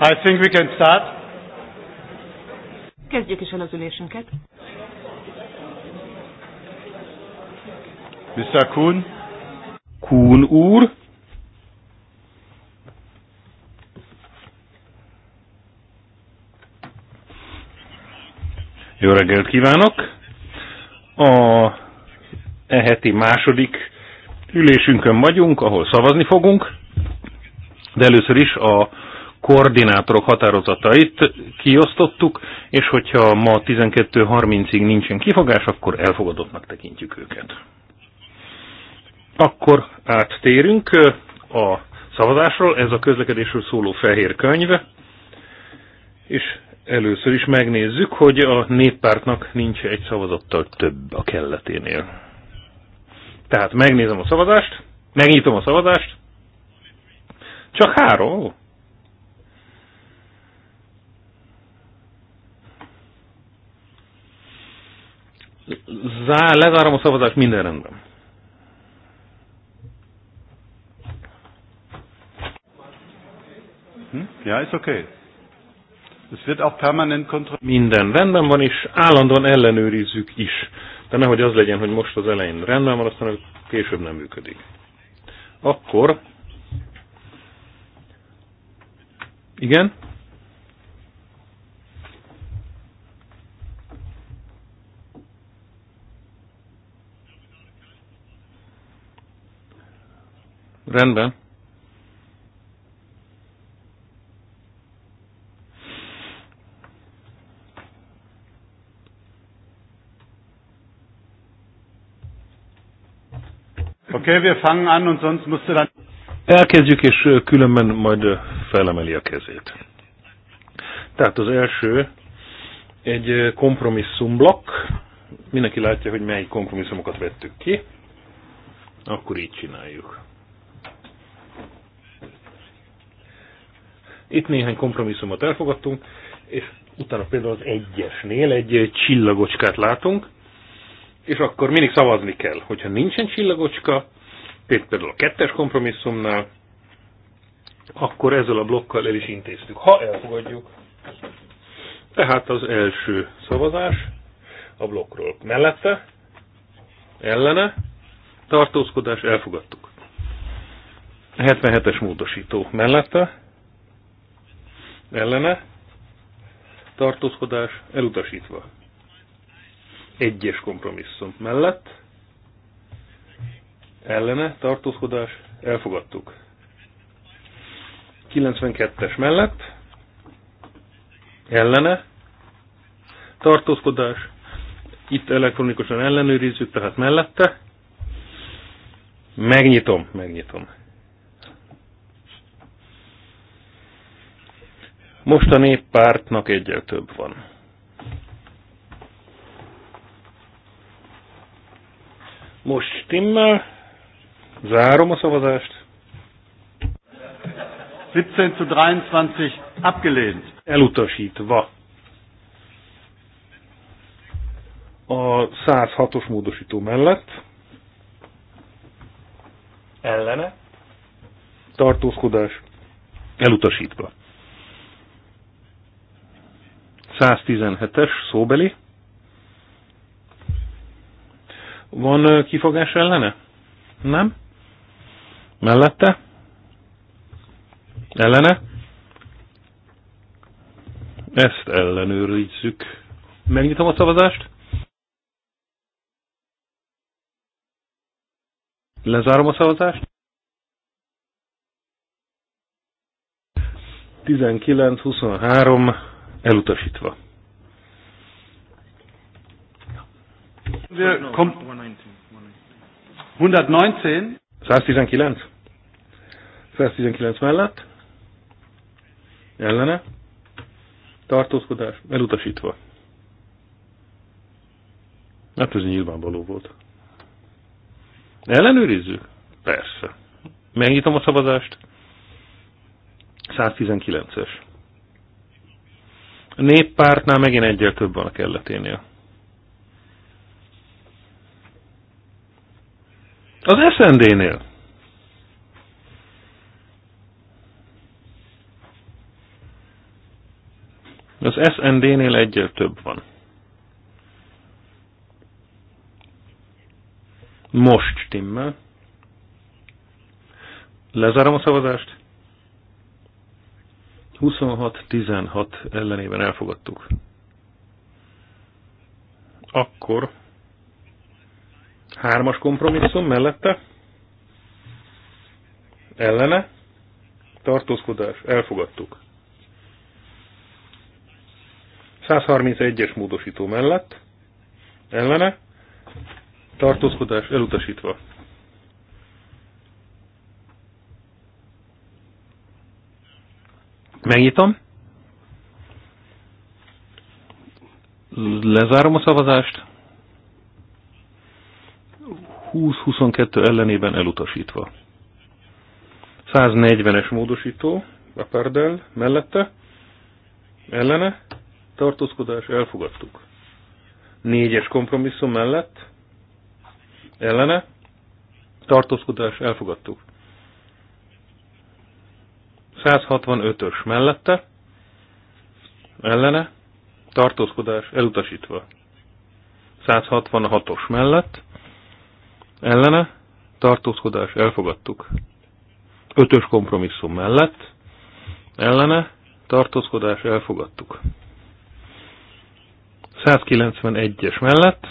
I think we can start. Kezdjük is el az ülésünket. Mr. Kuhn. Kuhn úr. Jó reggelt kívánok! A e heti második ülésünkön vagyunk, ahol szavazni fogunk, de először is a koordinátorok határozatait kiosztottuk, és hogyha ma 12.30-ig nincsen kifogás, akkor elfogadottnak tekintjük őket. Akkor áttérünk a szavazásról, ez a közlekedésről szóló fehér könyv, és először is megnézzük, hogy a néppártnak nincs egy szavazattal több a kelleténél. Tehát megnézem a szavazást, megnyitom a szavazást, csak három, Zá, lezárom a szavazást, minden rendben. Hm? Ja, ist okay. Es wird auch permanent kontrolliert. Minden rendben van, és állandóan ellenőrizzük is. De nehogy az legyen, hogy most az elején rendben van, aztán később nem működik. Akkor... Igen? Rendben. Okay, wir fangen an und sonst musst du dann... Elkezdjük, és különben majd felemeli a kezét. Tehát az első egy kompromisszumblokk. Mindenki látja, hogy melyik kompromisszumokat vettük ki. Akkor így csináljuk. Itt néhány kompromisszumot elfogadtunk, és utána például az egyesnél egy csillagocskát látunk, és akkor mindig szavazni kell. Hogyha nincsen csillagocska, például a kettes kompromisszumnál, akkor ezzel a blokkal el is intéztük. Ha elfogadjuk. Tehát az első szavazás a blokkról. Mellette, ellene, tartózkodás, elfogadtuk. 77-es módosító mellette, ellene, tartózkodás elutasítva. Egyes kompromisszum mellett, ellene, tartózkodás elfogadtuk. 92-es mellett, ellene, tartózkodás, itt elektronikusan ellenőrizzük, tehát mellette, megnyitom, megnyitom. Most a néppártnak egyel több van. Most stimmel, zárom a szavazást. 17 zu 23 abgelehnt. Elutasítva. A 106-os módosító mellett. Ellene. Tartózkodás. Elutasítva. 117-es szóbeli. Van kifogás ellene? Nem? Mellette? Ellene? Ezt ellenőrizzük. Megnyitom a szavazást. Lezárom a szavazást. 19-23 elutasítva. Kom- 119. 119. 119 mellett. Ellene. Tartózkodás. Elutasítva. Hát ez nyilvánvaló volt. Ellenőrizzük? Persze. Megnyitom a szavazást. 119-es. A néppártnál megint egyel több van a kelleténél. Az SND-nél. Az SND-nél egyel több van. Most stimmel. Lezárom a szavazást. 26-16 ellenében elfogadtuk. Akkor hármas kompromisszum mellette ellene tartózkodás elfogadtuk. 131-es módosító mellett ellene tartózkodás elutasítva. Megnyitom. Lezárom a szavazást. 20-22 ellenében elutasítva. 140-es módosító, Lapardel mellette, ellene, tartózkodás, elfogadtuk. 4-es kompromisszum mellett, ellene, tartózkodás, elfogadtuk. 165-ös mellette, ellene, tartózkodás elutasítva. 166-os mellett, ellene, tartózkodás elfogadtuk. 5-ös kompromisszum mellett, ellene, tartózkodás elfogadtuk. 191-es mellett,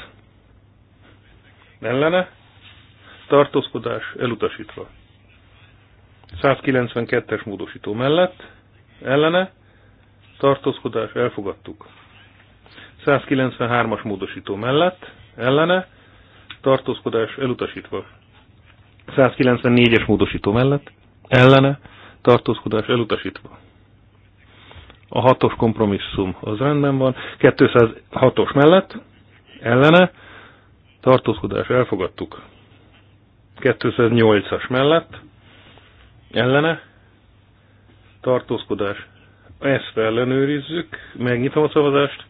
ellene, tartózkodás elutasítva. 192-es módosító mellett, ellene, tartózkodás, elfogadtuk. 193-as módosító mellett, ellene, tartózkodás elutasítva. 194-es módosító mellett, ellene, tartózkodás elutasítva. A hatos kompromisszum az rendben van. 206-os mellett, ellene, tartózkodás elfogadtuk. 208-as mellett, Ellene? Tartózkodás. Ezt ellenőrizzük. Megnyitom a szavazást.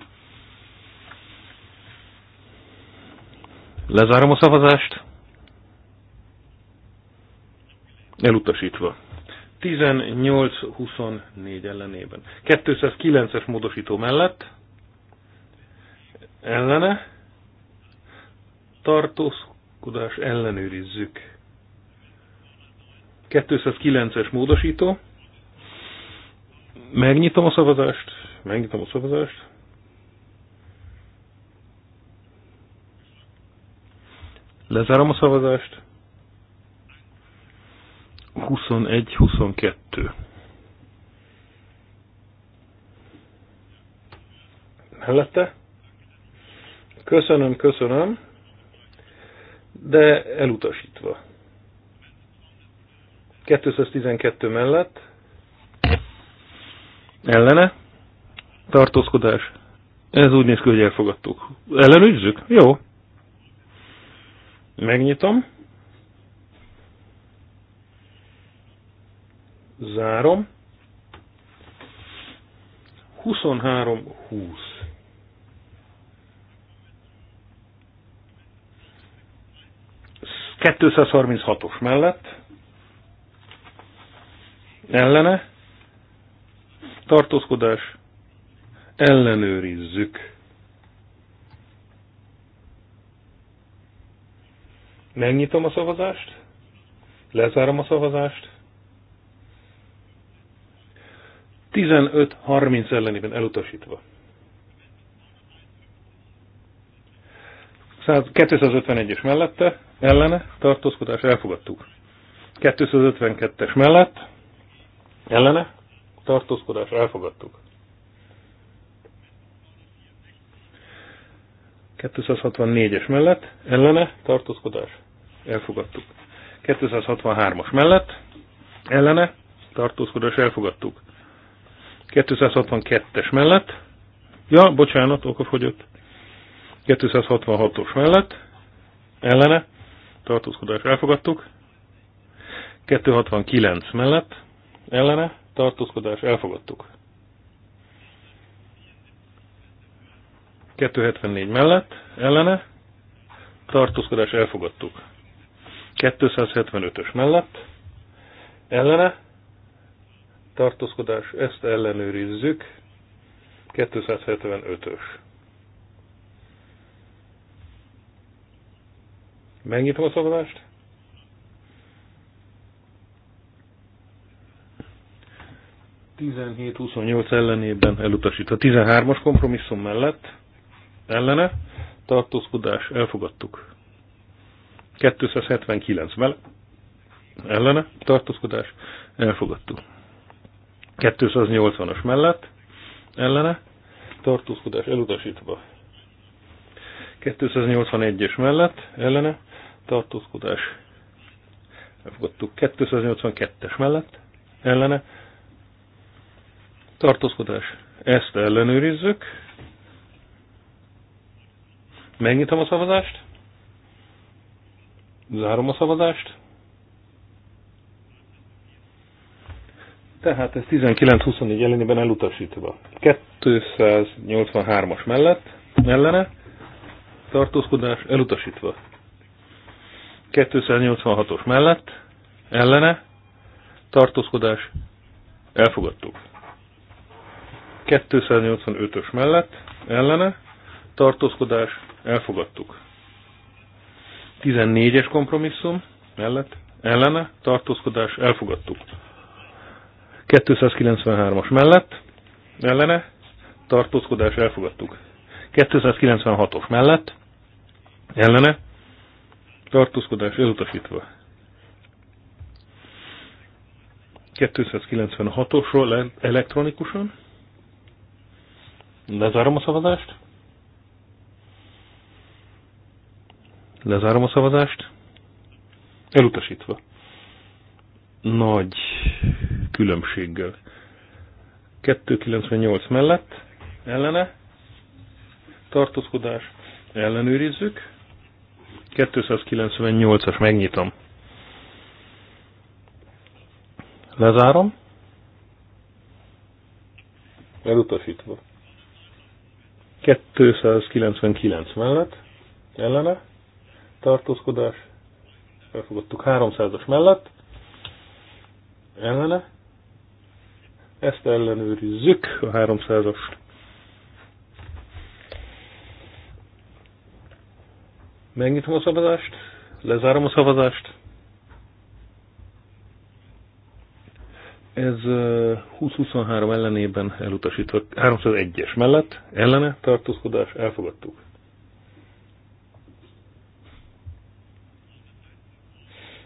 Lezárom a szavazást. Elutasítva. 18-24 ellenében. 209-es módosító mellett ellene tartózkodás ellenőrizzük. 209-es módosító. Megnyitom a szavazást. Megnyitom a szavazást. Lezárom a szavazást. 21-22. Mellette? Köszönöm, köszönöm, de elutasítva. 212 mellett ellene tartózkodás. Ez úgy néz ki, hogy elfogadtuk. Ellenőrizzük? Jó. Megnyitom. Zárom. 23-20. ...236-os mellett ellene, tartózkodás, ellenőrizzük. Megnyitom a szavazást, lezárom a szavazást. 15-30 ellenében elutasítva. 251-es mellette, ellene, tartózkodás, elfogadtuk. 252-es mellett, Ellene? Tartózkodás elfogadtuk. 264-es mellett, ellene, tartózkodás, elfogadtuk. 263-as mellett, ellene, tartózkodás, elfogadtuk. 262-es mellett, ja, bocsánat, okafogyott. 266-os mellett, ellene, tartózkodás, elfogadtuk. 269 mellett, ellene, tartózkodás, elfogadtuk. 274 mellett, ellene, tartózkodás, elfogadtuk. 275-ös mellett, ellene, tartózkodás, ezt ellenőrizzük, 275-ös. Megnyitom a szavazást. 275-ös. 17-28 ellenében elutasítva. 13-as kompromisszum mellett ellene tartózkodás elfogadtuk. 279 mellett ellene tartózkodás elfogadtuk. 280-as mellett ellene tartózkodás elutasítva. 281-es mellett ellene tartózkodás elfogadtuk. 282-es mellett ellene tartózkodás. Ezt ellenőrizzük. Megnyitom a szavazást. Zárom a szavazást. Tehát ez 19-24 ellenében elutasítva. 283-as mellett, ellene, tartózkodás elutasítva. 286-os mellett, ellene, tartózkodás elfogadtuk. 285-ös mellett ellene tartózkodás elfogadtuk. 14-es kompromisszum mellett ellene tartózkodás elfogadtuk. 293-as mellett ellene tartózkodás elfogadtuk. 296-os mellett ellene tartózkodás elutasítva. 296-osról elektronikusan Lezárom a szavazást. Lezárom a szavazást. Elutasítva. Nagy különbséggel. 298 mellett ellene tartózkodás ellenőrizzük. 298-as megnyitom. Lezárom. Elutasítva. 299 mellett ellene tartózkodás, elfogadtuk 300-as mellett ellene, ezt ellenőrizzük a 300 as Megnyitom a szavazást, lezárom a szavazást, Ez 2023 ellenében elutasítva 301-es mellett ellene tartózkodás elfogadtuk.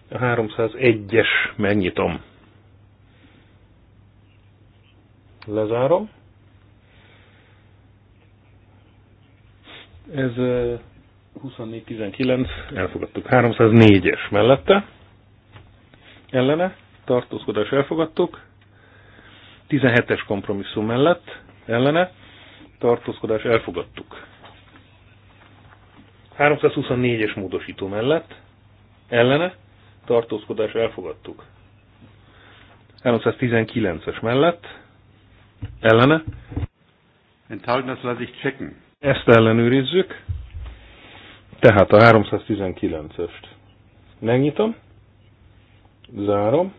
A 301-es megnyitom. Lezárom. Ez 24-19, elfogadtuk 304-es mellette, ellene, tartózkodás elfogadtuk. 17-es kompromisszum mellett ellene tartózkodás elfogadtuk. 324-es módosító mellett ellene tartózkodás elfogadtuk. 319-es mellett ellene. Enthalten, das lasse ich checken. Ezt ellenőrizzük. Tehát a 319-est megnyitom, zárom,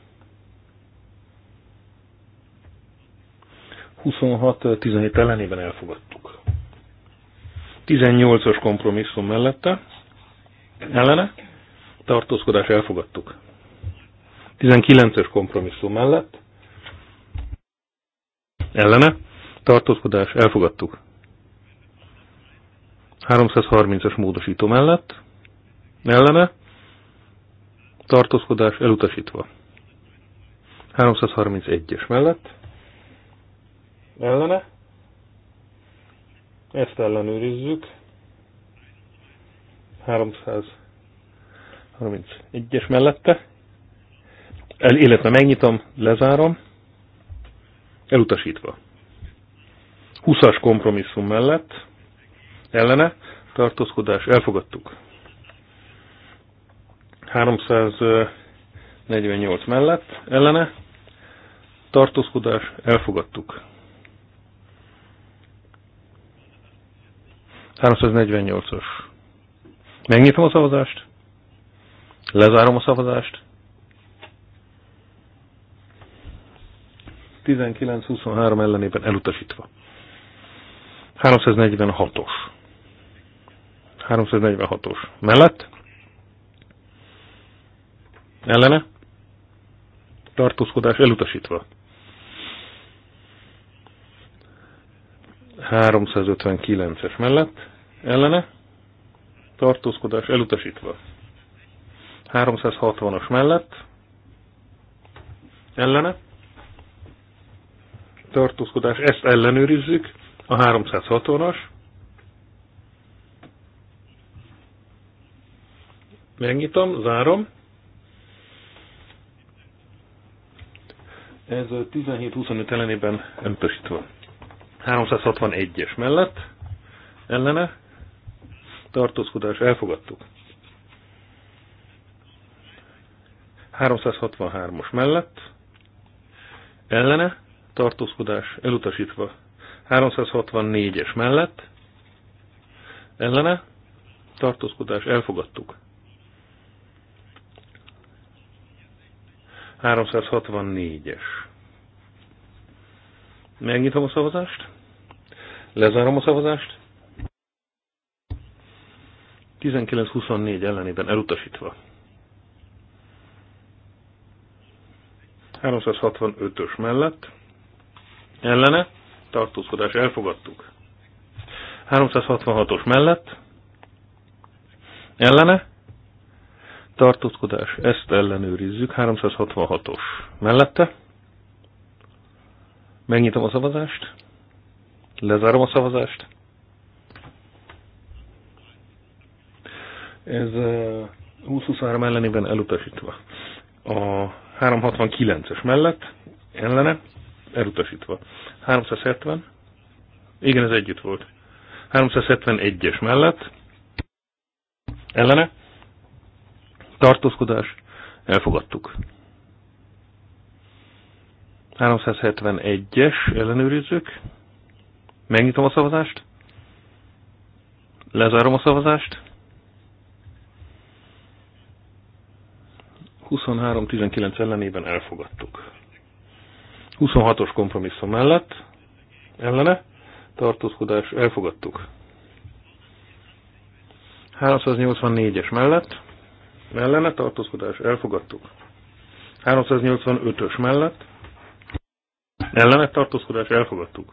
26-17 ellenében elfogadtuk. 18-os kompromisszum mellette, ellene, tartózkodás elfogadtuk. 19-es kompromisszum mellett, ellene, tartózkodás elfogadtuk. 330-as módosító mellett, ellene, tartózkodás elutasítva. 331-es mellett, ellene. Ezt ellenőrizzük. 331-es mellette. El, illetve megnyitom, lezárom. Elutasítva. 20-as kompromisszum mellett ellene tartózkodás elfogadtuk. 348 mellett ellene tartózkodás elfogadtuk. 348-os. Megnyitom a szavazást. Lezárom a szavazást. 19-23 ellenében elutasítva. 346-os. 346-os. Mellett? Ellene? Tartózkodás elutasítva. 359-es mellett ellene tartózkodás elutasítva. 360-as mellett ellene tartózkodás, ezt ellenőrizzük, a 360-as. Megnyitom, zárom. Ez 17-25 ellenében elutasítva. 361-es mellett ellene tartózkodás elfogadtuk. 363-os mellett ellene tartózkodás elutasítva. 364-es mellett ellene tartózkodás elfogadtuk. 364-es. Megnyitom a szavazást. Lezárom a szavazást. 19-24 ellenében elutasítva. 365-ös mellett ellene tartózkodás elfogadtuk. 366-os mellett ellene tartózkodás, ezt ellenőrizzük, 366-os mellette. Megnyitom a szavazást. Lezárom a szavazást. Ez 20-23 ellenében elutasítva. A 369-es mellett ellene elutasítva. 370. Igen, ez együtt volt. 371-es mellett ellene tartózkodás elfogadtuk. 371-es ellenőrizzük. Megnyitom a szavazást. Lezárom a szavazást. 23-19 ellenében elfogadtuk. 26-os kompromisszum mellett ellene tartózkodás elfogadtuk. 384-es mellett ellene tartózkodás elfogadtuk. 385-ös mellett ellene tartózkodás elfogadtuk.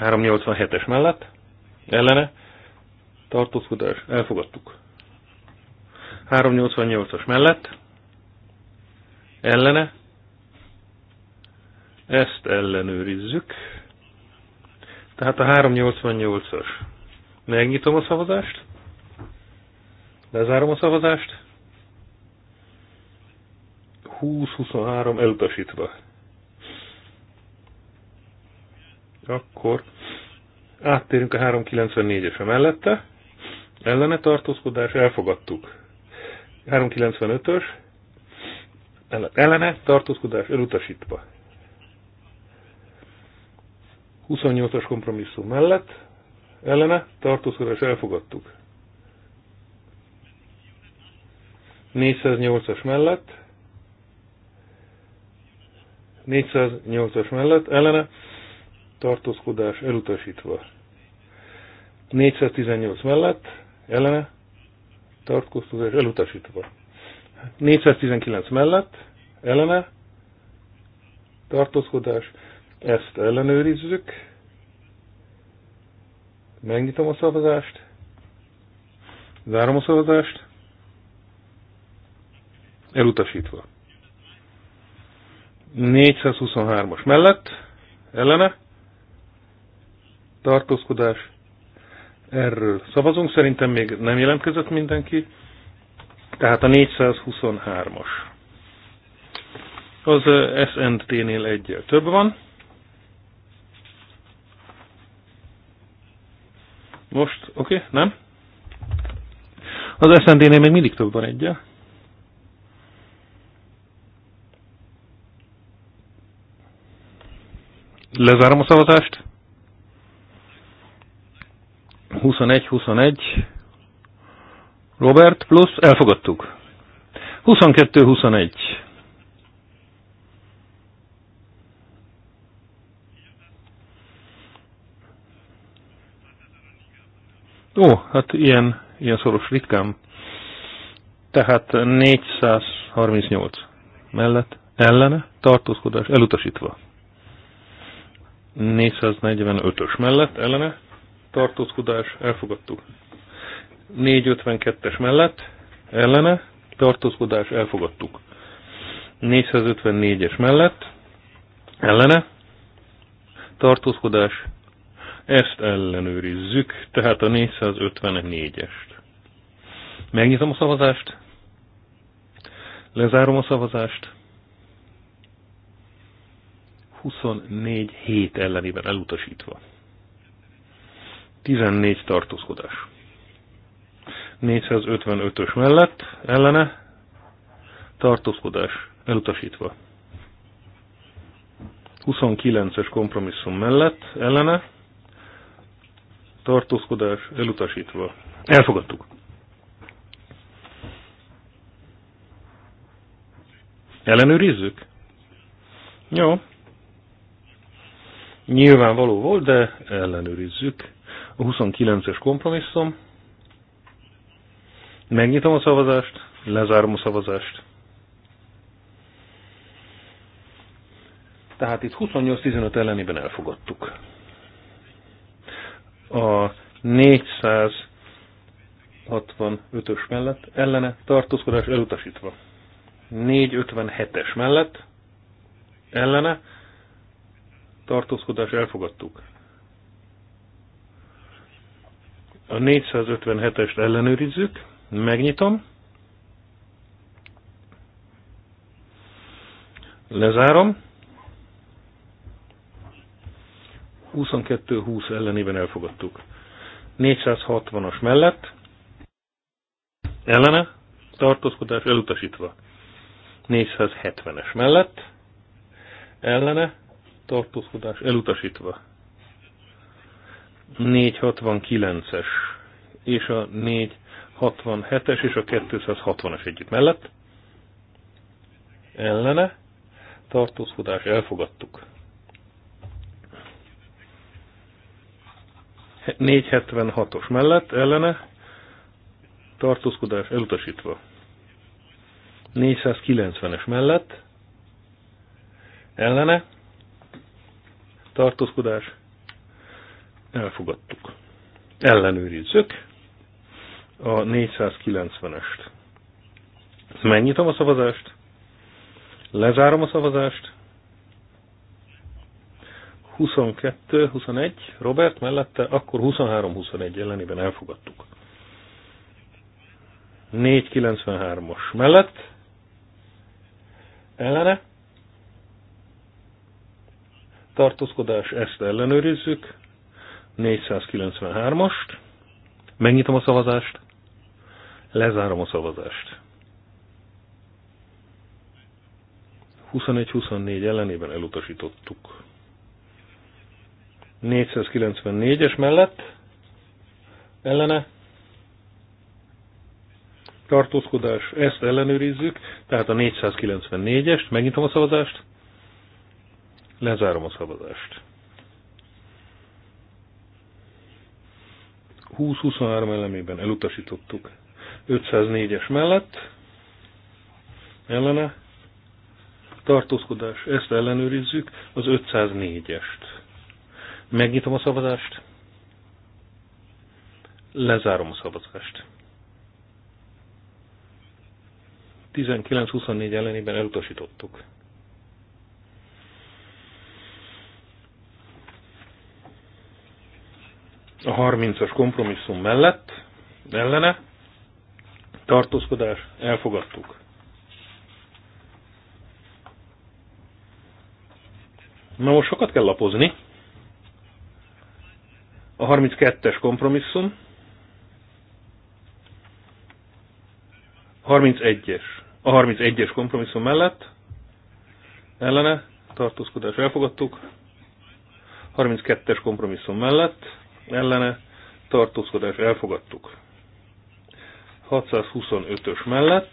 387-es mellett, ellene, tartózkodás, elfogadtuk. 388-as mellett, ellene, ezt ellenőrizzük. Tehát a 388-as. Megnyitom a szavazást, lezárom a szavazást, 20-23 elutasítva. Akkor áttérünk a 394 es mellette. Ellene tartózkodás, elfogadtuk. 395-ös, ellene tartózkodás elutasítva. 28-as kompromisszum mellett ellene tartózkodás elfogadtuk. 408-as mellett 408-as mellett ellene tartózkodás elutasítva. 418 mellett, ellene, tartózkodás elutasítva. 419 mellett, ellene, tartózkodás, ezt ellenőrizzük. Megnyitom a szavazást. Zárom a szavazást. Elutasítva. 423-as mellett, ellene, tartózkodás. Erről szavazunk, szerintem még nem jelentkezett mindenki. Tehát a 423-as. Az SNT-nél egyel több van. Most, oké, okay, nem? Az SND-nél még mindig több van egyel. Lezárom a szavazást. 21-21. Robert plusz, elfogadtuk. 22-21. Ó, hát ilyen, ilyen szoros ritkám. Tehát 438 mellett ellene tartózkodás elutasítva. 445-ös mellett ellene tartózkodás, elfogadtuk. 452-es mellett, ellene, tartózkodás, elfogadtuk. 454-es mellett, ellene, tartózkodás, ezt ellenőrizzük, tehát a 454-est. Megnyitom a szavazást, lezárom a szavazást, 24 hét ellenében elutasítva. 14 tartózkodás. 455-ös mellett ellene tartózkodás elutasítva. 29-es kompromisszum mellett ellene tartózkodás elutasítva. Elfogadtuk. Ellenőrizzük? Jó. Nyilvánvaló volt, de ellenőrizzük a 29-es kompromisszum. Megnyitom a szavazást, lezárom a szavazást. Tehát itt 28-15 ellenében elfogadtuk. A 465-ös mellett ellene tartózkodás elutasítva. 457-es mellett ellene tartózkodás elfogadtuk. A 457-est ellenőrizzük, megnyitom, lezárom, 22-20 ellenében elfogadtuk. 460-as mellett, ellene, tartózkodás elutasítva. 470-es mellett, ellene, tartózkodás elutasítva. 469-es és a 467-es és a 260-as együtt mellett. Ellene tartózkodás elfogadtuk. 476-os mellett ellene tartózkodás elutasítva. 490-es mellett ellene tartózkodás Elfogadtuk. Ellenőrizzük a 490-est. Megnyitom a szavazást, lezárom a szavazást, 22-21, Robert mellette, akkor 23-21 ellenében elfogadtuk. 493-os mellett, ellene, tartózkodás, ezt ellenőrizzük, 493-ast. Megnyitom a szavazást. Lezárom a szavazást. 21-24 ellenében elutasítottuk. 494-es mellett ellene tartózkodás, ezt ellenőrizzük, tehát a 494-est, megnyitom a szavazást, lezárom a szavazást. 20-23 elemében elutasítottuk. 504-es mellett ellene tartózkodás, ezt ellenőrizzük, az 504-est. Megnyitom a szavazást, lezárom a szavazást. 19-24 ellenében elutasítottuk. a 30-as kompromisszum mellett, ellene, tartózkodás, elfogadtuk. Na most sokat kell lapozni. A 32-es kompromisszum. 31-es. A 31-es kompromisszum mellett ellene tartózkodás elfogadtuk. 32-es kompromisszum mellett ellene tartózkodás elfogadtuk. 625-ös mellett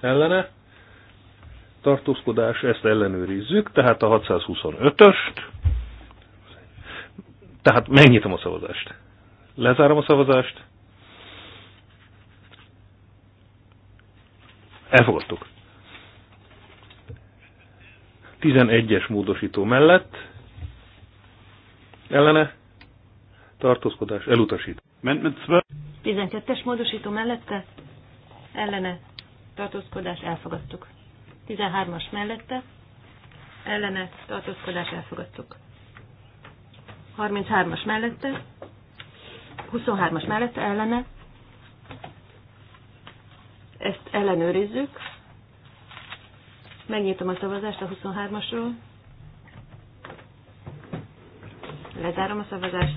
ellene tartózkodás, ezt ellenőrizzük, tehát a 625-öst, tehát megnyitom a szavazást. Lezárom a szavazást. Elfogadtuk. 11-es módosító mellett ellene tartózkodás elutasít. Amendment 12-es módosító mellette ellene tartózkodás elfogadtuk. 13-as mellette ellene tartózkodás elfogadtuk. 33-as mellette 23-as mellette ellene ezt ellenőrizzük. Megnyitom a szavazást a 23-asról. Lezárom a szavazást.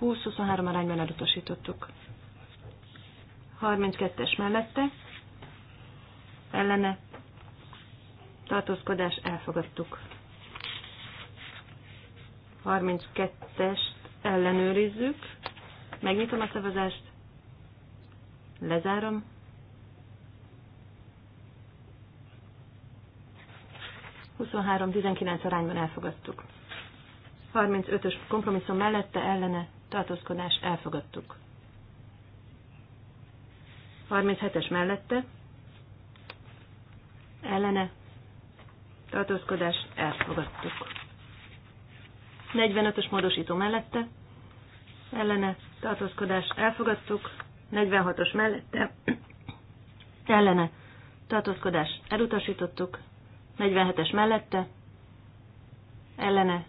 20-23 arányban elutasítottuk. 32-es mellette ellene tartózkodás elfogadtuk. 32-est ellenőrizzük. Megnyitom a szavazást. Lezárom. Huszonhárom 19 arányban elfogadtuk. 35-ös kompromisszum mellette ellene tartózkodás elfogadtuk. 37-es mellette ellene tartózkodás elfogadtuk. 45-ös módosító mellette ellene tartózkodás elfogadtuk. 46-os mellette ellene tartózkodás elutasítottuk. 47-es mellette ellene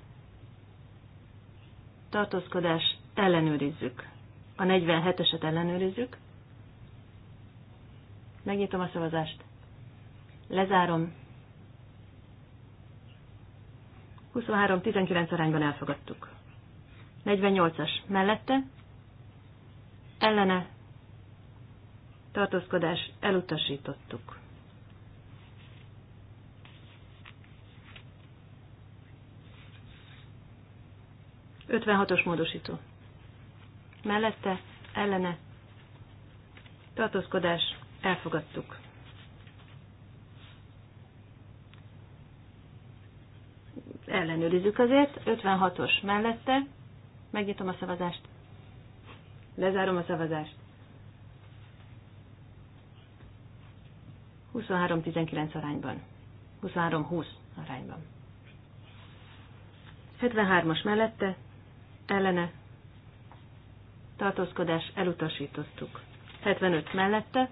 tartózkodás ellenőrizzük. A 47-eset ellenőrizzük. Megnyitom a szavazást. Lezárom. 23-19 arányban elfogadtuk. 48-as mellette, ellene tartózkodás elutasítottuk. Ötvenhatos módosító mellette ellene tartózkodás elfogadtuk. Ellenőrizzük azért, 56-os mellette, megnyitom a szavazást, lezárom a szavazást. 23-19 arányban. 23-20 arányban. 73-as mellette, ellene, tartózkodás elutasítottuk. 75 mellette,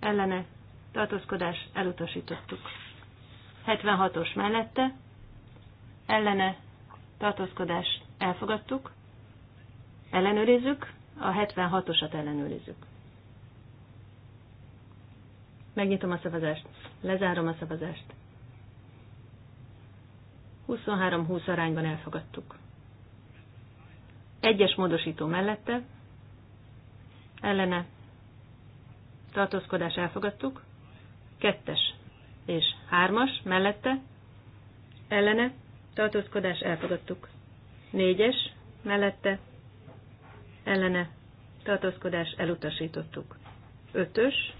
ellene, tartózkodás elutasítottuk. 76-os mellette, ellene, tartózkodás elfogadtuk, ellenőrizzük, a 76-osat ellenőrizzük. Megnyitom a szavazást, lezárom a szavazást. 23-20 arányban elfogadtuk. Egyes módosító mellette, ellene tartózkodás elfogadtuk, kettes és hármas mellette, ellene tartózkodás elfogadtuk, négyes mellette, ellene tartózkodás elutasítottuk, ötös,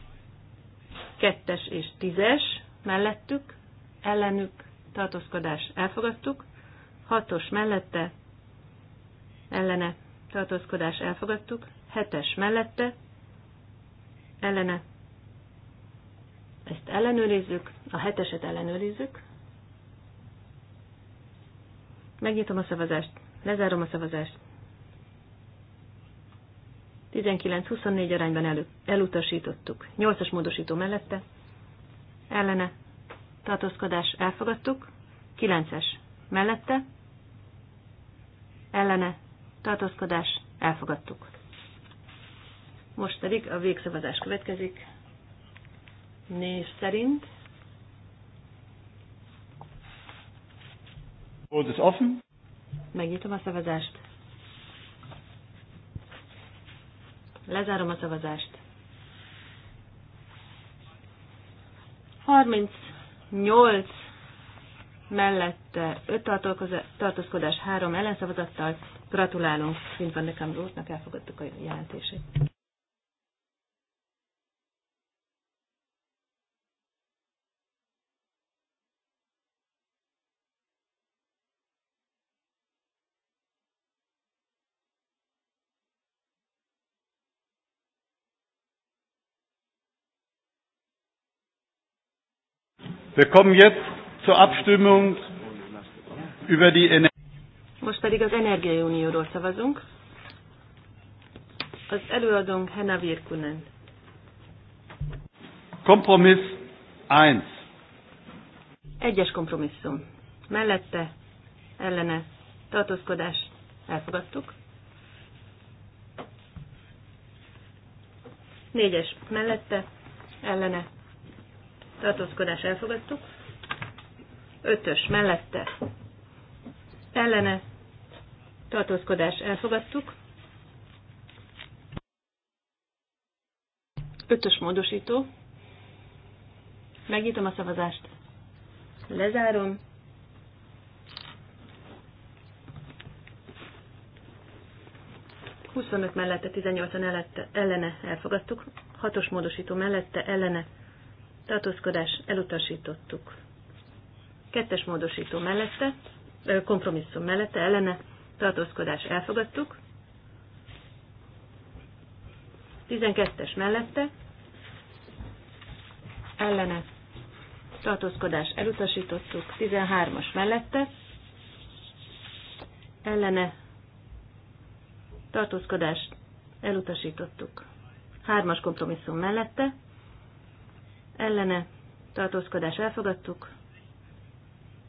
kettes és tízes mellettük, ellenük tartózkodás elfogadtuk, hatos mellette, ellene tartózkodás elfogadtuk, hetes mellette ellene. Ezt ellenőrizzük, a heteset ellenőrizzük. Megnyitom a szavazást, lezárom a szavazást. 19-24 arányban elő, elutasítottuk. 8-as módosító mellette, ellene, tartózkodás elfogadtuk. 9-es mellette, ellene, tartózkodás, elfogadtuk. Most pedig a végszavazás következik. Név szerint. Volt ez offen? Megnyitom a szavazást. Lezárom a szavazást. 38 mellette 5 tartózkodás 3 ellenszavazattal Gratulálunk mint van nekem rótnak, elfogadtuk a jelentését. Wir kommen jetzt zur Abstimmung über die Energie. Most pedig az Energiaunióról szavazunk. Az előadónk Hena Virkunen. Kompromiss 1. Egyes kompromisszum. Mellette, ellene, tartózkodás. Elfogadtuk. Négyes. Mellette, ellene, tartózkodás. Elfogadtuk. Ötös. Mellette, ellene, tartózkodás elfogadtuk. Ötös módosító. Megnyitom a szavazást. Lezárom. Huszonöt mellette, 18-an ellene elfogadtuk. Hatos módosító mellette ellene tartózkodás elutasítottuk. Kettes módosító mellette, kompromisszum mellette ellene tartózkodás elfogadtuk. 12-es mellette ellene tartózkodás elutasítottuk, 13-as mellette ellene tartózkodás elutasítottuk, 3-as kompromisszum mellette ellene tartózkodás elfogadtuk,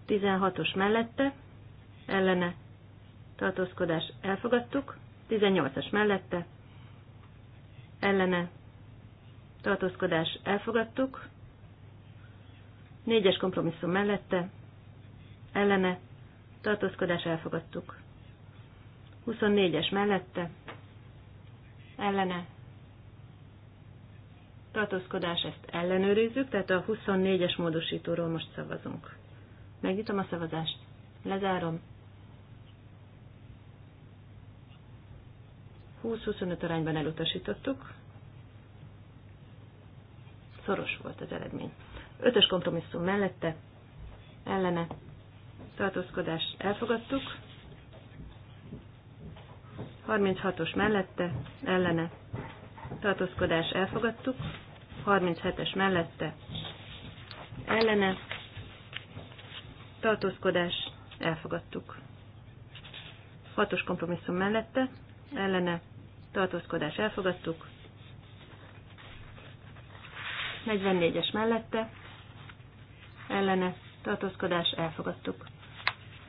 16-os mellette ellene tartózkodás elfogadtuk, 18-as mellette, ellene, tartózkodás elfogadtuk, 4-es kompromisszum mellette, ellene, tartózkodás elfogadtuk, 24-es mellette, ellene, tartózkodás, ezt ellenőrizzük, tehát a 24-es módosítóról most szavazunk. Megnyitom a szavazást, lezárom, 20-25 arányban elutasítottuk. Szoros volt az eredmény. Ötös kompromisszum mellette, ellene, tartózkodás elfogadtuk. 36-os mellette, ellene, tartózkodás elfogadtuk. 37-es mellette, ellene, tartózkodás elfogadtuk. 6-os kompromisszum mellette, ellene, tartózkodás elfogadtuk. 44-es mellette, ellene, tartózkodás elfogadtuk.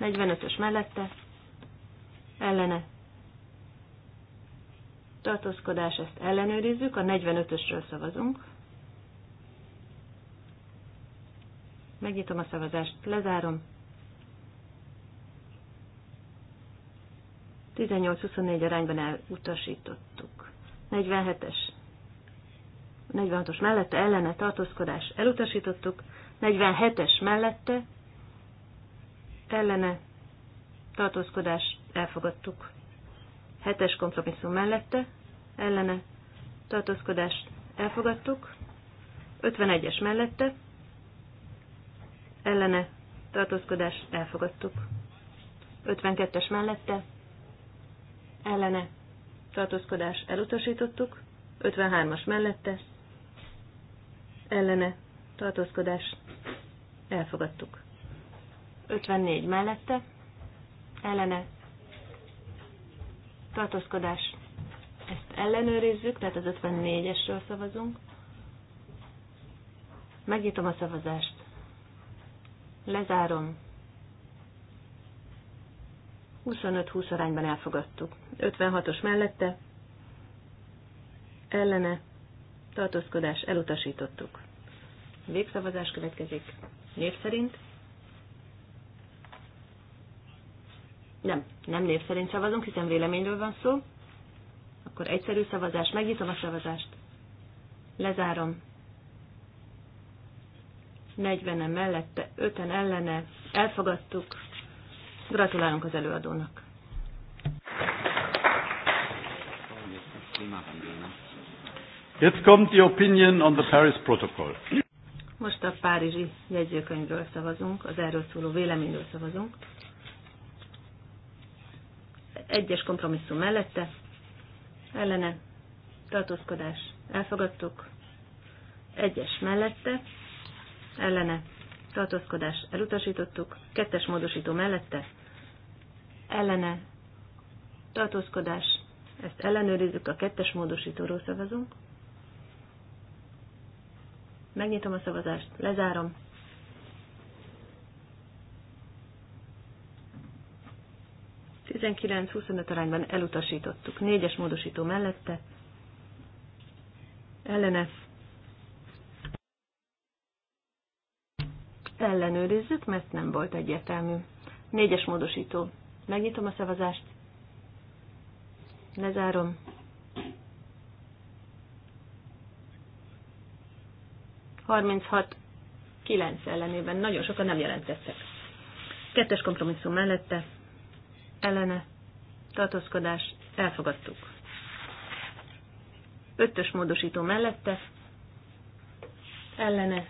45-ös mellette, ellene, tartózkodás, ezt ellenőrizzük, a 45-ösről szavazunk. Megnyitom a szavazást, lezárom. 18-24 arányban elutasítottuk. 47-es, 46-os mellette ellene tartózkodás elutasítottuk, 47-es mellette ellene tartózkodás elfogadtuk. 7-es kompromisszum mellette ellene tartózkodás elfogadtuk, 51-es mellette ellene tartózkodás elfogadtuk. 52-es mellette ellene tartózkodás elutasítottuk, 53-as mellette ellene tartózkodás elfogadtuk. 54 mellette ellene tartózkodás ezt ellenőrizzük, tehát az 54-esről szavazunk. Megnyitom a szavazást. Lezárom. 25-20 arányban elfogadtuk. 56-os mellette ellene tartózkodás elutasítottuk. Végszavazás következik név szerint. Nem, nem név szerint szavazunk, hiszen véleményről van szó. Akkor egyszerű szavazás, megnyitom a szavazást. Lezárom. 40-en mellette, 5-en ellene, elfogadtuk, Gratulálunk az előadónak. It comes the opinion on the Paris Protocol. Most a Párizsi jegyzőkönyvről szavazunk, az erről szóló véleményről szavazunk. Egyes kompromisszum mellette, ellene, tartózkodás, elfogadtuk. Egyes mellette, ellene, tartózkodás elutasítottuk, kettes módosító mellette, ellene, tartózkodás, ezt ellenőrizzük, a kettes módosítóról szavazunk. Megnyitom a szavazást, lezárom. Tizenkilenc 25 arányban elutasítottuk. Négyes módosító mellette, ellene ellenőrizzük, mert nem volt egyértelmű. Négyes módosító. Megnyitom a szavazást. Lezárom. Harminchat kilenc ellenében nagyon sokan nem jelentettek. Kettes kompromisszum mellette, ellene, tartózkodás, elfogadtuk. Ötös módosító mellette, ellene,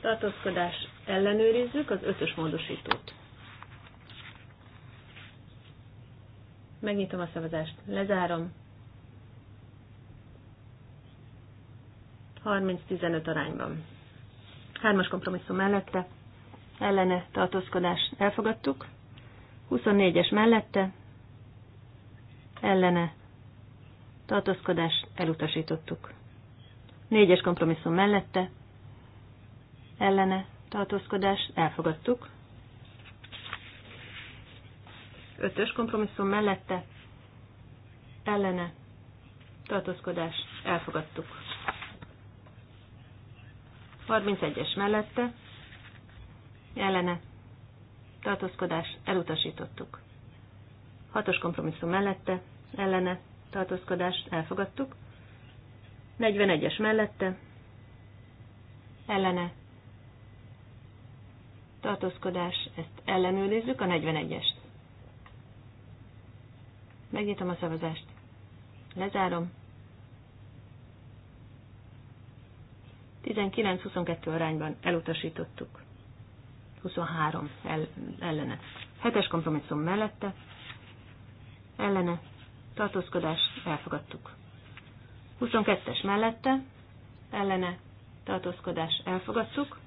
tartózkodás ellenőrizzük az ötös módosítót. Megnyitom a szavazást, lezárom. 30-15 arányban. Hármas kompromisszum mellette, ellene tartózkodás elfogadtuk. 24-es mellette, ellene tartózkodás elutasítottuk. 4-es kompromisszum mellette, ellene tartózkodás elfogadtuk. Ötös kompromisszum mellette ellene tartózkodás elfogadtuk. 31-es mellette ellene tartózkodás elutasítottuk. 6-os kompromisszum mellette ellene tartózkodást elfogadtuk. 41-es mellette ellene tartózkodás, ezt ellenőrizzük, a 41-est. Megnyitom a szavazást. Lezárom. 19-22 arányban elutasítottuk. 23 el, ellene. Hetes kompromisszum mellette. Ellene. Tartózkodás. Elfogadtuk. 22-es mellette. Ellene. Tartózkodás. Elfogadtuk.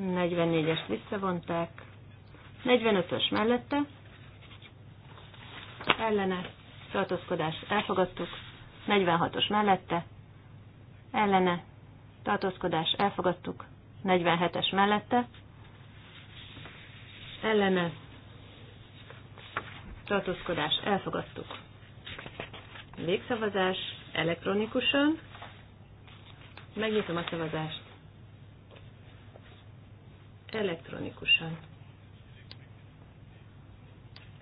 44-es visszavonták, 45-ös mellette, ellene, tartózkodás elfogadtuk, 46-os mellette, ellene, tartózkodás elfogadtuk, 47-es mellette, ellene, tartózkodás elfogadtuk. Végszavazás elektronikusan. Megnyitom a szavazást elektronikusan.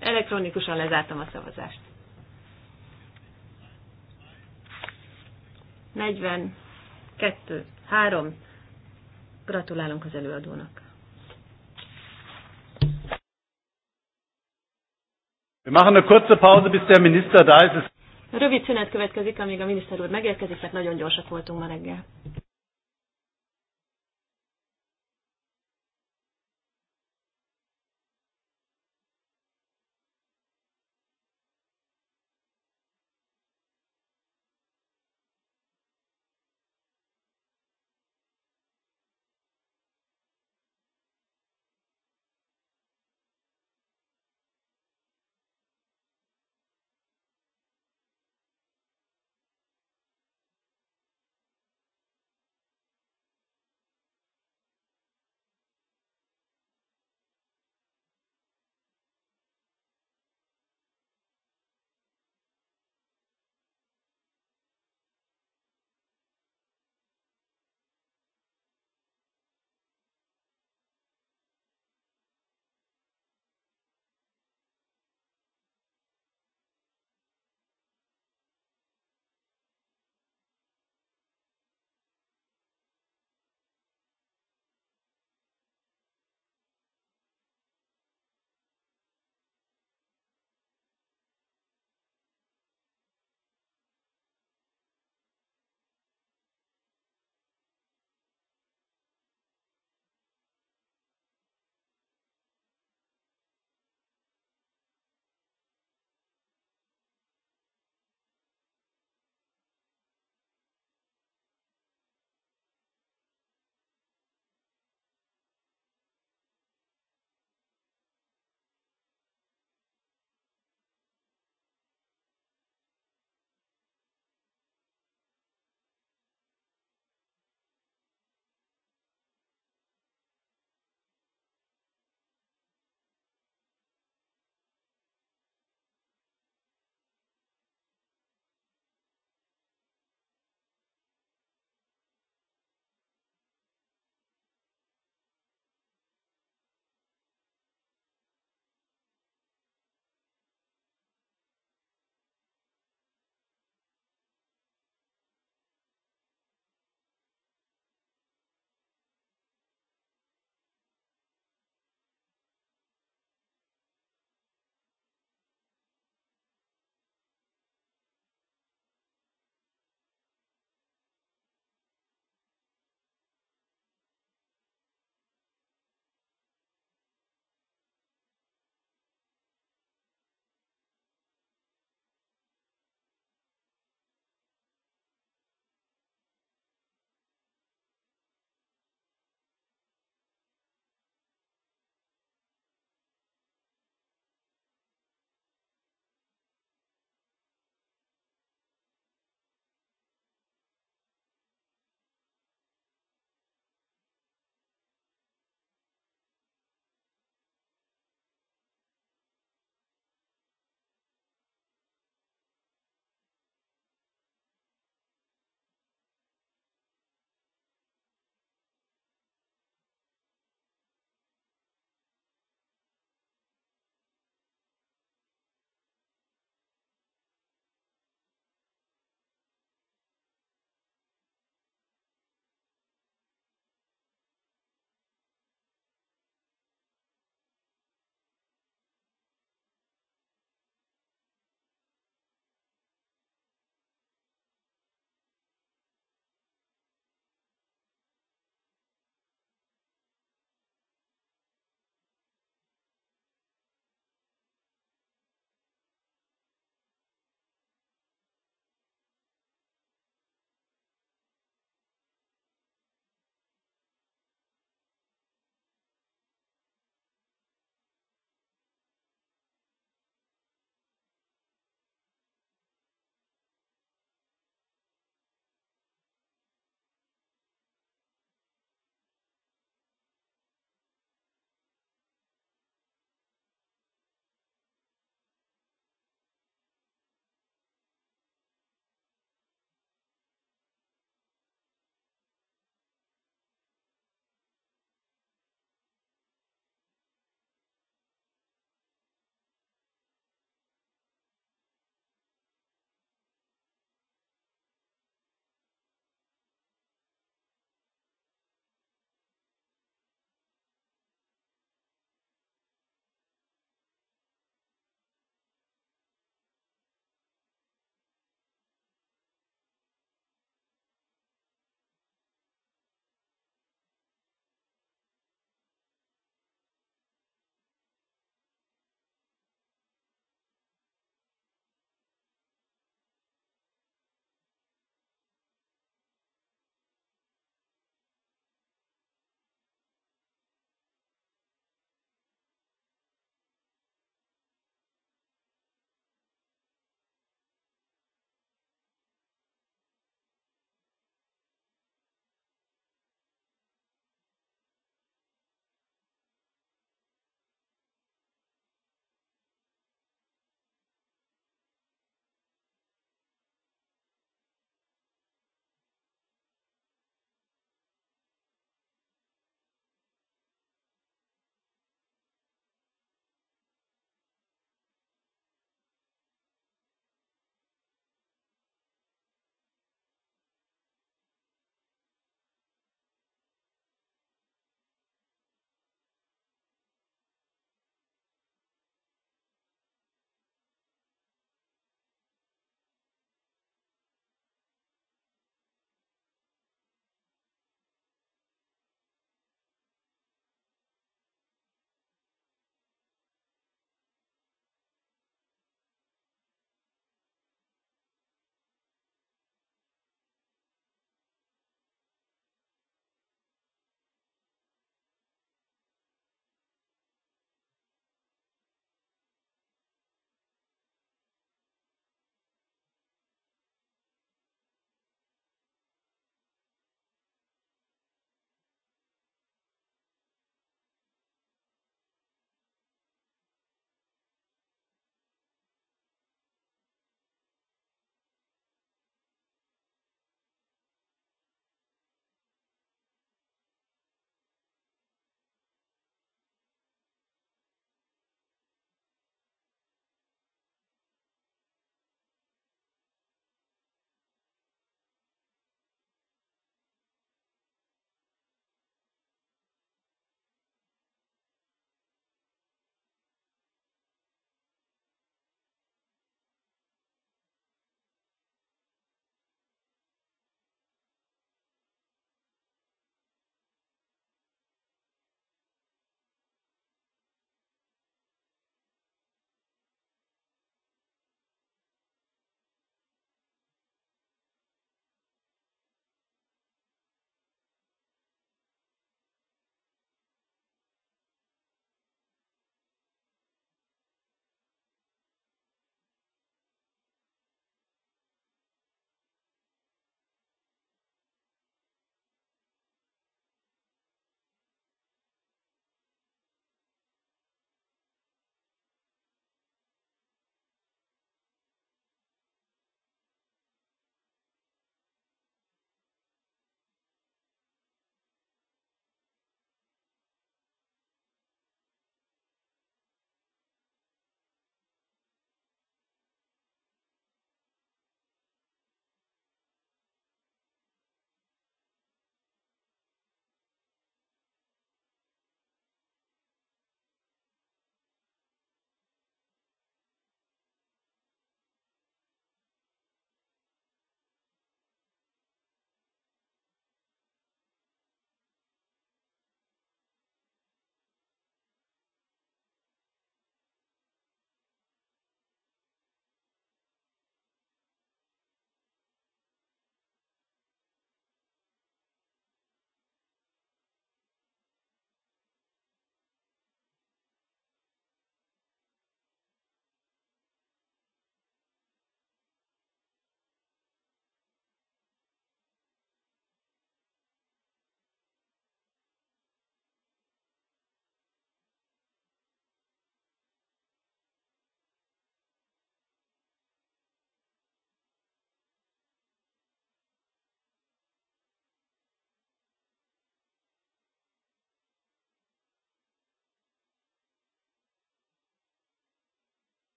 Elektronikusan lezártam a szavazást. 42, 3. Gratulálunk az előadónak. Rövid szünet következik, amíg a miniszter úr megérkezik, mert nagyon gyorsak voltunk ma reggel.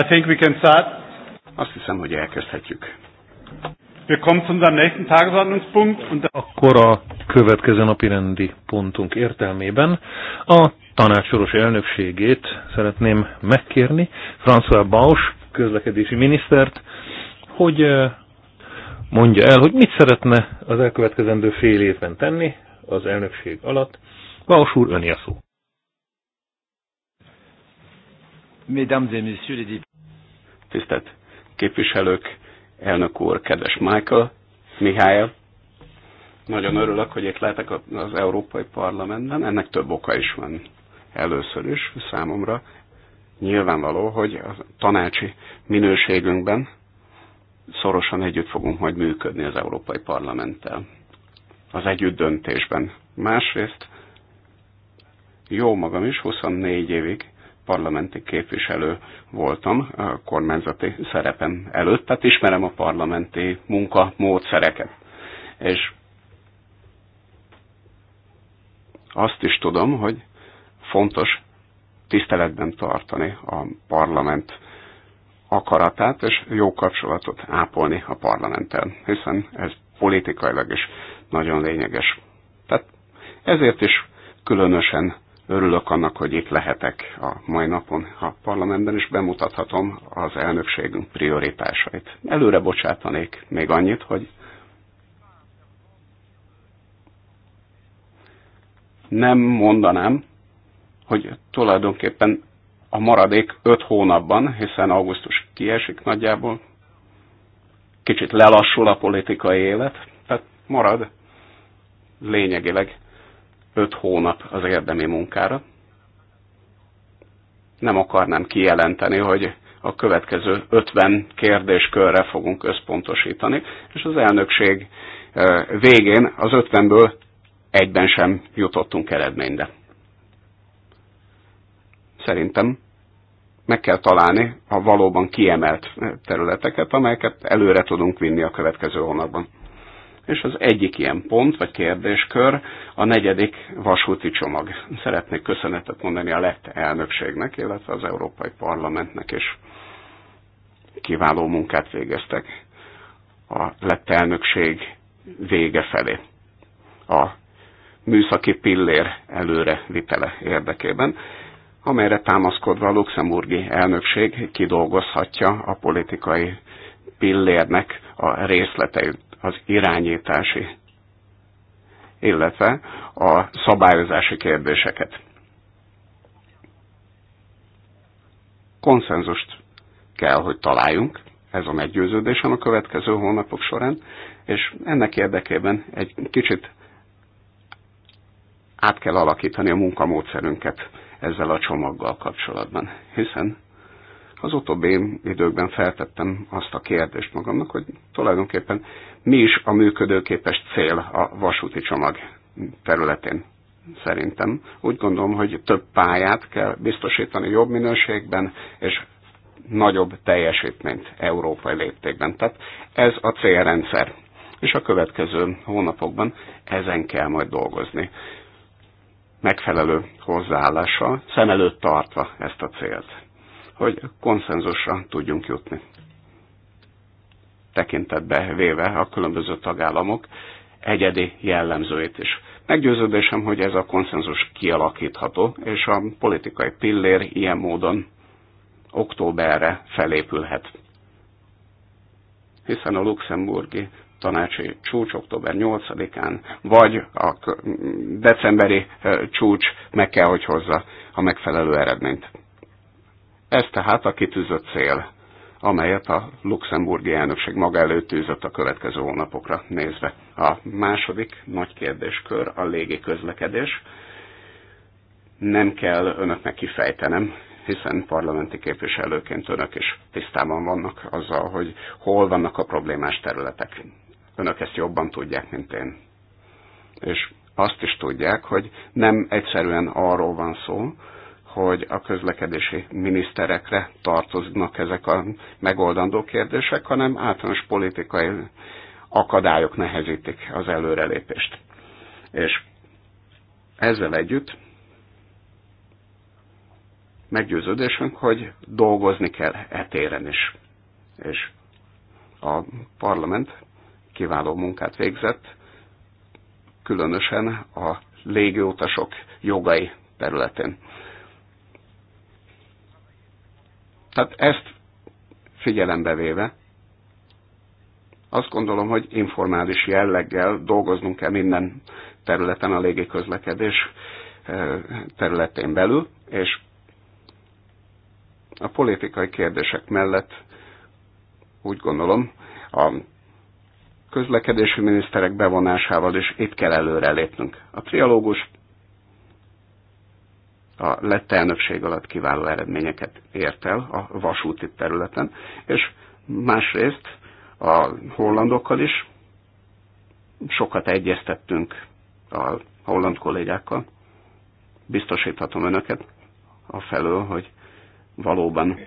I think we can start. Azt hiszem, hogy elkezdhetjük. Wir kommen zu unserem nächsten Tagesordnungspunkt. Und Akkor a következő napi rendi pontunk értelmében a tanácsoros elnökségét szeretném megkérni, François Baus, közlekedési minisztert, hogy eh, mondja el, hogy mit szeretne az elkövetkezendő fél évben tenni az elnökség alatt. Baus úr, öné a szó. Mesdames et messieurs les députés. Tisztelt képviselők, elnök úr, kedves Michael, Mihály, nagyon örülök, hogy itt lehetek az Európai Parlamentben. Ennek több oka is van. Először is számomra nyilvánvaló, hogy a tanácsi minőségünkben szorosan együtt fogunk majd működni az Európai Parlamenttel. Az együtt döntésben. Másrészt jó magam is 24 évig parlamenti képviselő voltam a kormányzati szerepem előtt, tehát ismerem a parlamenti munka módszereket. És azt is tudom, hogy fontos tiszteletben tartani a parlament akaratát, és jó kapcsolatot ápolni a parlamenttel, hiszen ez politikailag is nagyon lényeges. Tehát ezért is különösen Örülök annak, hogy itt lehetek a mai napon a parlamentben, és bemutathatom az elnökségünk prioritásait. Előre bocsátanék még annyit, hogy nem mondanám, hogy tulajdonképpen a maradék öt hónapban, hiszen augusztus kiesik nagyjából, kicsit lelassul a politikai élet, tehát marad lényegileg öt hónap az érdemi munkára. Nem akarnám kijelenteni, hogy a következő 50 kérdéskörre fogunk összpontosítani, és az elnökség végén az 50-ből egyben sem jutottunk eredményre. Szerintem meg kell találni a valóban kiemelt területeket, amelyeket előre tudunk vinni a következő hónapban. És az egyik ilyen pont, vagy kérdéskör a negyedik vasúti csomag. Szeretnék köszönetet mondani a lett elnökségnek, illetve az Európai Parlamentnek is. Kiváló munkát végeztek a lett elnökség vége felé. A műszaki pillér előre vitele érdekében, amelyre támaszkodva a luxemburgi elnökség kidolgozhatja a politikai pillérnek a részleteit az irányítási, illetve a szabályozási kérdéseket. Konszenzust kell, hogy találjunk, ez a meggyőződésem a következő hónapok során, és ennek érdekében egy kicsit át kell alakítani a munkamódszerünket ezzel a csomaggal kapcsolatban, hiszen az utóbbi időkben feltettem azt a kérdést magamnak, hogy tulajdonképpen mi is a működőképes cél a vasúti csomag területén szerintem. Úgy gondolom, hogy több pályát kell biztosítani jobb minőségben, és nagyobb teljesítményt európai léptékben. Tehát ez a célrendszer. És a következő hónapokban ezen kell majd dolgozni. Megfelelő hozzáállással, szem előtt tartva ezt a célt hogy konszenzusra tudjunk jutni. Tekintetbe véve a különböző tagállamok egyedi jellemzőit is. Meggyőződésem, hogy ez a konszenzus kialakítható, és a politikai pillér ilyen módon októberre felépülhet. Hiszen a luxemburgi tanácsi csúcs október 8-án, vagy a decemberi csúcs meg kell, hogy hozza a megfelelő eredményt. Ez tehát a kitűzött cél, amelyet a luxemburgi elnökség maga előtt tűzött a következő hónapokra nézve. A második nagy kérdéskör a légi közlekedés. Nem kell önöknek kifejtenem, hiszen parlamenti képviselőként önök is tisztában vannak azzal, hogy hol vannak a problémás területek. Önök ezt jobban tudják, mint én. És azt is tudják, hogy nem egyszerűen arról van szó, hogy a közlekedési miniszterekre tartoznak ezek a megoldandó kérdések, hanem általános politikai akadályok nehezítik az előrelépést. És ezzel együtt meggyőződésünk, hogy dolgozni kell etéren is. És a parlament kiváló munkát végzett, különösen a légiutasok jogai területén. Tehát ezt figyelembe véve, azt gondolom, hogy informális jelleggel dolgoznunk kell minden területen a légiközlekedés eh, területén belül, és a politikai kérdések mellett úgy gondolom a közlekedési miniszterek bevonásával is itt kell előrelépnünk. A trialógus a lett elnökség alatt kiváló eredményeket ért el a vasúti területen, és másrészt a hollandokkal is sokat egyeztettünk a holland kollégákkal. Biztosíthatom önöket a felől, hogy valóban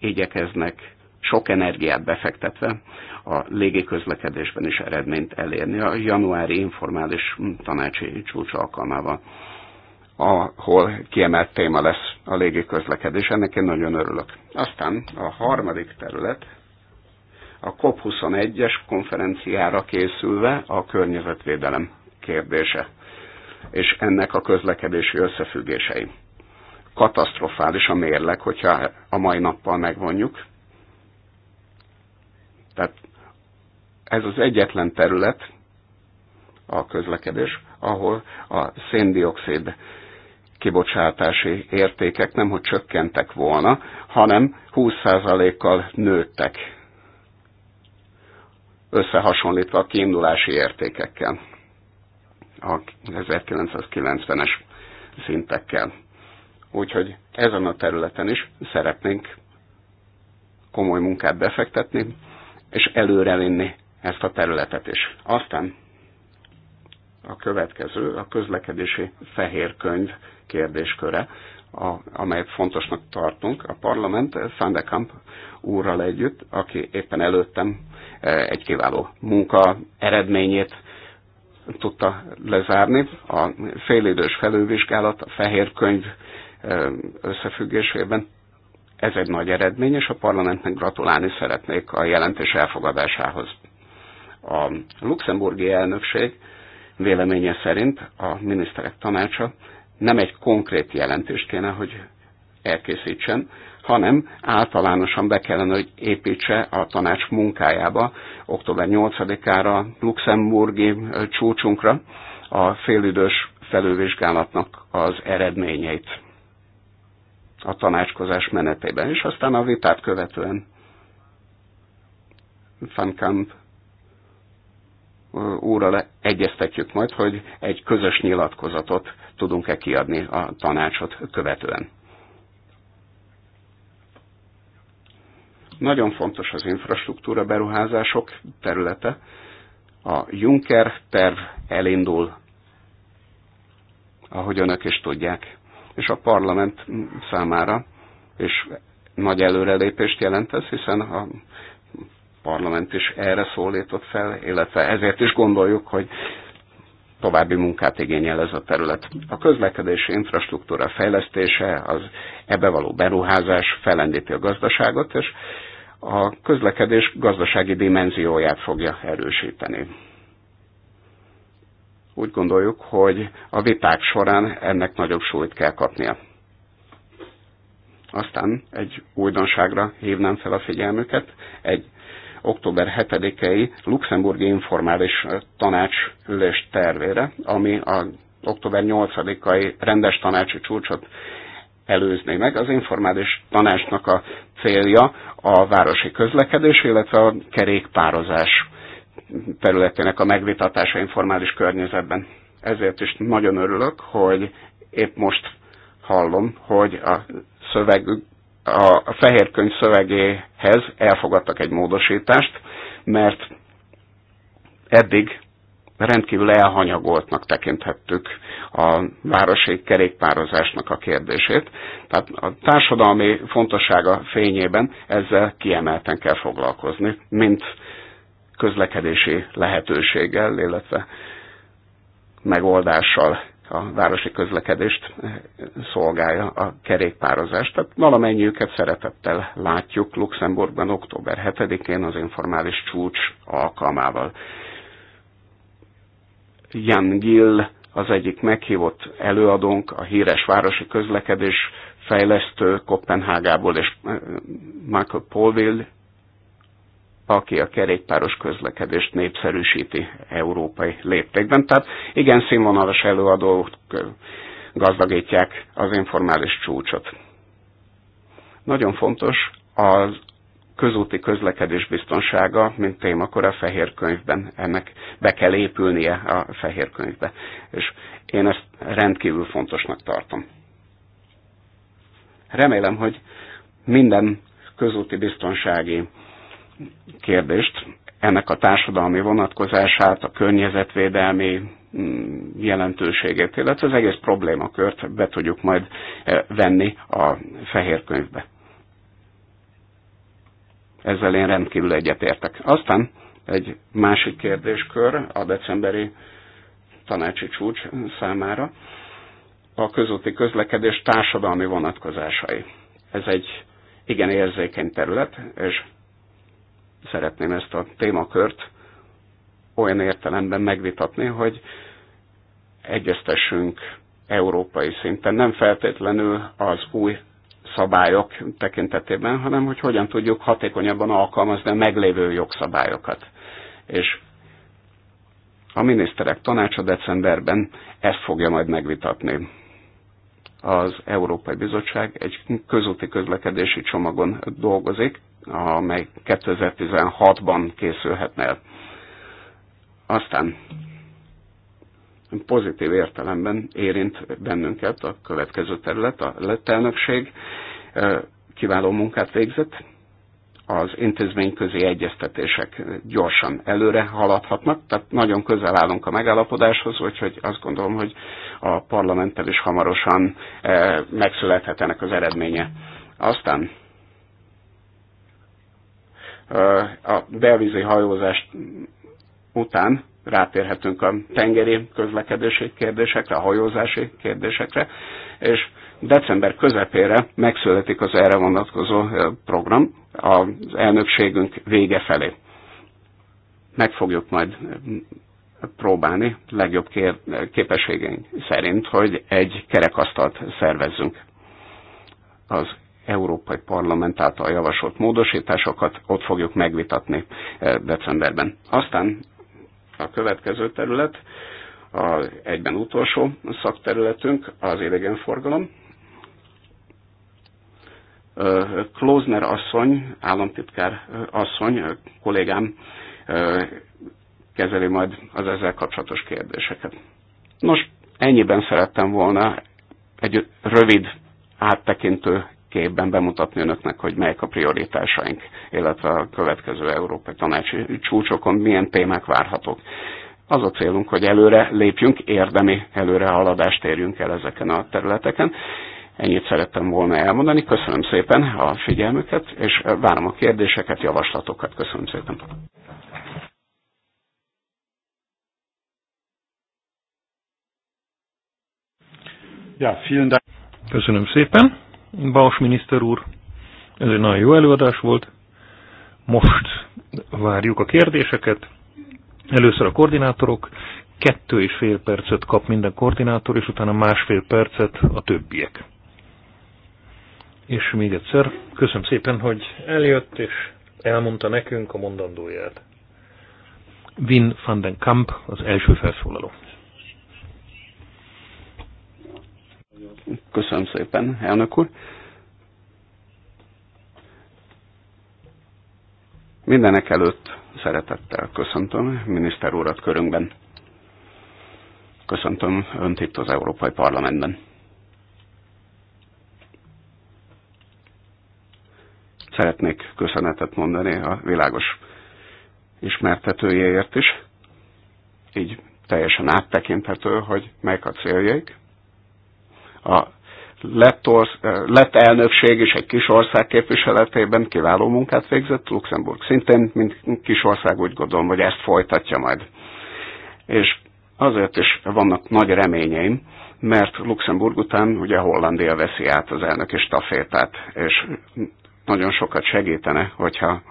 igyekeznek sok energiát befektetve a légiközlekedésben is eredményt elérni a januári informális tanácsi csúcs alkalmával ahol kiemelt téma lesz a légi közlekedés. Ennek én nagyon örülök. Aztán a harmadik terület, a COP21-es konferenciára készülve a környezetvédelem kérdése, és ennek a közlekedési összefüggései. Katasztrofális a mérleg, hogyha a mai nappal megvonjuk. Tehát ez az egyetlen terület, a közlekedés, ahol a széndiokszid kibocsátási értékek nem hogy csökkentek volna, hanem 20%-kal nőttek összehasonlítva a kiindulási értékekkel, a 1990-es szintekkel. Úgyhogy ezen a területen is szeretnénk komoly munkát befektetni, és előrevinni ezt a területet is. Aztán a következő, a közlekedési fehérkönyv kérdésköre, a, amelyet fontosnak tartunk. A parlament Sandekamp úrral együtt, aki éppen előttem eh, egy kiváló munka eredményét tudta lezárni. A félidős felülvizsgálat a fehér könyv eh, összefüggésében. Ez egy nagy eredmény, és a parlamentnek gratulálni szeretnék a jelentés elfogadásához. A luxemburgi elnökség véleménye szerint a miniszterek tanácsa nem egy konkrét jelentést kéne, hogy elkészítsen, hanem általánosan be kellene, hogy építse a tanács munkájába október 8-ára luxemburgi csúcsunkra a félidős felülvizsgálatnak az eredményeit a tanácskozás menetében, és aztán a vitát követően Van Kamp úrral egyeztetjük majd, hogy egy közös nyilatkozatot tudunk-e kiadni a tanácsot követően. Nagyon fontos az infrastruktúra beruházások területe. A Juncker terv elindul, ahogy önök is tudják, és a parlament számára, és nagy előrelépést jelent ez, hiszen a Parlament is erre szólított fel, illetve ezért is gondoljuk, hogy további munkát igényel ez a terület. A közlekedési infrastruktúra fejlesztése, az ebbe való beruházás felendíti a gazdaságot, és a közlekedés gazdasági dimenzióját fogja erősíteni. Úgy gondoljuk, hogy a viták során ennek nagyobb súlyt kell kapnia. Aztán egy újdonságra hívnám fel a figyelmüket, egy október 7-i luxemburgi informális tanács ülés tervére, ami a október 8-ai rendes tanácsi csúcsot előzni meg. Az informális tanácsnak a célja a városi közlekedés, illetve a kerékpározás területének a megvitatása informális környezetben. Ezért is nagyon örülök, hogy épp most hallom, hogy a szöveg a fehér könyv szövegéhez elfogadtak egy módosítást, mert eddig rendkívül elhanyagoltnak tekinthettük a városi kerékpározásnak a kérdését. Tehát a társadalmi fontossága fényében ezzel kiemelten kell foglalkozni, mint közlekedési lehetőséggel, illetve megoldással a városi közlekedést szolgálja a kerékpározást. Tehát őket szeretettel látjuk Luxemburgban október 7-én az informális csúcs alkalmával. Jan Gill az egyik meghívott előadónk, a híres városi közlekedés fejlesztő Kopenhágából és eh, Michael Polville aki a kerékpáros közlekedést népszerűsíti európai léptékben. Tehát igen színvonalas előadók gazdagítják az informális csúcsot. Nagyon fontos az közúti közlekedés biztonsága, mint témakor a fehér könyvben. Ennek be kell épülnie a fehér könyvbe. És én ezt rendkívül fontosnak tartom. Remélem, hogy minden közúti biztonsági kérdést, ennek a társadalmi vonatkozását, a környezetvédelmi mm, jelentőségét, illetve az egész problémakört be tudjuk majd eh, venni a fehér könyvbe. Ezzel én rendkívül egyetértek. Aztán egy másik kérdéskör a decemberi tanácsi csúcs számára a közúti közlekedés társadalmi vonatkozásai. Ez egy igen érzékeny terület, és szeretném ezt a témakört olyan értelemben megvitatni, hogy egyeztessünk európai szinten, nem feltétlenül az új szabályok tekintetében, hanem hogy hogyan tudjuk hatékonyabban alkalmazni a meglévő jogszabályokat. És a miniszterek tanácsa decemberben ezt fogja majd megvitatni. Az Európai Bizottság egy közúti közlekedési csomagon dolgozik, amely 2016-ban készülhetne el. Aztán pozitív értelemben érint bennünket a következő terület, a lett elnökség kiváló munkát végzett, az intézményközi egyeztetések gyorsan előre haladhatnak, tehát nagyon közel állunk a megállapodáshoz, úgyhogy azt gondolom, hogy a parlamenttel is hamarosan megszülethet ennek az eredménye. Aztán a belvízi hajózás után rátérhetünk a tengeri közlekedési kérdésekre, a hajózási kérdésekre, és december közepére megszületik az erre vonatkozó program az elnökségünk vége felé. Meg fogjuk majd próbálni legjobb képességeink szerint, hogy egy kerekasztalt szervezzünk az Európai Parlament által javasolt módosításokat ott fogjuk megvitatni eh, decemberben. Aztán a következő terület, a egyben utolsó szakterületünk az idegenforgalom. Eh, Klózner asszony, államtitkár eh, asszony, kollégám kezeli majd az ezzel kapcsolatos kérdéseket. Nos, ennyiben szerettem volna egy rövid áttekintő képben bemutatni önöknek, hogy melyek a prioritásaink, illetve a következő Európai Tanácsi csúcsokon milyen témák várhatók. Az a célunk, hogy előre lépjünk, érdemi előrehaladást érjünk el ezeken a területeken. Ennyit szerettem volna elmondani. Köszönöm szépen a figyelmüket, és várom a kérdéseket, javaslatokat. Köszönöm szépen. Ja, vielen Dank. Köszönöm szépen. Baus miniszter úr, ez egy nagyon jó előadás volt. Most várjuk a kérdéseket. Először a koordinátorok, kettő és fél percet kap minden koordinátor, és utána másfél percet a többiek. És még egyszer, köszönöm szépen, hogy eljött, és elmondta nekünk a mondandóját. Win van den Kamp az első felszólaló. Köszönöm szépen, elnök úr. Mindenek előtt szeretettel köszöntöm miniszter úrat körünkben. Köszöntöm Önt itt az Európai Parlamentben. Szeretnék köszönetet mondani a világos ismertetőjéért is. Így teljesen áttekinthető, hogy melyek a céljaik, a lett, orsz, eh, lett elnökség is egy kis ország képviseletében kiváló munkát végzett, Luxemburg szintén, mint kis ország úgy gondolom, hogy ezt folytatja majd. És azért is vannak nagy reményeim, mert Luxemburg után ugye Hollandia veszi át az elnöki stafétát, és nagyon sokat segítene, hogyha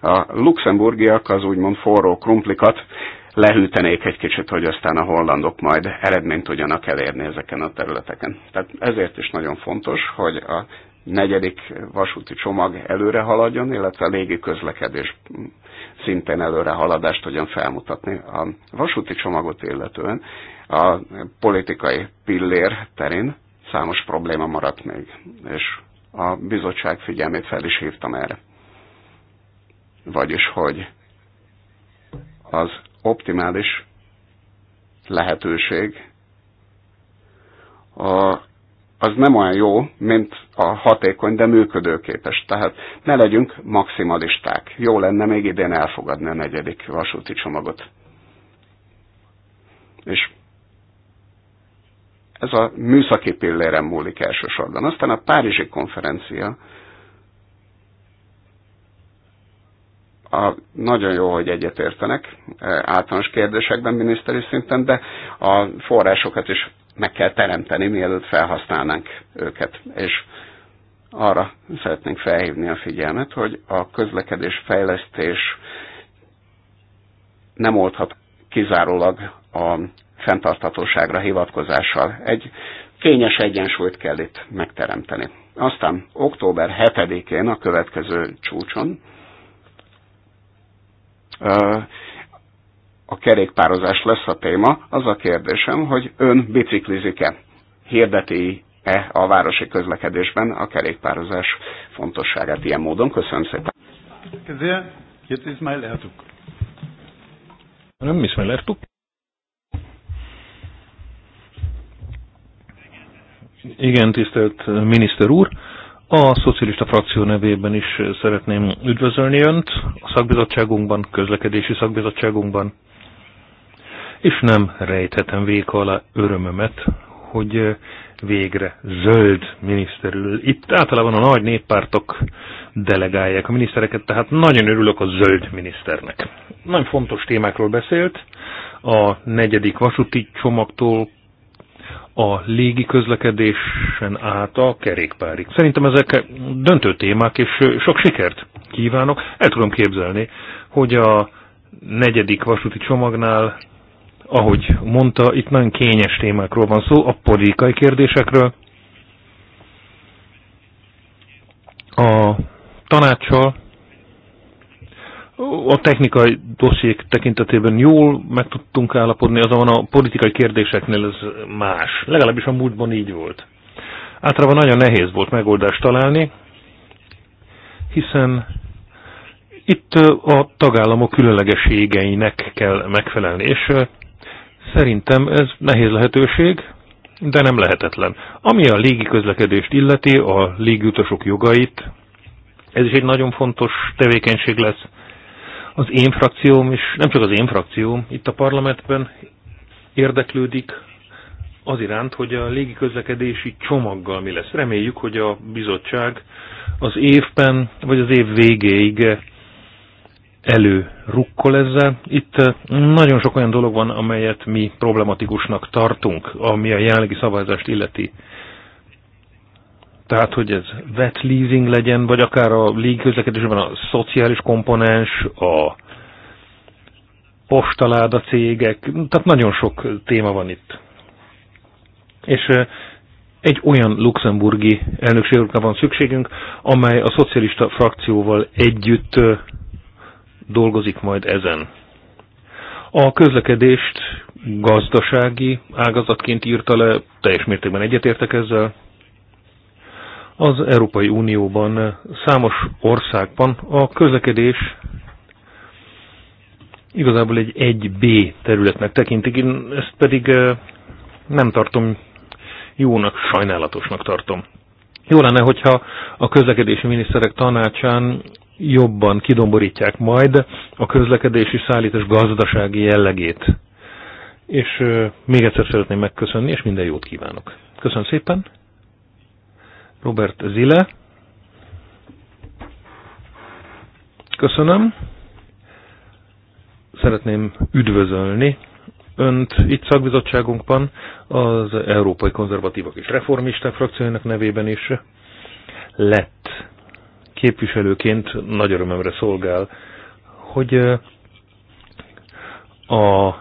a luxemburgiak az úgymond forró krumplikat lehűtenék egy kicsit, hogy aztán a hollandok majd eredményt tudjanak elérni ezeken a területeken. Tehát ezért is nagyon fontos, hogy a negyedik vasúti csomag előre haladjon, illetve a légi közlekedés szintén előre haladást tudjon felmutatni. A vasúti csomagot illetően a politikai pillér terén számos probléma maradt még, és a bizottság figyelmét fel is hívtam erre. Vagyis, hogy az optimális lehetőség a az nem olyan jó, mint a hatékony, de működőképes. Tehát ne legyünk maximalisták. Jó lenne még idén elfogadni a negyedik vasúti csomagot. És ez a műszaki pilléren múlik elsősorban. Aztán a Párizsi konferencia a, nagyon jó, hogy egyetértenek e, általános kérdésekben miniszteri szinten, de a forrásokat is meg kell teremteni, mielőtt felhasználnánk őket. És arra szeretnénk felhívni a figyelmet, hogy a közlekedés fejlesztés nem oldhat kizárólag a fenntarthatóságra hivatkozással. Egy kényes egyensúlyt kell itt megteremteni. Aztán október 7-én a következő csúcson a kerékpározás lesz a téma, az a kérdésem, hogy ön biciklizik-e? Hirdeti-e a városi közlekedésben a kerékpározás fontosságát ilyen módon? Köszönöm szépen. Köszönöm. Jetzt Nem Ismail Ertug. Igen, tisztelt miniszter úr. A szocialista frakció nevében is szeretném üdvözölni Önt a szakbizottságunkban, közlekedési szakbizottságunkban, és nem rejthetem vék alá örömömet, hogy végre zöld miniszterül Itt általában a nagy néppártok delegálják a minisztereket, tehát nagyon örülök a zöld miniszternek. Nagyon fontos témákról beszélt, a negyedik vasúti csomagtól a légi közlekedésen át a kerékpárig. Szerintem ezek döntő témák, és sok sikert kívánok. El tudom képzelni, hogy a negyedik vasúti csomagnál, ahogy mondta, itt nagyon kényes témákról van szó, a politikai kérdésekről. A tanácssal a technikai dossziék tekintetében jól meg tudtunk állapodni, azonban a politikai kérdéseknél ez más. Legalábbis a múltban így volt. Általában nagyon nehéz volt megoldást találni, hiszen itt a tagállamok különlegeségeinek kell megfelelni, és szerintem ez nehéz lehetőség, de nem lehetetlen. Ami a légiközlekedést illeti, a légutasok jogait, ez is egy nagyon fontos tevékenység lesz, az én frakcióm, és nem csak az én frakcióm itt a parlamentben érdeklődik az iránt, hogy a légiközlekedési csomaggal mi lesz. Reméljük, hogy a bizottság az évben, vagy az év végéig elő rukkol ezzel. Itt eh, nagyon sok olyan dolog van, amelyet mi problematikusnak tartunk, ami a jelenlegi szabályzást illeti tehát hogy ez vet leasing legyen, vagy akár a közlekedésben a szociális komponens, a postaláda cégek, tehát nagyon sok téma van itt. És egy olyan luxemburgi elnökségre van szükségünk, amely a szocialista frakcióval együtt dolgozik majd ezen. A közlekedést gazdasági ágazatként írta le, teljes mértékben egyetértek ezzel, az Európai Unióban számos országban a közlekedés igazából egy 1B területnek tekintik, én ezt pedig nem tartom jónak, sajnálatosnak tartom. Jó lenne, hogyha a közlekedési miniszterek tanácsán jobban kidomborítják majd a közlekedési szállítás gazdasági jellegét. És még egyszer szeretném megköszönni, és minden jót kívánok. Köszönöm szépen! Robert Zile. Köszönöm. Szeretném üdvözölni Önt itt szakbizottságunkban az Európai Konzervatívak és Reformisták frakciójának nevében is lett képviselőként nagy örömömre szolgál, hogy a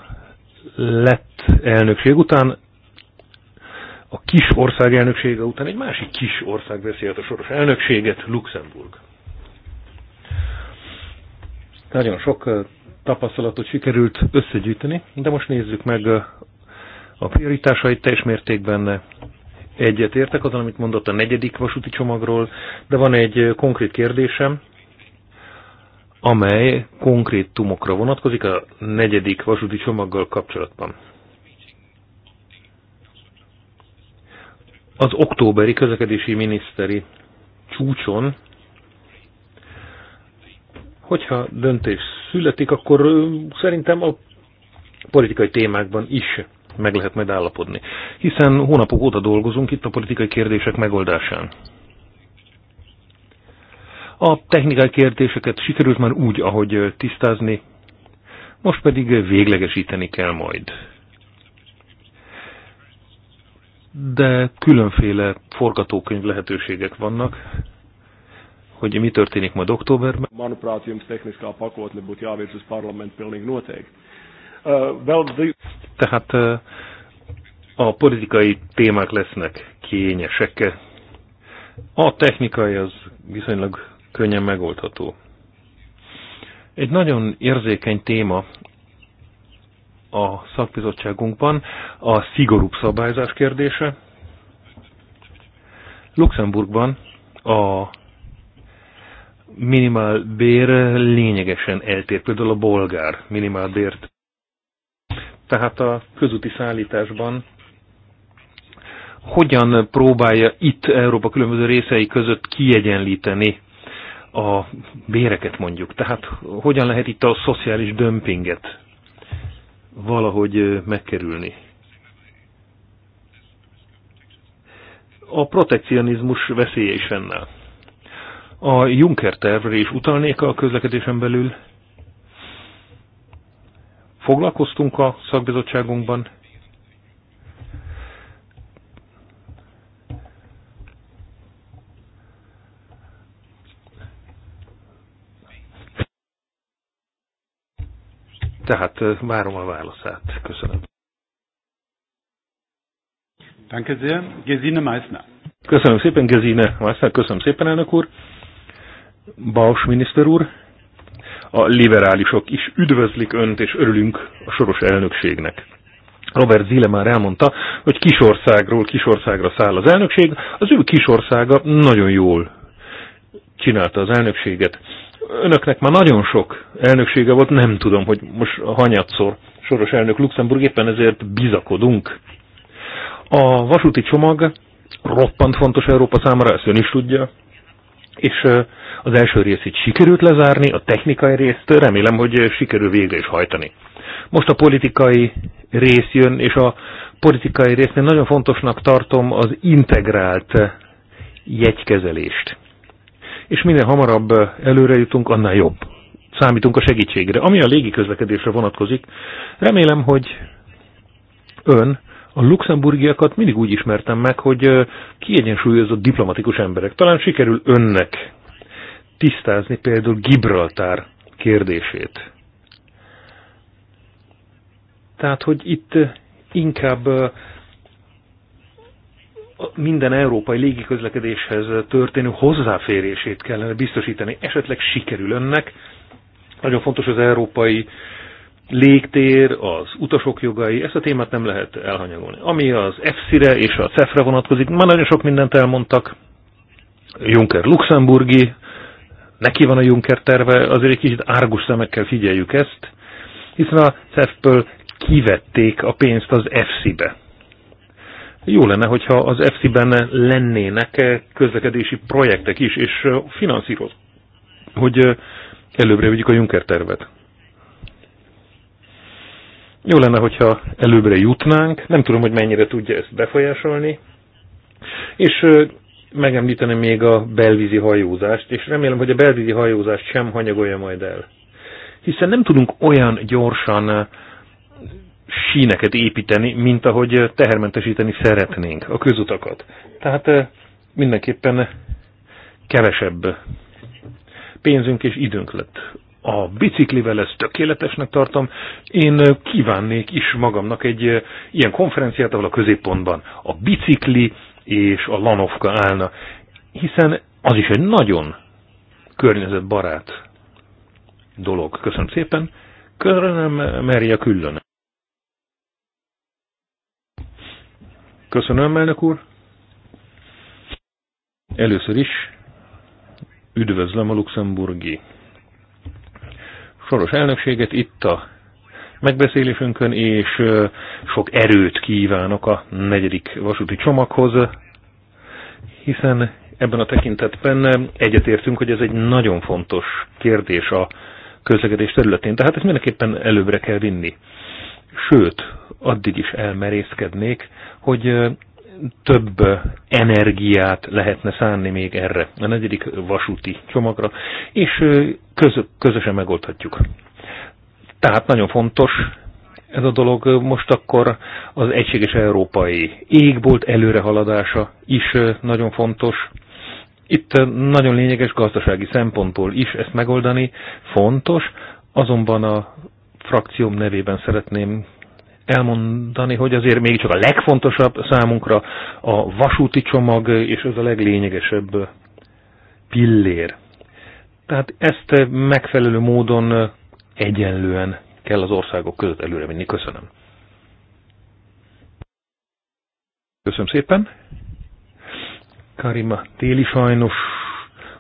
lett elnökség után a kis ország elnöksége után egy másik kis ország veszi át a soros elnökséget, Luxemburg. Nagyon sok tapasztalatot sikerült összegyűjteni, de most nézzük meg a prioritásait teljes mértékben egyet értek azon, amit mondott a negyedik vasúti csomagról, de van egy konkrét kérdésem, amely konkrét tumokra vonatkozik a negyedik vasúti csomaggal kapcsolatban. Az októberi közlekedési miniszteri csúcson, hogyha döntés születik, akkor szerintem a politikai témákban is meg lehet majd állapodni. Hiszen hónapok óta dolgozunk itt a politikai kérdések megoldásán. A technikai kérdéseket sikerült már úgy, ahogy tisztázni, most pedig véglegesíteni kell majd de különféle forgatókönyv lehetőségek vannak, hogy mi történik majd októberben. Manuprāt, jums tehniskā pakotne būtu jāvirz uz parlamentu pilnīgi noteikti. Uh, Tehát a politikai témák lesznek kényesek. A technikai az viszonylag könnyen megoldható. Egy nagyon érzékeny téma a szakbizottságunkban a szigorúbb szabályzás kérdése. Luxemburgban a bér lényegesen eltér, például a bolgár bért. Tehát a közúti szállításban hogyan próbálja itt Európa különböző részei között kiegyenlíteni a béreket mondjuk. Tehát hogyan lehet itt a szociális dömpinget valahogy megkerülni. A protekcionizmus veszélye is ennél. A Juncker tervre is utalnék a közlekedésen belül. Foglalkoztunk a szakbizottságunkban Tehát várom a válaszát. Köszönöm. Danke sehr. Gesine Meissner. Köszönöm szépen, Gesine Meissner. Köszönöm szépen, elnök úr. Baus miniszter úr, a liberálisok is üdvözlik önt, és örülünk a soros elnökségnek. Robert Zile már elmondta, hogy kisországról kisországra száll az elnökség. Az ő kisországa nagyon jól csinálta az elnökséget önöknek már nagyon sok elnöksége volt, nem tudom, hogy most hanyatszor soros elnök Luxemburg, éppen ezért bizakodunk. A vasúti csomag roppant fontos Európa számára, ezt ön is tudja, és az első részét sikerült lezárni, a technikai részt remélem, hogy sikerül végre is hajtani. Most a politikai rész jön, és a politikai résznél nagyon fontosnak tartom az integrált jegykezelést és minél hamarabb előre jutunk, annál jobb. Számítunk a segítségre. Ami a légiközlekedésre vonatkozik, remélem, hogy ön a luxemburgiakat mindig úgy ismertem meg, hogy kiegyensúlyozott diplomatikus emberek. Talán sikerül önnek tisztázni például Gibraltár kérdését. Tehát, hogy itt inkább minden európai légiközlekedéshez történő hozzáférését kellene biztosítani. Esetleg sikerül önnek. Nagyon fontos az európai légtér, az utasok jogai, ezt a témát nem lehet elhanyagolni. Ami az efsi re és a CEF-re vonatkozik, már nagyon sok mindent elmondtak. Juncker luxemburgi, neki van a Juncker terve, azért egy kicsit árgus szemekkel figyeljük ezt, hiszen a CEF-ből kivették a pénzt az efsi be jó lenne, hogyha az EFSI-ben lennének eh, közlekedési projektek is, és eh, finanszíroz, hogy eh, előbbre vigyük a Juncker tervet. Jó lenne, hogyha előbbre jutnánk, nem tudom, hogy mennyire tudja ezt befolyásolni, és megemlíteném még a belvízi hajózást, és remélem, hogy a belvízi hajózást sem hanyagolja majd el. Hiszen nem tudunk olyan gyorsan síneket építeni, mint ahogy tehermentesíteni szeretnénk a közutakat. Tehát mindenképpen kevesebb pénzünk és időnk lett. A biciklivel ezt tökéletesnek tartom. Én kívánnék is magamnak egy ilyen konferenciát, ahol a középpontban a bicikli és a lanovka állna, hiszen az is egy nagyon környezetbarát dolog. Köszönöm szépen. Köszönöm, Merja külön. Köszönöm, elnök úr. Először is üdvözlöm a luxemburgi soros elnökséget itt a megbeszélésünkön, és sok erőt kívánok a negyedik vasúti csomaghoz, hiszen ebben a tekintetben egyetértünk, hogy ez egy nagyon fontos kérdés a közlekedés területén, tehát ezt mindenképpen előbbre kell vinni. Sőt, addig is elmerészkednék, hogy több energiát lehetne szánni még erre, a negyedik vasúti csomagra, és közösen megoldhatjuk. Tehát nagyon fontos ez a dolog. Most akkor az egységes európai égbolt előrehaladása is nagyon fontos. Itt nagyon lényeges gazdasági szempontból is ezt megoldani fontos, azonban a frakcióm nevében szeretném elmondani, hogy azért mégiscsak a legfontosabb számunkra a vasúti csomag, és ez a leglényegesebb pillér. Tehát ezt megfelelő módon egyenlően kell az országok között vinni. Köszönöm. Köszönöm szépen. Karima Téli sajnos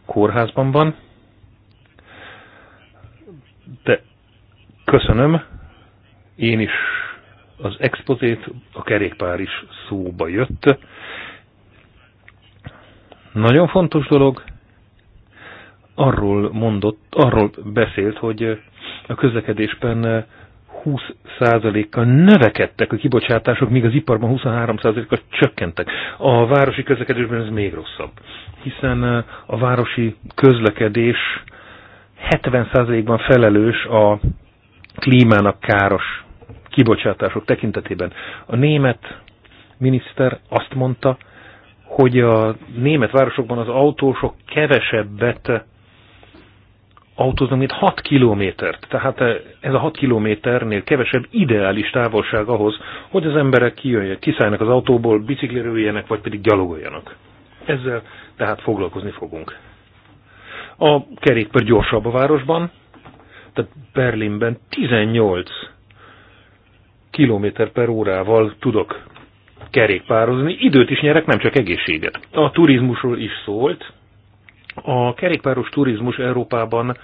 kórházban van, de köszönöm. Én is az expozét, a kerékpár is szóba jött. Nagyon fontos dolog, arról mondott, arról beszélt, hogy a közlekedésben 20%-kal növekedtek a kibocsátások, míg az iparban 23%-kal csökkentek. A városi közlekedésben ez még rosszabb, hiszen a városi közlekedés 70%-ban felelős a klímának káros kibocsátások tekintetében. A német miniszter azt mondta, hogy a német városokban az autósok kevesebbet autóznak, mint 6 kilométert. Tehát ez a 6 kilométernél kevesebb ideális távolság ahhoz, hogy az emberek kijöjjenek, kiszállnak az autóból, bicikliről vagy pedig gyalogoljanak. Ezzel tehát foglalkozni fogunk. A kerékpár gyorsabb a városban, tehát Berlinben 18 kilométer per órával tudok kerékpározni. Időt is nyerek, nem csak egészséget. A turizmusról is szólt. A kerékpáros turizmus Európában,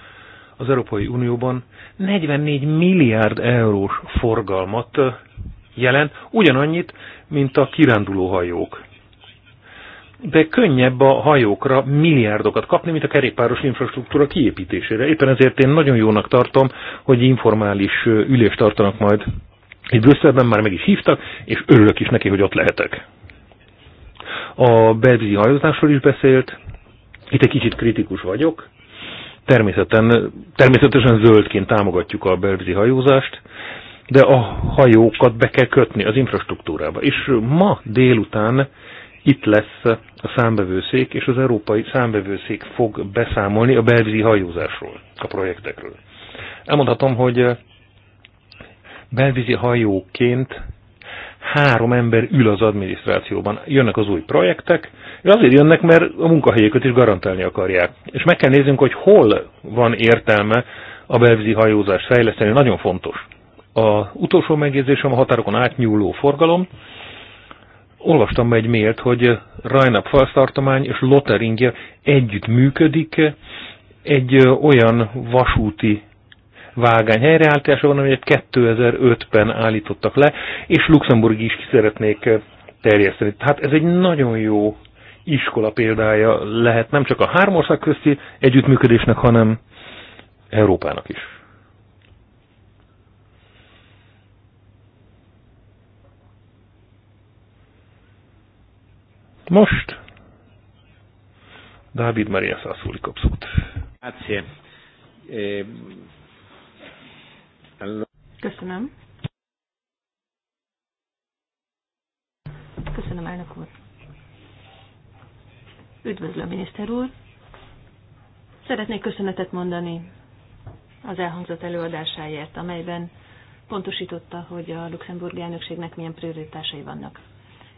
az Európai Unióban 44 milliárd eurós forgalmat jelent, ugyanannyit, mint a kiránduló hajók. De könnyebb a hajókra milliárdokat kapni, mint a kerékpáros infrastruktúra kiépítésére. Éppen ezért én nagyon jónak tartom, hogy informális ülést tartanak majd itt Brüsszelben már meg is hívtak, és örülök is neki, hogy ott lehetek. A belvízi hajózásról is beszélt, itt egy kicsit kritikus vagyok, Természeten, természetesen zöldként támogatjuk a belvízi hajózást, de a hajókat be kell kötni az infrastruktúrába. És ma délután itt lesz a számbevőszék, és az európai számbevőszék fog beszámolni a belvízi hajózásról, a projektekről. Elmondhatom, hogy belvízi hajóként három ember ül az adminisztrációban. Jönnek az új projektek, és azért jönnek, mert a munkahelyeket is garantálni akarják. És meg kell néznünk, hogy hol van értelme a belvízi hajózás fejleszteni, nagyon fontos. A utolsó megjegyzésem a határokon átnyúló forgalom. Olvastam egy mélt, hogy Rajnap falsztartomány és Lotheringia együtt működik egy olyan vasúti vágány van, amelyet 2005-ben állítottak le, és Luxemburg is ki szeretnék eh, terjeszteni. Tehát ez egy nagyon jó iskola példája lehet nem csak a három ország közti együttműködésnek, hanem Európának is. Most Dávid Maria Szászúli kapszót. Grazie. Ehm, Köszönöm. Köszönöm, elnök úr. Üdvözlöm, miniszter úr. Szeretnék köszönetet mondani az elhangzott előadásáért, amelyben pontosította, hogy a luxemburgi elnökségnek milyen prioritásai vannak.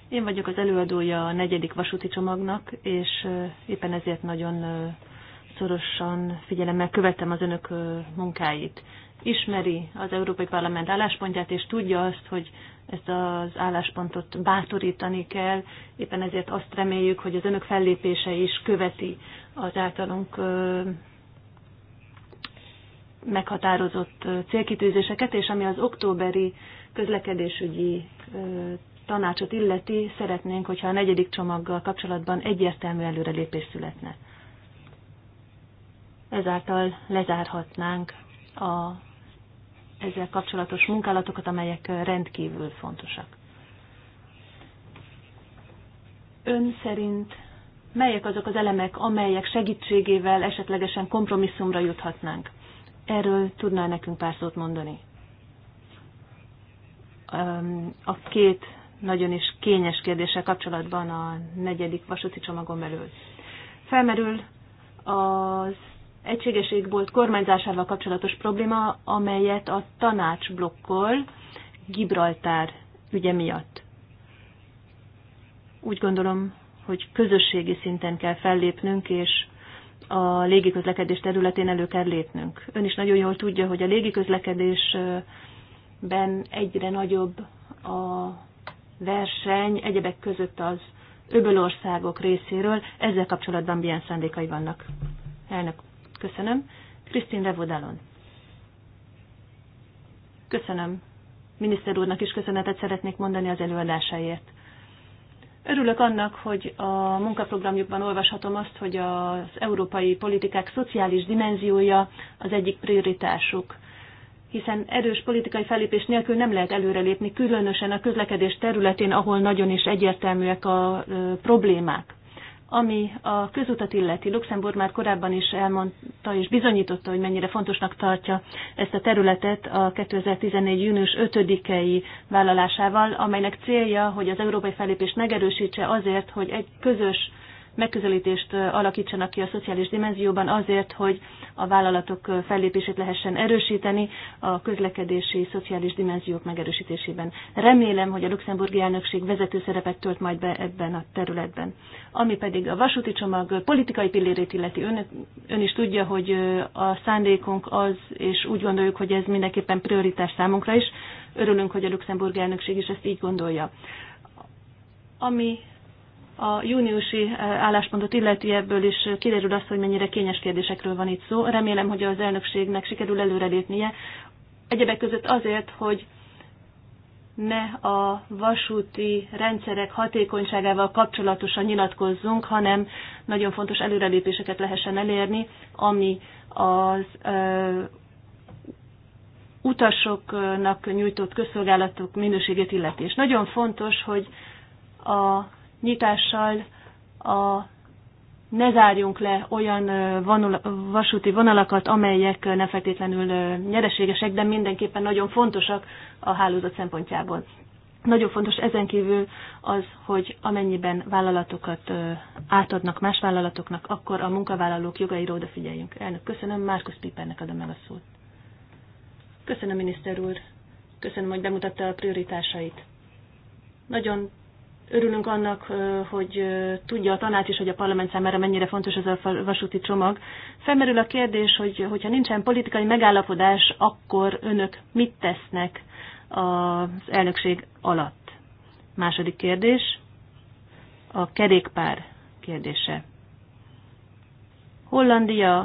Én vagyok az előadója a negyedik vasúti csomagnak, és éppen ezért nagyon szorosan figyelemmel követem az önök munkáit ismeri az Európai Parlament álláspontját, és tudja azt, hogy ezt az álláspontot bátorítani kell. Éppen ezért azt reméljük, hogy az önök fellépése is követi az általunk meghatározott célkitűzéseket, és ami az októberi közlekedésügyi tanácsot illeti, szeretnénk, hogyha a negyedik csomaggal kapcsolatban egyértelmű előrelépés születne. Ezáltal lezárhatnánk a ezzel kapcsolatos munkálatokat, amelyek rendkívül fontosak. Ön szerint melyek azok az elemek, amelyek segítségével esetlegesen kompromisszumra juthatnánk? Erről tudná nekünk pár szót mondani? A két nagyon is kényes kérdése kapcsolatban a negyedik vasúti csomagon belül. Felmerül az egységes égbolt kormányzásával kapcsolatos probléma, amelyet a tanács blokkol Gibraltár ügye miatt. Úgy gondolom, hogy közösségi szinten kell fellépnünk, és a légiközlekedés területén elő kell lépnünk. Ön is nagyon jól tudja, hogy a légiközlekedésben egyre nagyobb a verseny, egyebek között az öbölországok részéről. Ezzel kapcsolatban milyen szándékai vannak? Elnök Köszönöm. Krisztin Revodalon. Köszönöm. Miniszter úrnak is köszönetet szeretnék mondani az előadásáért. Örülök annak, hogy a munkaprogramjukban olvashatom azt, hogy az európai politikák szociális dimenziója az egyik prioritásuk hiszen erős politikai felépés nélkül nem lehet előrelépni, különösen a közlekedés területén, ahol nagyon is egyértelműek a problémák. Ami a közutat illeti, Luxemburg már korábban is elmondta és bizonyította, hogy mennyire fontosnak tartja ezt a területet a 2014. június 5-i vállalásával, amelynek célja, hogy az európai felépést megerősítse azért, hogy egy közös megközelítést alakítsanak ki a szociális dimenzióban azért, hogy a vállalatok fellépését lehessen erősíteni a közlekedési szociális dimenziók megerősítésében. Remélem, hogy a luxemburgi elnökség vezető szerepet tölt majd be ebben a területben. Ami pedig a vasúti csomag politikai pillérét illeti, ön, ön is tudja, hogy a szándékunk az, és úgy gondoljuk, hogy ez mindenképpen prioritás számunkra is. Örülünk, hogy a luxemburgi elnökség is ezt így gondolja. Ami a júniusi eh, álláspontot illeti ebből is kiderül az, hogy mennyire kényes kérdésekről van itt szó. Remélem, hogy az elnökségnek sikerül előrelépnie. Egyebek között azért, hogy ne a vasúti rendszerek hatékonyságával kapcsolatosan nyilatkozzunk, hanem nagyon fontos előrelépéseket lehessen elérni, ami az ö, utasoknak nyújtott közszolgálatok minőségét illeti. És nagyon fontos, hogy a nyitással a ne zárjunk le olyan vonul, vasúti vonalakat, amelyek ne feltétlenül nyereségesek, de mindenképpen nagyon fontosak a hálózat szempontjából. Nagyon fontos ezen kívül az, hogy amennyiben vállalatokat átadnak más vállalatoknak, akkor a munkavállalók jogairól odafigyeljünk. Elnök, köszönöm, Márkusz Pipernek adom el a szót. Köszönöm, miniszter úr. Köszönöm, hogy bemutatta a prioritásait. Nagyon Örülünk annak, hogy tudja a tanács is, hogy a parlament számára mennyire fontos ez a vasúti csomag. Felmerül a kérdés, hogy hogyha nincsen politikai megállapodás, akkor önök mit tesznek az elnökség alatt? Második kérdés, a kerékpár kérdése. Hollandia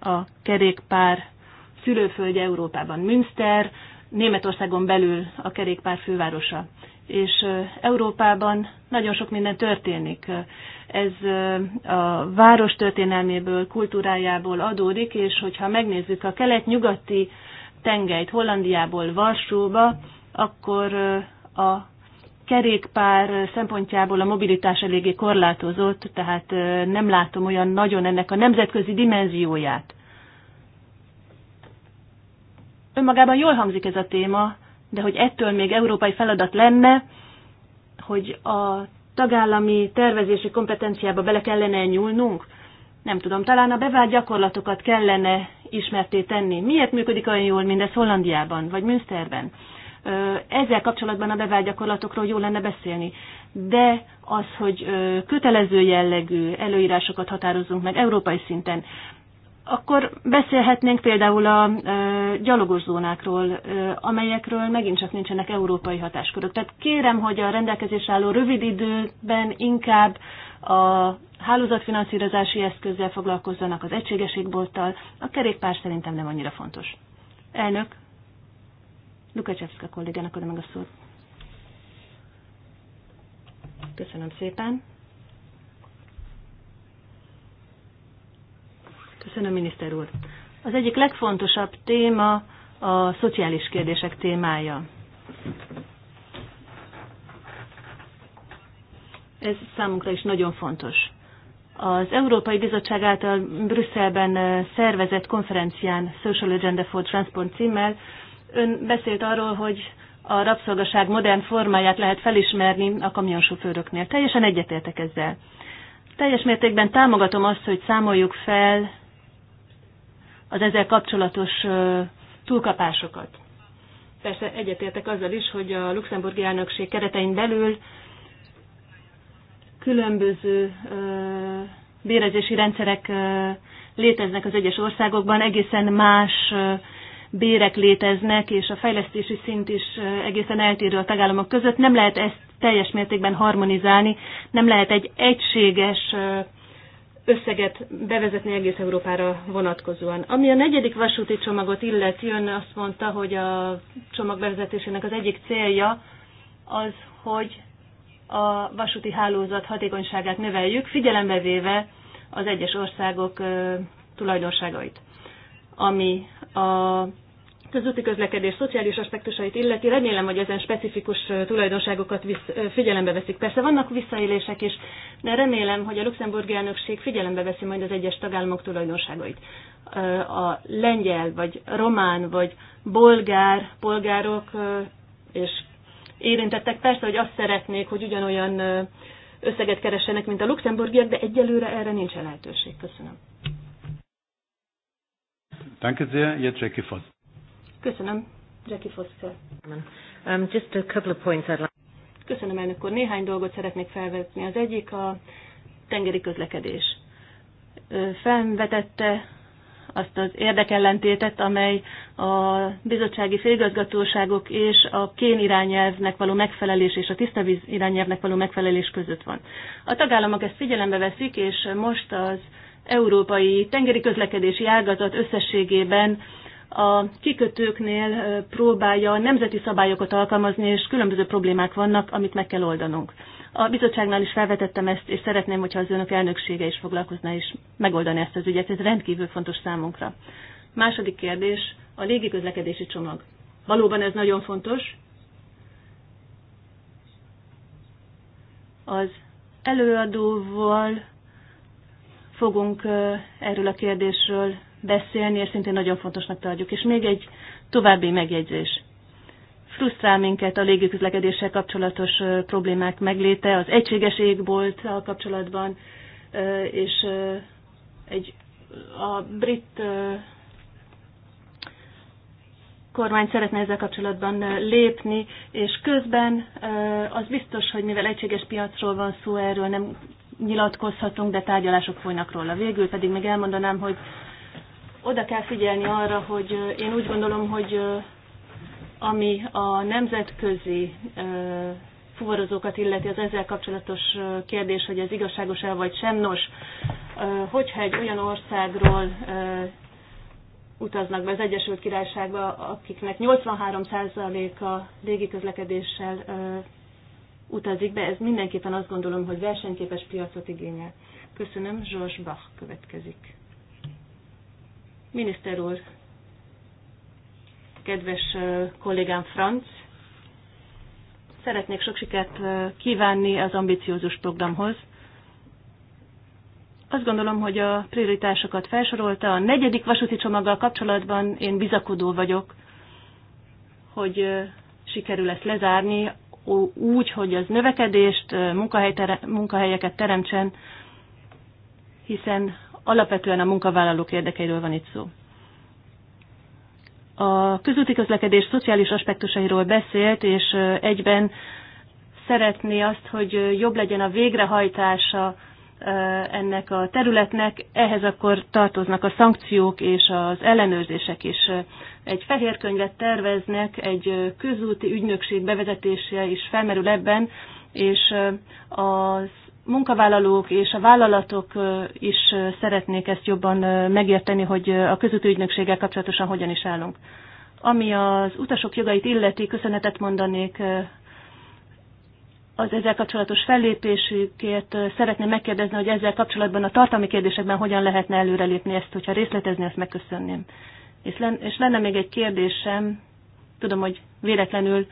a kerékpár szülőföldje Európában, Münster, Németországon belül a kerékpár fővárosa és Európában nagyon sok minden történik. Ez a város történelméből, kultúrájából adódik, és hogyha megnézzük a kelet-nyugati tengelyt Hollandiából Varsóba, akkor a kerékpár szempontjából a mobilitás eléggé korlátozott, tehát nem látom olyan nagyon ennek a nemzetközi dimenzióját. Önmagában jól hangzik ez a téma, de hogy ettől még európai feladat lenne, hogy a tagállami tervezési kompetenciába bele kellene nyúlnunk? Nem tudom, talán a bevált gyakorlatokat kellene ismerté tenni. Miért működik olyan jól mindez Hollandiában, vagy Münsterben? Ezzel kapcsolatban a bevált gyakorlatokról jó lenne beszélni. De az, hogy kötelező jellegű előírásokat határozunk meg európai szinten, akkor beszélhetnénk például a ö, gyalogos zónákról, ö, amelyekről megint csak nincsenek európai hatáskörök. Tehát kérem, hogy a rendelkezés álló rövid időben inkább a hálózatfinanszírozási eszközzel foglalkozzanak, az egységeségbolttal. A kerékpár szerintem nem annyira fontos. Elnök, Lukacsevszka kollégának adom meg a szót. Köszönöm szépen. Köszönöm, miniszter úr. Az egyik legfontosabb téma a szociális kérdések témája. Ez számunkra is nagyon fontos. Az Európai Bizottság által Brüsszelben szervezett konferencián Social Agenda for Transport címmel ön beszélt arról, hogy a rabszolgaság modern formáját lehet felismerni a kamionsofőröknél. Teljesen egyetértek ezzel. Teljes mértékben támogatom azt, hogy számoljuk fel az ezzel kapcsolatos túlkapásokat. Persze egyetértek azzal is, hogy a luxemburgi elnökség keretein belül különböző bérezési rendszerek léteznek az egyes országokban, egészen más bérek léteznek, és a fejlesztési szint is egészen eltérő a tagállamok között. Nem lehet ezt teljes mértékben harmonizálni, nem lehet egy egységes összeget bevezetni egész Európára vonatkozóan. Ami a negyedik vasúti csomagot illeti, ön azt mondta, hogy a csomag bevezetésének az egyik célja az, hogy a vasúti hálózat hatékonyságát növeljük, figyelembe véve az egyes országok tulajdonságait, ami a közúti közlekedés szociális aspektusait illeti, remélem, hogy ezen specifikus tulajdonságokat visz, figyelembe veszik. Persze vannak visszaélések is, de remélem, hogy a luxemburgi elnökség figyelembe veszi majd az egyes tagállamok tulajdonságait. A lengyel, vagy román, vagy bolgár polgárok és érintettek persze, hogy azt szeretnék, hogy ugyanolyan összeget keressenek, mint a luxemburgiak, de egyelőre erre nincsen lehetőség. Köszönöm. Danke sehr, jetzt Jackie Voss. Köszönöm, Jackie Foster. Um, um, just a couple of points I'd like... Köszönöm, elnök úr. Néhány dolgot szeretnék felvetni. Az egyik a tengeri közlekedés. Felvetette azt az érdekellentétet, amely a bizottsági félgazgatóságok és a kén irányelvnek való megfelelés és a tiszta víz irányelvnek való megfelelés között van. A tagállamok ezt figyelembe veszik, és most az európai tengeri közlekedési ágazat összességében a kikötőknél próbálja a nemzeti szabályokat alkalmazni, és különböző problémák vannak, amit meg kell oldanunk. A bizottságnál is felvetettem ezt, és szeretném, hogyha az önök elnöksége is foglalkozna, és megoldani ezt az ügyet. Ez rendkívül fontos számunkra. Második kérdés, a légiközlekedési csomag. Valóban ez nagyon fontos. Az előadóval fogunk erről a kérdésről beszélni, és szintén nagyon fontosnak tartjuk. És még egy további megjegyzés. Frusztrál minket a légiközlekedéssel kapcsolatos problémák megléte, az egységes a kapcsolatban, és egy, a brit kormány szeretne ezzel kapcsolatban lépni, és közben az biztos, hogy mivel egységes piacról van szó, erről nem nyilatkozhatunk, de tárgyalások folynak róla. Végül pedig még elmondanám, hogy oda kell figyelni arra, hogy én úgy gondolom, hogy ami a nemzetközi fuvarozókat illeti az ezzel kapcsolatos kérdés, hogy ez igazságos-e vagy sem. Nos, hogyha egy olyan országról utaznak be az Egyesült Királyságba, akiknek 83%-a légiközlekedéssel utazik be, ez mindenképpen azt gondolom, hogy versenyképes piacot igényel. Köszönöm, Zsors Bach következik. Miniszter úr, kedves kollégám Franz, szeretnék sok sikert kívánni az ambiciózus programhoz. Azt gondolom, hogy a prioritásokat felsorolta. A negyedik vasúti csomaggal kapcsolatban én bizakodó vagyok, hogy sikerül ezt lezárni úgy, hogy az növekedést, munkahelyeket teremtsen, hiszen alapvetően a munkavállalók érdekeiről van itt szó. A közúti közlekedés szociális aspektusairól beszélt, és egyben szeretné azt, hogy jobb legyen a végrehajtása ennek a területnek, ehhez akkor tartoznak a szankciók és az ellenőrzések is. Egy fehér könyvet terveznek, egy közúti ügynökség bevezetése is felmerül ebben, és az munkavállalók és a vállalatok is szeretnék ezt jobban megérteni, hogy a közötti ügynökséggel kapcsolatosan hogyan is állunk. Ami az utasok jogait illeti, köszönetet mondanék az ezzel kapcsolatos fellépésükért. Szeretném megkérdezni, hogy ezzel kapcsolatban a tartalmi kérdésekben hogyan lehetne előrelépni ezt, hogyha részletezni, ezt megköszönném. És lenne még egy kérdésem, tudom, hogy véletlenül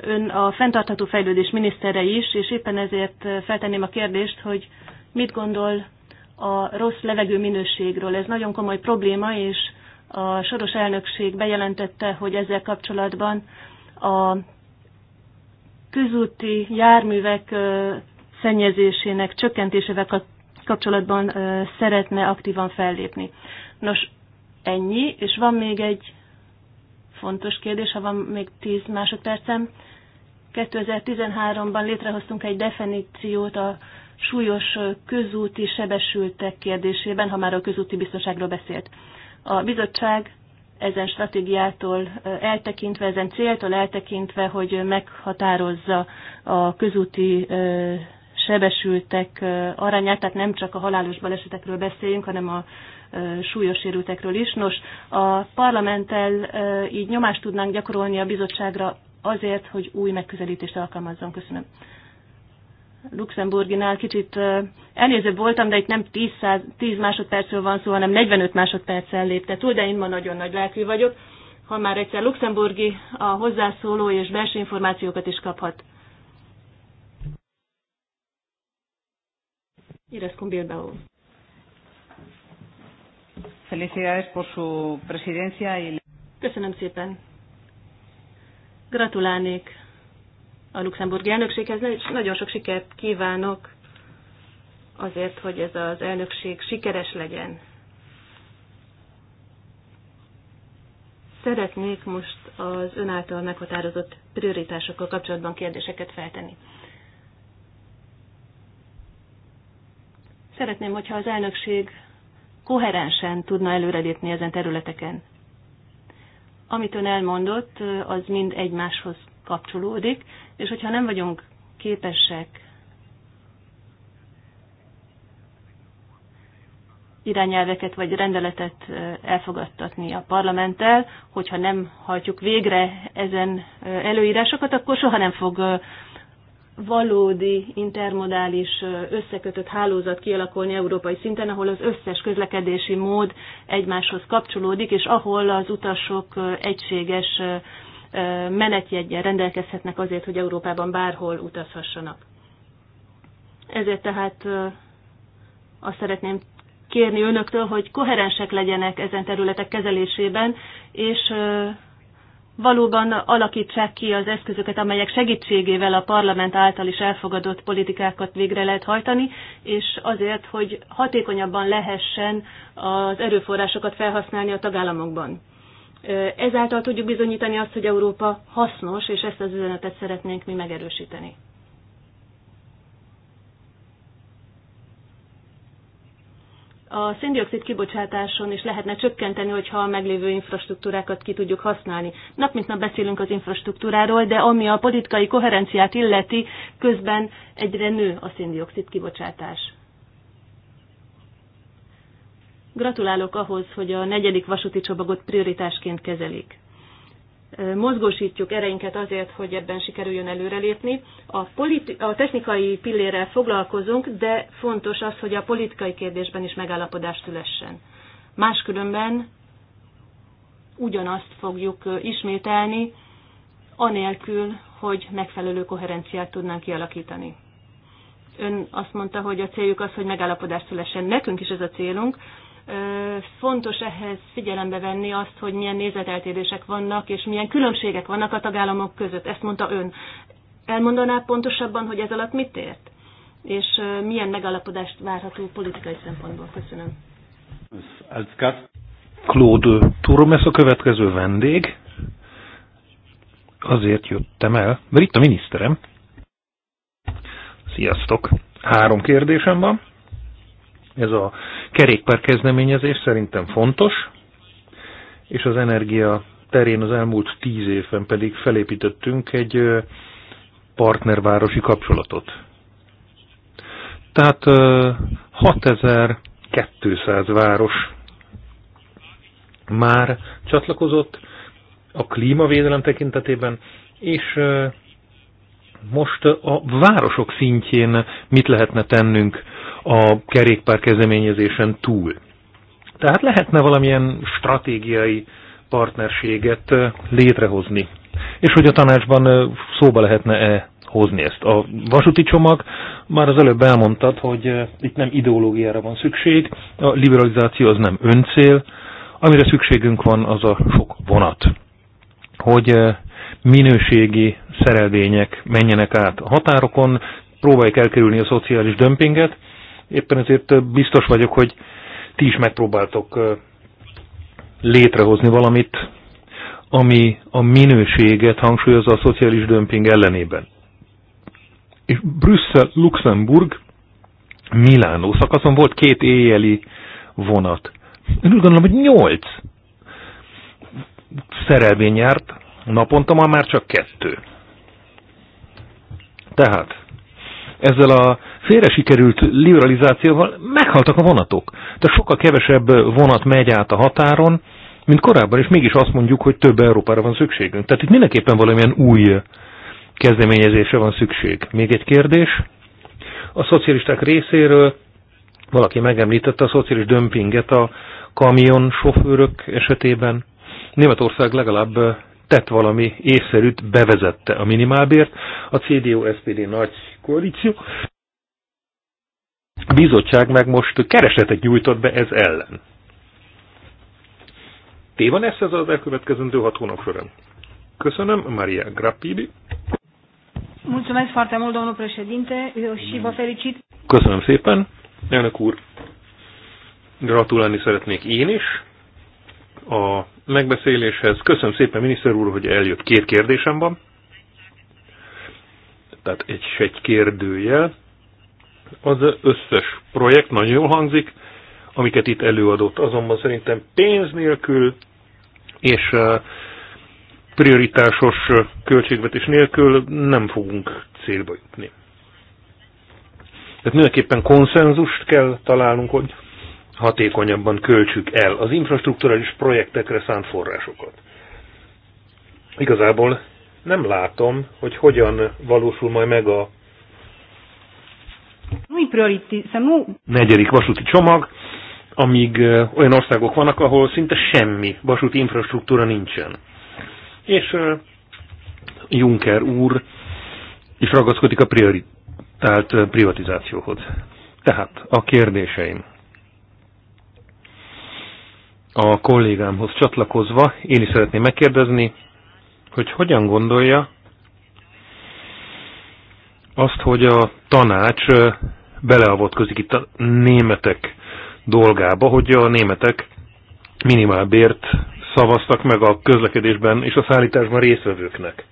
ön a fenntartható fejlődés minisztere is, és éppen ezért feltenném a kérdést, hogy mit gondol a rossz levegő minőségről. Ez nagyon komoly probléma, és a soros elnökség bejelentette, hogy ezzel kapcsolatban a közúti járművek szennyezésének csökkentésével kapcsolatban szeretne aktívan fellépni. Nos, ennyi, és van még egy fontos kérdés, ha van még 10 másodpercem. 2013-ban létrehoztunk egy definíciót a súlyos közúti sebesültek kérdésében, ha már a közúti biztonságról beszélt. A bizottság ezen stratégiától eltekintve, ezen céltól eltekintve, hogy meghatározza a közúti sebesültek arányát, tehát nem csak a halálos balesetekről beszéljünk, hanem a súlyos sérültekről is. Nos, a parlamenttel így nyomást tudnánk gyakorolni a bizottságra azért, hogy új megközelítést alkalmazzon. Köszönöm. Luxemburginál kicsit elnézőbb voltam, de itt nem 10, 10 másodpercről van szó, hanem 45 másodperccel lépte túl, de én ma nagyon nagy lelkű vagyok. Ha már egyszer luxemburgi a hozzászóló és belső információkat is kaphat. Ireszkun Bilbao. Felicidades por su presidencia y... Köszönöm szépen. Gratulálnék a luxemburgi elnökséghez. Nagyon sok sikert kívánok azért, hogy ez az elnökség sikeres legyen. Szeretnék most az ön által meghatározott prioritásokkal kapcsolatban kérdéseket feltenni. Szeretném, hogyha az elnökség koherensen tudna előrelépni ezen területeken. Amit ön elmondott, az mind egymáshoz kapcsolódik, és hogyha nem vagyunk képesek irányelveket vagy rendeletet elfogadtatni a parlamenttel, hogyha nem hajtjuk végre ezen előírásokat, akkor soha nem fog valódi intermodális összekötött hálózat kialakulni európai szinten, ahol az összes közlekedési mód egymáshoz kapcsolódik, és ahol az utasok egységes menetjegyen rendelkezhetnek azért, hogy Európában bárhol utazhassanak. Ezért tehát azt szeretném kérni önöktől, hogy koherensek legyenek ezen területek kezelésében, és valóban alakítsák ki az eszközöket, amelyek segítségével a parlament által is elfogadott politikákat végre lehet hajtani, és azért, hogy hatékonyabban lehessen az erőforrásokat felhasználni a tagállamokban. Ezáltal tudjuk bizonyítani azt, hogy Európa hasznos, és ezt az üzenetet szeretnénk mi megerősíteni. a széndiokszid kibocsátáson is lehetne csökkenteni, hogyha a meglévő infrastruktúrákat ki tudjuk használni. Nap mint nap beszélünk az infrastruktúráról, de ami a politikai koherenciát illeti, közben egyre nő a széndiokszid kibocsátás. Gratulálok ahhoz, hogy a negyedik vasúti csomagot prioritásként kezelik mozgósítjuk ereinket azért, hogy ebben sikerüljön előrelépni. A, politi- a technikai pillérrel foglalkozunk, de fontos az, hogy a politikai kérdésben is megállapodás szülessen. Máskülönben ugyanazt fogjuk ismételni, anélkül, hogy megfelelő koherenciát tudnánk kialakítani. Ön azt mondta, hogy a céljuk az, hogy megállapodás szülessen. Nekünk is ez a célunk, fontos ehhez figyelembe venni azt, hogy milyen nézeteltérések vannak, és milyen különbségek vannak a tagállamok között. Ezt mondta ön. Elmondaná pontosabban, hogy ez alatt mit ért? És milyen megállapodást várható politikai szempontból? Köszönöm. Claude Turmes a következő vendég. Azért jöttem el, mert itt a miniszterem. Sziasztok! Három kérdésem van. Ez a kerékpár kezdeményezés szerintem fontos, és az energia terén az elmúlt tíz évben pedig felépítettünk egy partnervárosi kapcsolatot. Tehát 6200 város már csatlakozott a klímavédelem tekintetében, és most a városok szintjén mit lehetne tennünk a kerékpár kezdeményezésen túl. Tehát lehetne valamilyen stratégiai partnerséget létrehozni. És hogy a tanácsban szóba lehetne-e hozni ezt. A vasúti csomag, már az előbb elmondtad, hogy itt nem ideológiára van szükség, a liberalizáció az nem öncél, amire szükségünk van az a sok vonat. Hogy minőségi szerelvények menjenek át a határokon, próbálják elkerülni a szociális dömpinget, Éppen ezért biztos vagyok, hogy ti is megpróbáltok létrehozni valamit, ami a minőséget hangsúlyozza a szociális dömping ellenében. És Brüsszel, Luxemburg, Milánó szakaszon volt két éjjeli vonat. Én úgy gondolom, hogy nyolc szerelvény járt, naponta ma már csak kettő. Tehát ezzel a félre sikerült liberalizációval meghaltak a vonatok. Tehát sokkal kevesebb vonat megy át a határon, mint korábban, és mégis azt mondjuk, hogy több Európára van szükségünk. Tehát itt mindenképpen valamilyen új kezdeményezésre van szükség. Még egy kérdés. A szocialisták részéről valaki megemlítette a szociális dömpinget a kamion sofőrök esetében. Németország legalább tett valami észszerűt, bevezette a minimálbért. A CDU-SPD nagy koalíció. A bizottság meg most keresetet nyújtott be ez ellen. Té van ezt az elkövetkezendő hat hónap során? Köszönöm, Maria Grappidi. Mulțumesc foarte mult, domnul președinte, și vă felicit. Köszönöm szépen, elnök úr. Gratulálni szeretnék én is a megbeszéléshez. Köszönöm szépen, miniszter úr, hogy eljött. Két kérdésem van tehát egy, egy kérdőjel. Az összes projekt nagyon jól hangzik, amiket itt előadott, azonban szerintem pénz nélkül és prioritásos költségvetés nélkül nem fogunk célba jutni. Tehát mindenképpen konszenzust kell találnunk, hogy hatékonyabban költsük el az infrastruktúrális projektekre szánt forrásokat. Igazából nem látom, hogy hogyan valósul majd meg a negyedik vasúti csomag, amíg olyan országok vannak, ahol szinte semmi vasúti infrastruktúra nincsen. És Juncker úr is ragaszkodik a prioritált privatizációhoz. Tehát a kérdéseim. A kollégámhoz csatlakozva én is szeretném megkérdezni, hogy hogyan gondolja azt, hogy a tanács beleavatkozik itt a németek dolgába, hogy a németek minimálbért szavaztak meg a közlekedésben és a szállításban részvevőknek.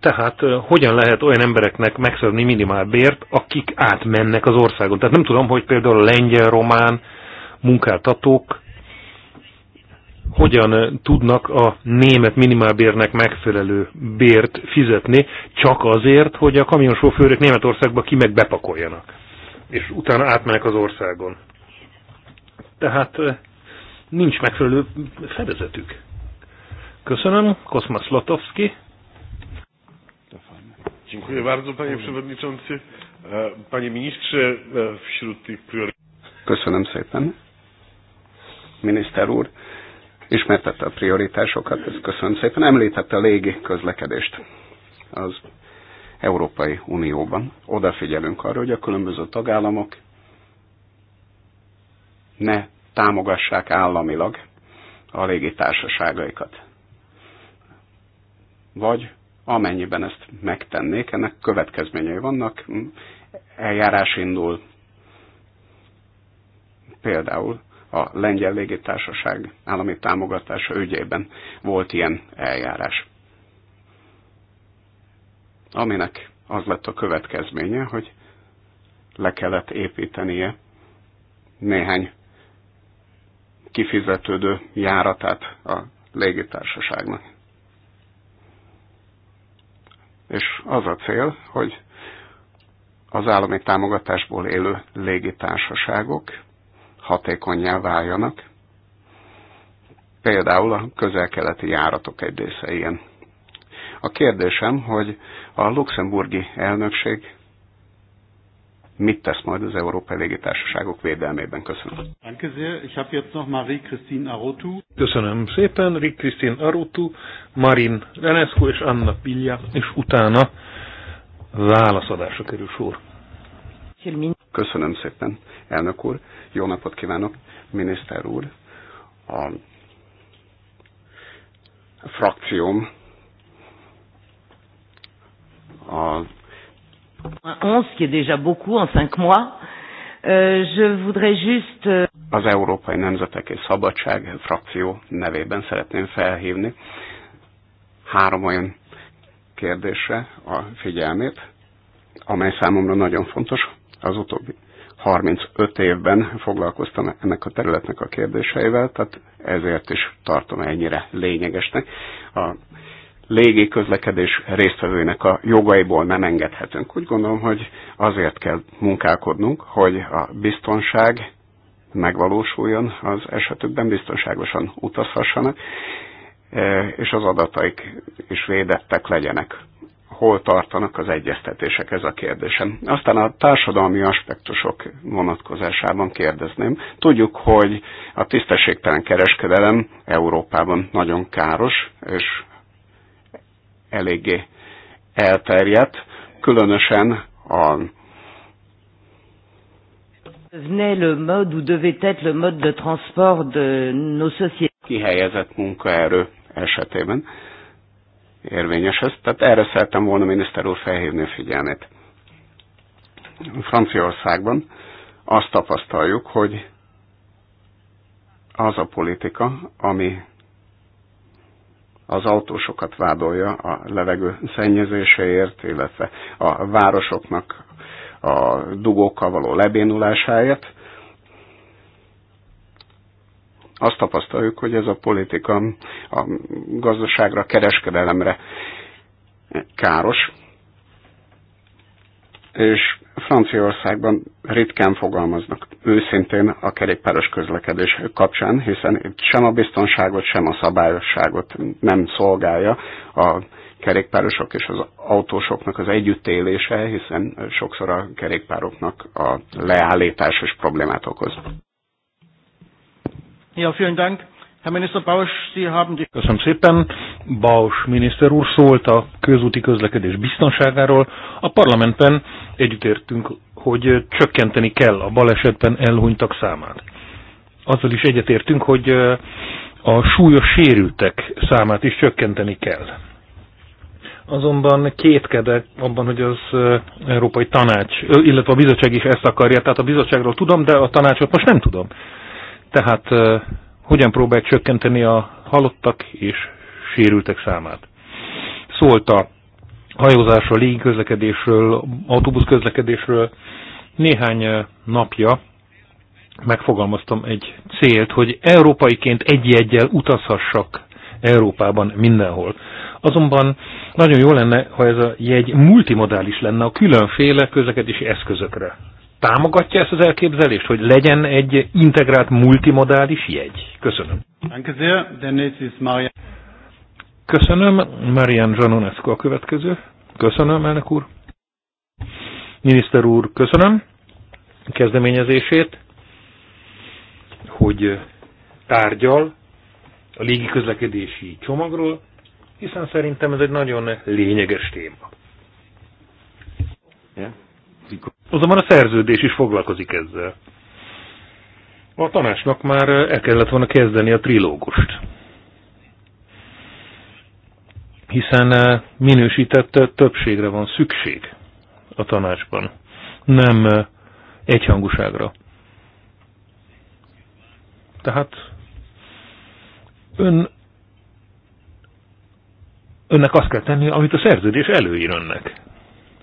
Tehát hogyan lehet olyan embereknek megszabni minimálbért, akik átmennek az országon? Tehát nem tudom, hogy például a lengyel-román munkáltatók hogyan tudnak a német minimálbérnek megfelelő bért fizetni, csak azért, hogy a kamionsofőrök Németországba ki meg bepakoljanak, és utána átmenek az országon. Tehát nincs megfelelő fedezetük. Köszönöm, Kosmas Latovski. Dziękuję bardzo, panie przewodniczący. E, panie ministrze, e, wśród tych priorytetów... Köszönöm szépen. Miniszter úr, ismertette a prioritásokat, ezt köszönöm szépen. Említette a légi közlekedést az Európai Unióban. Odafigyelünk arra, hogy a különböző tagállamok ne támogassák államilag a légitársaságaikat. Vagy amennyiben ezt megtennék, ennek következményei vannak, eljárás indul például a Lengyel Légitársaság állami támogatása ügyében volt ilyen eljárás. Aminek az lett a következménye, hogy le kellett építenie néhány kifizetődő járatát a légitársaságnak. És az a cél, hogy az állami támogatásból élő légitársaságok hatékonyá váljanak. Például a közel-keleti járatok egy része ilyen. A kérdésem, hogy a luxemburgi elnökség mit tesz majd az Európai Légitársaságok védelmében. Köszönöm. Köszönöm szépen, Rick Christine Arotu, Marin Renescu és Anna Pilla, és utána válaszadásra kerül sor. Köszönöm szépen, elnök úr. Jó napot kívánok, miniszter úr. A frakcióm a euh, euh, Az Európai Nemzetek és Szabadság frakció nevében szeretném felhívni három olyan kérdésre a figyelmét, amely számomra nagyon fontos az utóbbi 35 évben foglalkoztam ennek a területnek a kérdéseivel, tehát ezért is tartom ennyire lényegesnek. A légi közlekedés résztvevőinek a jogaiból nem engedhetünk. Úgy gondolom, hogy azért kell munkálkodnunk, hogy a biztonság megvalósuljon az esetükben, biztonságosan utazhassanak, eh, és az adataik is védettek legyenek hol tartanak az egyeztetések, ez a kérdésem. Aztán a társadalmi aspektusok vonatkozásában kérdezném. Tudjuk, hogy a tisztességtelen kereskedelem Európában nagyon káros, és eléggé elterjedt, különösen a Kihelyezett munkaerő esetében érvényes ez. Tehát erre szerettem volna miniszter úr felhívni a figyelmét. Franciaországban azt tapasztaljuk, hogy az a politika, ami az autósokat vádolja a levegő szennyezéséért, illetve a városoknak a dugókkal való lebénulásáért, azt tapasztaljuk, hogy ez a politika a gazdaságra, kereskedelemre káros, és Franciaországban ritkán fogalmaznak őszintén a kerékpáros közlekedés kapcsán, hiszen itt sem a biztonságot, sem a szabályosságot nem szolgálja a kerékpárosok és az autósoknak az együttélése, hiszen sokszor a kerékpároknak a leállításos problémát okoz. Ja, vielen Dank. Herr Minister Bausch, Sie haben die... Köszönöm szépen. Bausch miniszter úr szólt a közúti közlekedés biztonságáról. A parlamentben együttértünk, hogy csökkenteni kell a balesetben elhunytak számát. Azzal is egyetértünk, hogy a súlyos sérültek számát is csökkenteni kell. Azonban kétkedek abban, hogy az Európai Tanács, illetve a bizottság is ezt akarja. Tehát a bizottságról tudom, de a tanácsot most nem tudom. Tehát hogyan próbálják csökkenteni a halottak és sérültek számát. Szólt a hajózásról, légiközlekedésről, autóbuszközlekedésről. Néhány napja megfogalmaztam egy célt, hogy európaiként egy-egyel utazhassak Európában mindenhol. Azonban nagyon jó lenne, ha ez a jegy multimodális lenne a különféle közlekedési eszközökre támogatja ezt az elképzelést, hogy legyen egy integrált multimodális jegy? Köszönöm. Köszönöm, Marian Zsanonescu a következő. Köszönöm, elnök úr. Miniszter úr, köszönöm kezdeményezését, hogy tárgyal a légiközlekedési csomagról, hiszen szerintem ez egy nagyon lényeges téma. Yeah. Azonban a szerződés is foglalkozik ezzel. A tanácsnak már el kellett volna kezdeni a trilógust. Hiszen eh, minősített többségre van szükség a tanácsban, nem eh, egyhangúságra. Tehát ön, önnek azt kell tenni, amit a szerződés előír önnek.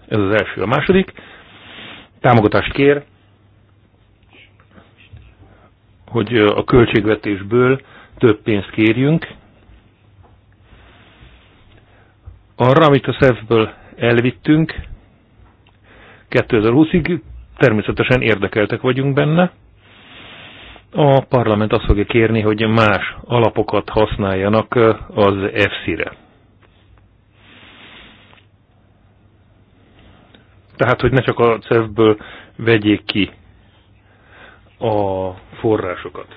Ez az első. A második, támogatást kér, hogy a költségvetésből több pénzt kérjünk, arra, amit a SZEF-ből elvittünk 2020-ig, természetesen érdekeltek vagyunk benne. A parlament azt fogja kérni, hogy más alapokat használjanak az EFSZ-re. Tehát, hogy ne csak a CEF-ből vegyék ki a forrásokat.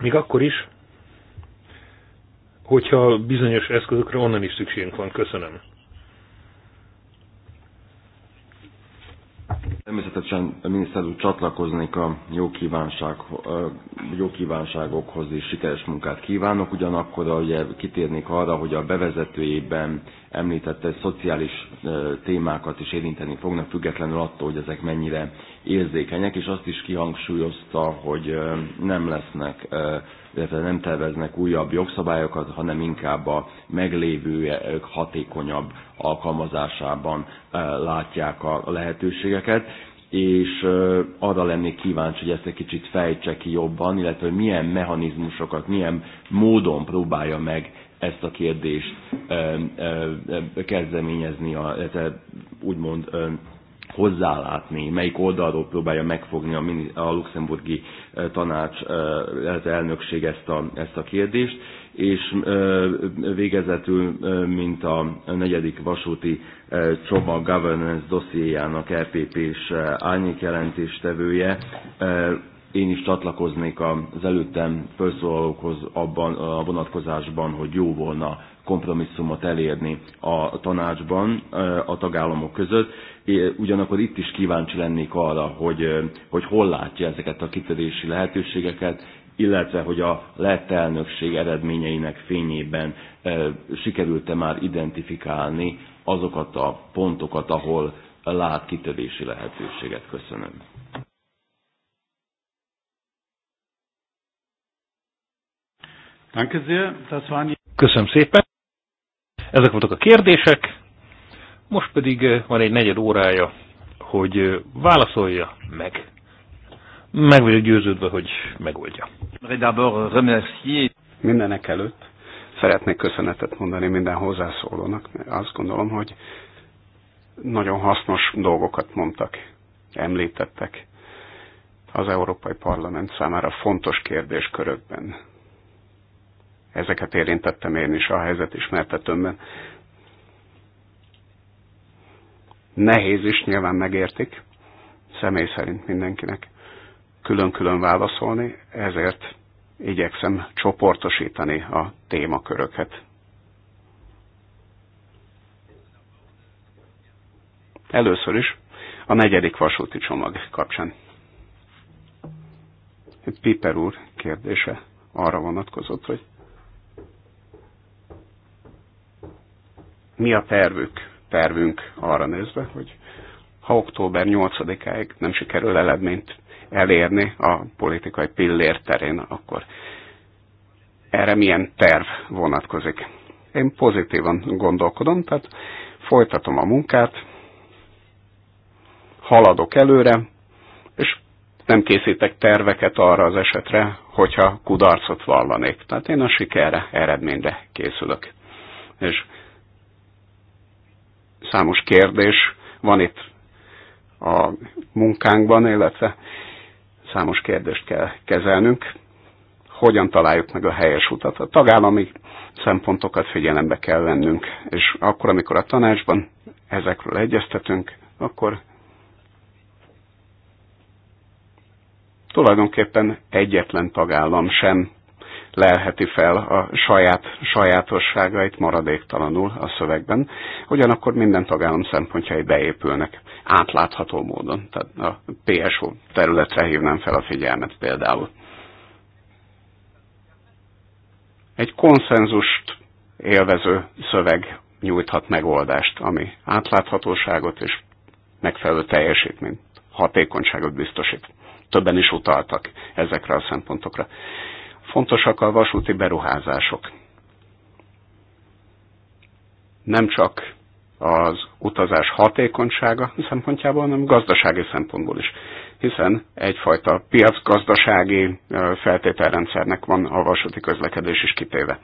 Még akkor is, hogyha bizonyos eszközökre onnan is szükségünk van. Köszönöm. Természetesen, miniszter úr, csatlakoznék a jó, kívánság, jó kívánságokhoz és sikeres munkát kívánok, ugyanakkor ugye kitérnék arra, hogy a bevezetőjében említette szociális témákat is érinteni fognak, függetlenül attól, hogy ezek mennyire érzékenyek, és azt is kihangsúlyozta, hogy nem lesznek illetve nem terveznek újabb jogszabályokat, hanem inkább a meglévő, hatékonyabb alkalmazásában eh, látják a lehetőségeket és eh, arra lennék kíváncsi, hogy ezt egy kicsit fejtse ki jobban, illetve hogy milyen mechanizmusokat, milyen módon próbálja meg ezt a kérdést eh, kezdeményezni, illetve úgymond hozzálátni, melyik oldalról próbálja megfogni a, a luxemburgi tanács, az elnökség ezt a, ezt a kérdést, és végezetül, mint a negyedik vasúti csomag governance dossziéjának rpp e s árnyékjelentéstevője, én is csatlakoznék az előttem felszólalókhoz abban a vonatkozásban, hogy jó volna kompromisszumot elérni a tanácsban a tagállamok között, ugyanakkor itt is kíváncsi lennék arra, hogy, hogy hol látja ezeket a kitörési lehetőségeket, illetve hogy a lett elnökség eredményeinek fényében sikerült-e már identifikálni azokat a pontokat, ahol lát kitörési lehetőséget. Köszönöm. Köszönöm szépen. Ezek voltak a kérdések. Most pedig eh, van egy negyed órája, hogy eh, válaszolja meg. Meg vagyok győződve, hogy megoldja. Mindenek előtt szeretnék köszönetet mondani minden hozzászólónak. Azt gondolom, hogy nagyon hasznos dolgokat mondtak, említettek az Európai Parlament számára fontos kérdéskörökben. Ezeket érintettem én is a helyzet ismertetőmben nehéz is, nyilván megértik, személy szerint mindenkinek külön-külön válaszolni, ezért igyekszem csoportosítani a témaköröket. Először is a negyedik vasúti csomag kapcsán. Piper úr kérdése arra vonatkozott, hogy mi a tervük tervünk arra nézve, hogy ha október 8-áig nem sikerül eredményt elérni a politikai pillér terén, akkor erre milyen terv vonatkozik. Én pozitívan gondolkodom, tehát folytatom a munkát, haladok előre, és nem készítek terveket arra az esetre, hogyha kudarcot vallanék. Tehát én a sikerre, eredményre készülök. És számos kérdés van itt a munkánkban, illetve számos kérdést kell kezelnünk. Hogyan találjuk meg a helyes utat? A tagállami szempontokat figyelembe kell vennünk, és akkor, amikor a tanácsban ezekről egyeztetünk, akkor tulajdonképpen egyetlen tagállam sem lelheti fel a saját sajátosságait maradéktalanul a szövegben, ugyanakkor minden tagállam szempontjai beépülnek átlátható módon. Tehát a PSO területre hívnám fel a figyelmet például. Egy konszenzust élvező szöveg nyújthat megoldást, ami átláthatóságot és megfelelő teljesítményt, hatékonyságot biztosít. Többen is utaltak ezekre a szempontokra. Fontosak a vasúti beruházások. Nem csak az utazás hatékonysága szempontjából, hanem gazdasági szempontból is. Hiszen egyfajta piacgazdasági feltételrendszernek van a vasúti közlekedés is kitéve.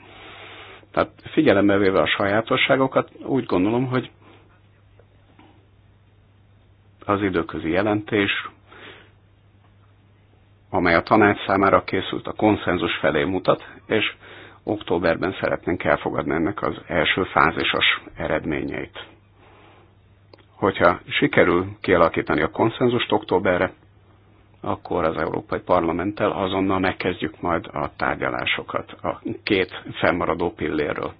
Tehát figyelembe véve a sajátosságokat, úgy gondolom, hogy az időközi jelentés amely a tanács számára készült, a konszenzus felé mutat, és októberben szeretnénk elfogadni ennek az első fázisos eredményeit. Hogyha sikerül kialakítani a konszenzust októberre, akkor az Európai Parlamenttel azonnal megkezdjük majd a tárgyalásokat a két fennmaradó pillérről.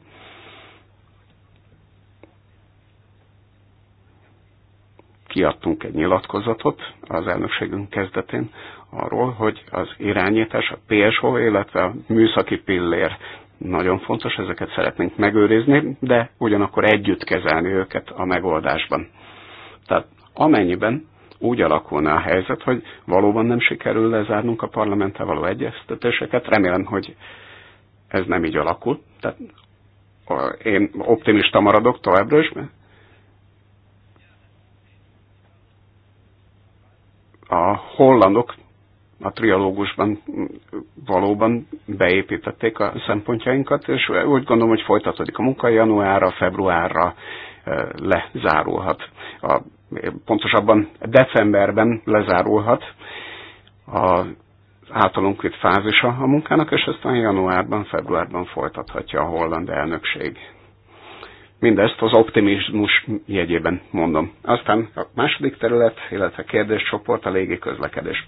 Kiadtunk egy nyilatkozatot az elnökségünk kezdetén, arról, hogy az irányítás, a PSO, illetve a műszaki pillér nagyon fontos, ezeket szeretnénk megőrizni, de ugyanakkor együtt kezelni őket a megoldásban. Tehát amennyiben úgy alakulna a helyzet, hogy valóban nem sikerül lezárnunk a parlamenttel való egyeztetéseket, remélem, hogy ez nem így alakul. Tehát én optimista maradok továbbra is, mert a hollandok a trialógusban valóban beépítették a szempontjainkat, és úgy gondolom, hogy folytatódik a munka januárra, februárra eh, lezárulhat. A, pontosabban decemberben lezárulhat a általunk itt fázisa a munkának, és aztán januárban, februárban folytathatja a holland elnökség. Mindezt az optimizmus jegyében mondom. Aztán a második terület, illetve kérdéscsoport a légi közlekedés.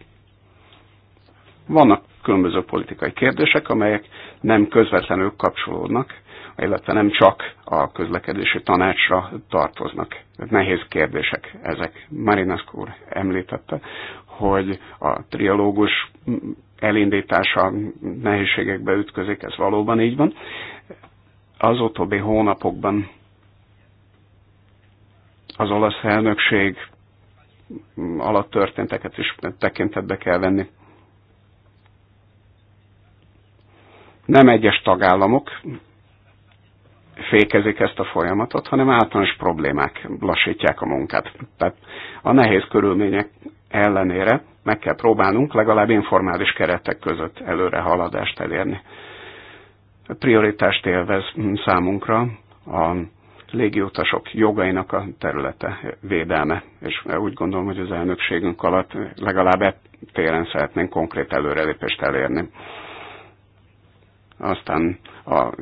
Vannak különböző politikai kérdések, amelyek nem közvetlenül kapcsolódnak, illetve nem csak a közlekedési tanácsra tartoznak. Nehéz kérdések ezek. Marinesk úr említette, hogy a trialógus elindítása nehézségekbe ütközik, ez valóban így van. Az utóbbi hónapokban az olasz elnökség alatt történteket is tekintetbe kell venni. nem egyes tagállamok fékezik ezt a folyamatot, hanem általános problémák lassítják a munkát. Tehát a nehéz körülmények ellenére meg kell próbálnunk legalább informális keretek között előre haladást elérni. A prioritást élvez számunkra a légiutasok jogainak a területe védelme, és úgy gondolom, hogy az elnökségünk alatt legalább e téren szeretnénk konkrét előrelépést elérni. Aztán a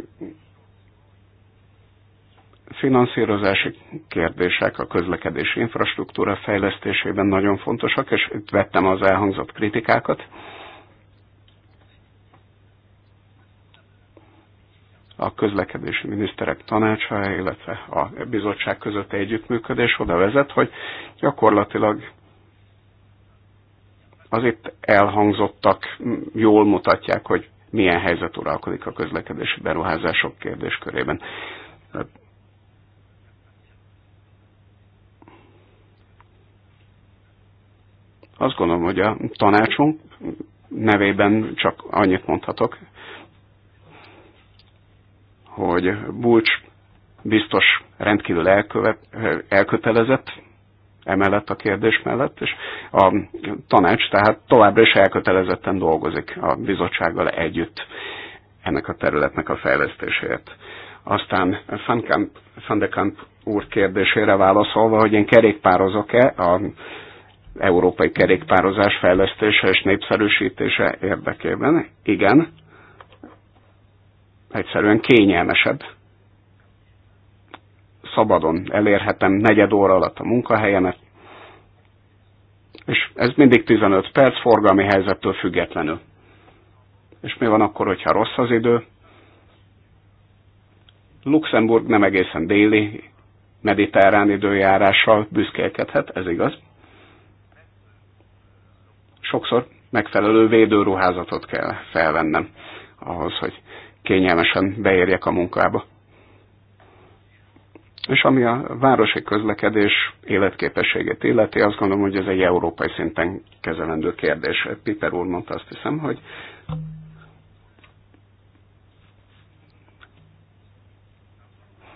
finanszírozási kérdések a közlekedési infrastruktúra fejlesztésében nagyon fontosak, és itt vettem az elhangzott kritikákat. A közlekedési miniszterek tanácsa, illetve a bizottság közötti együttműködés oda vezet, hogy gyakorlatilag az itt elhangzottak jól mutatják, hogy milyen helyzet uralkodik a közlekedési beruházások kérdéskörében. Azt gondolom, hogy a tanácsunk nevében csak annyit mondhatok, hogy Bulcs biztos rendkívül elkövet, elkötelezett emellett a kérdés mellett, és a tanács tehát továbbra is elkötelezetten dolgozik a bizottsággal együtt ennek a területnek a fejlesztéséért. Aztán Fandekamp úr kérdésére válaszolva, hogy én kerékpározok-e a európai kerékpározás fejlesztése és népszerűsítése érdekében. Igen, egyszerűen kényelmesebb szabadon elérhetem negyed óra alatt a munkahelyemet, és ez mindig 15 perc forgalmi helyzettől függetlenül. És mi van akkor, hogyha rossz az idő? Luxemburg nem egészen déli, mediterrán időjárással büszkélkedhet, ez igaz. Sokszor megfelelő védőruházatot kell felvennem ahhoz, hogy kényelmesen beérjek a munkába. És ami a városi közlekedés életképességét illeti, azt gondolom, hogy ez egy európai szinten kezelendő kérdés. Piper úr mondta azt hiszem, hogy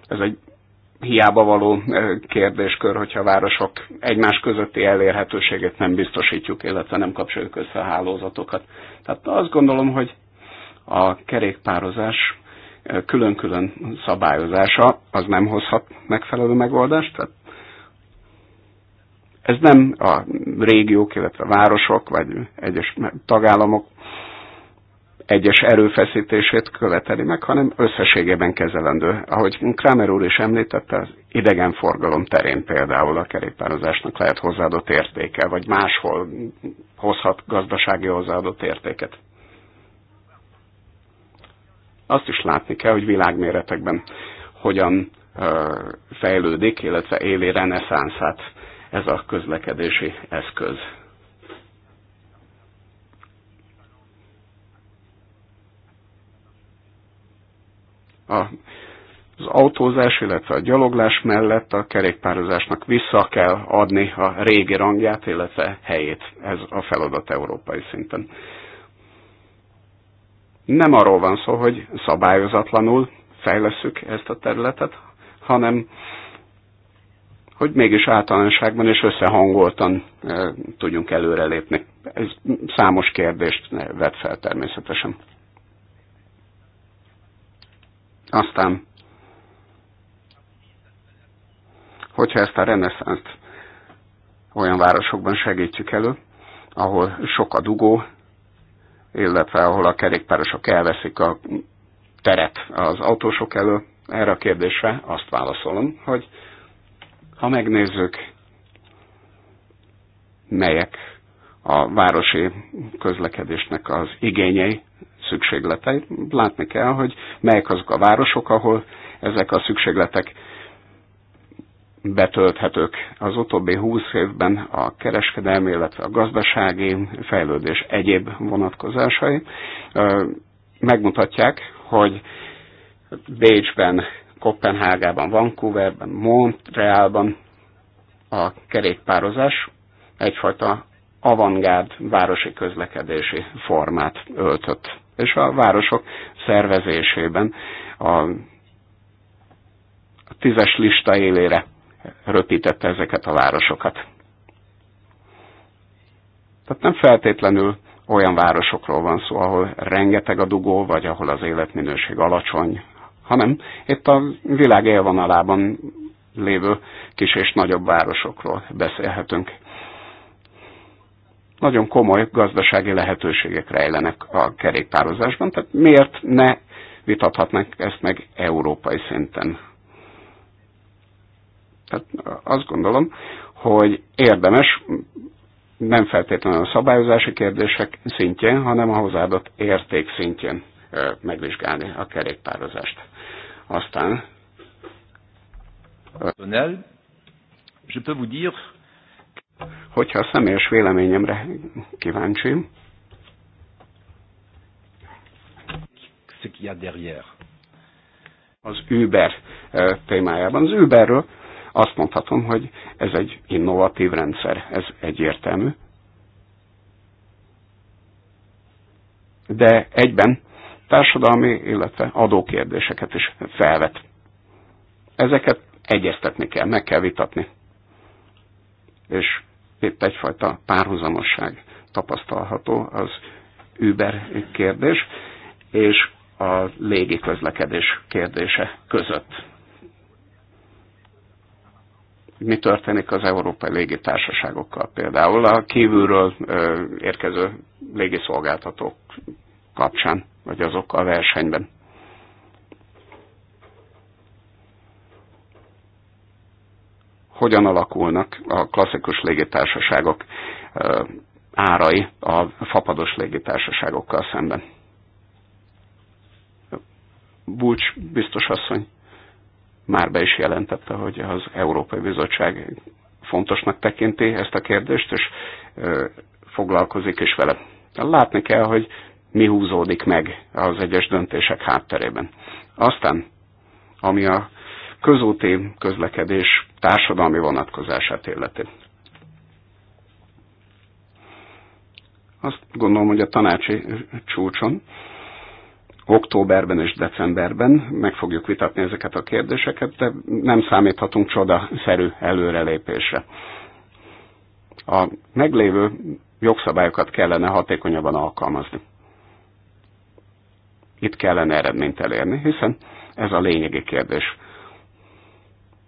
ez egy hiába való kérdéskör, hogyha a városok egymás közötti elérhetőségét nem biztosítjuk, illetve nem kapcsoljuk össze a hálózatokat. Tehát azt gondolom, hogy a kerékpározás külön-külön szabályozása az nem hozhat megfelelő megoldást. Tehát ez nem a régiók, illetve a városok, vagy egyes tagállamok egyes erőfeszítését követeli meg, hanem összességében kezelendő. Ahogy Kramer úr is említette, az idegenforgalom terén például a kerékpározásnak lehet hozzáadott értéke, vagy máshol hozhat gazdasági hozzáadott értéket azt is látni kell, hogy világméretekben hogyan fejlődik, illetve éli reneszánszát ez a közlekedési eszköz. A az autózás, illetve a gyaloglás mellett a kerékpározásnak vissza kell adni a régi rangját, illetve helyét. Ez a feladat európai szinten nem arról van szó, hogy szabályozatlanul fejleszük ezt a területet, hanem hogy mégis általánosságban és összehangoltan e, tudjunk előrelépni. Ez számos kérdést vet fel természetesen. Aztán, hogyha ezt a reneszánszt olyan városokban segítjük elő, ahol sok a dugó, illetve ahol a kerékpárosok elveszik a teret az autósok elől. Erre a kérdésre azt válaszolom, hogy ha megnézzük, melyek a városi közlekedésnek az igényei, szükségletei, látni kell, hogy melyek azok a városok, ahol ezek a szükségletek betölthetők. Az utóbbi húsz évben a kereskedelmi, illetve a gazdasági fejlődés egyéb vonatkozásai megmutatják, hogy Bécsben, Kopenhágában, Vancouverben, Montrealban a kerékpározás egyfajta avantgárd városi közlekedési formát öltött. És a városok szervezésében a tízes lista élére röpítette ezeket a városokat. Tehát nem feltétlenül olyan városokról van szó, ahol rengeteg a dugó, vagy ahol az életminőség alacsony, hanem itt a világ élvonalában lévő kis és nagyobb városokról beszélhetünk. Nagyon komoly gazdasági lehetőségek rejlenek a kerékpározásban, tehát miért ne vitathatnak ezt meg európai szinten? Tehát azt gondolom, hogy érdemes nem feltétlenül a szabályozási kérdések szintjén, hanem a hozzáadott érték szintjén megvizsgálni a kerékpározást. Aztán... Je peux vous dire... Hogyha a személyes véleményemre kíváncsi, ce qu'il y a derrière. Az Uber témájában. Az Uberről azt mondhatom, hogy ez egy innovatív rendszer, ez egyértelmű. De egyben társadalmi, illetve adókérdéseket is felvet. Ezeket egyeztetni kell, meg kell vitatni. És itt egyfajta párhuzamosság tapasztalható az Uber kérdés és a légi közlekedés kérdése között mi történik az európai légitársaságokkal például a kívülről érkező légiszolgáltatók kapcsán, vagy azok a versenyben. Hogyan alakulnak a klasszikus légitársaságok árai a fapados légitársaságokkal szemben? Bulcs biztos asszony már be is jelentette, hogy az Európai Bizottság fontosnak tekinti ezt a kérdést, és foglalkozik is vele. Látni kell, hogy mi húzódik meg az egyes döntések hátterében. Aztán, ami a közúti közlekedés társadalmi vonatkozását illeti. Azt gondolom, hogy a tanácsi csúcson októberben és decemberben meg fogjuk vitatni ezeket a kérdéseket, de nem számíthatunk csodaszerű előrelépésre. A meglévő jogszabályokat kellene hatékonyabban alkalmazni. Itt kellene eredményt elérni, hiszen ez a lényegi kérdés.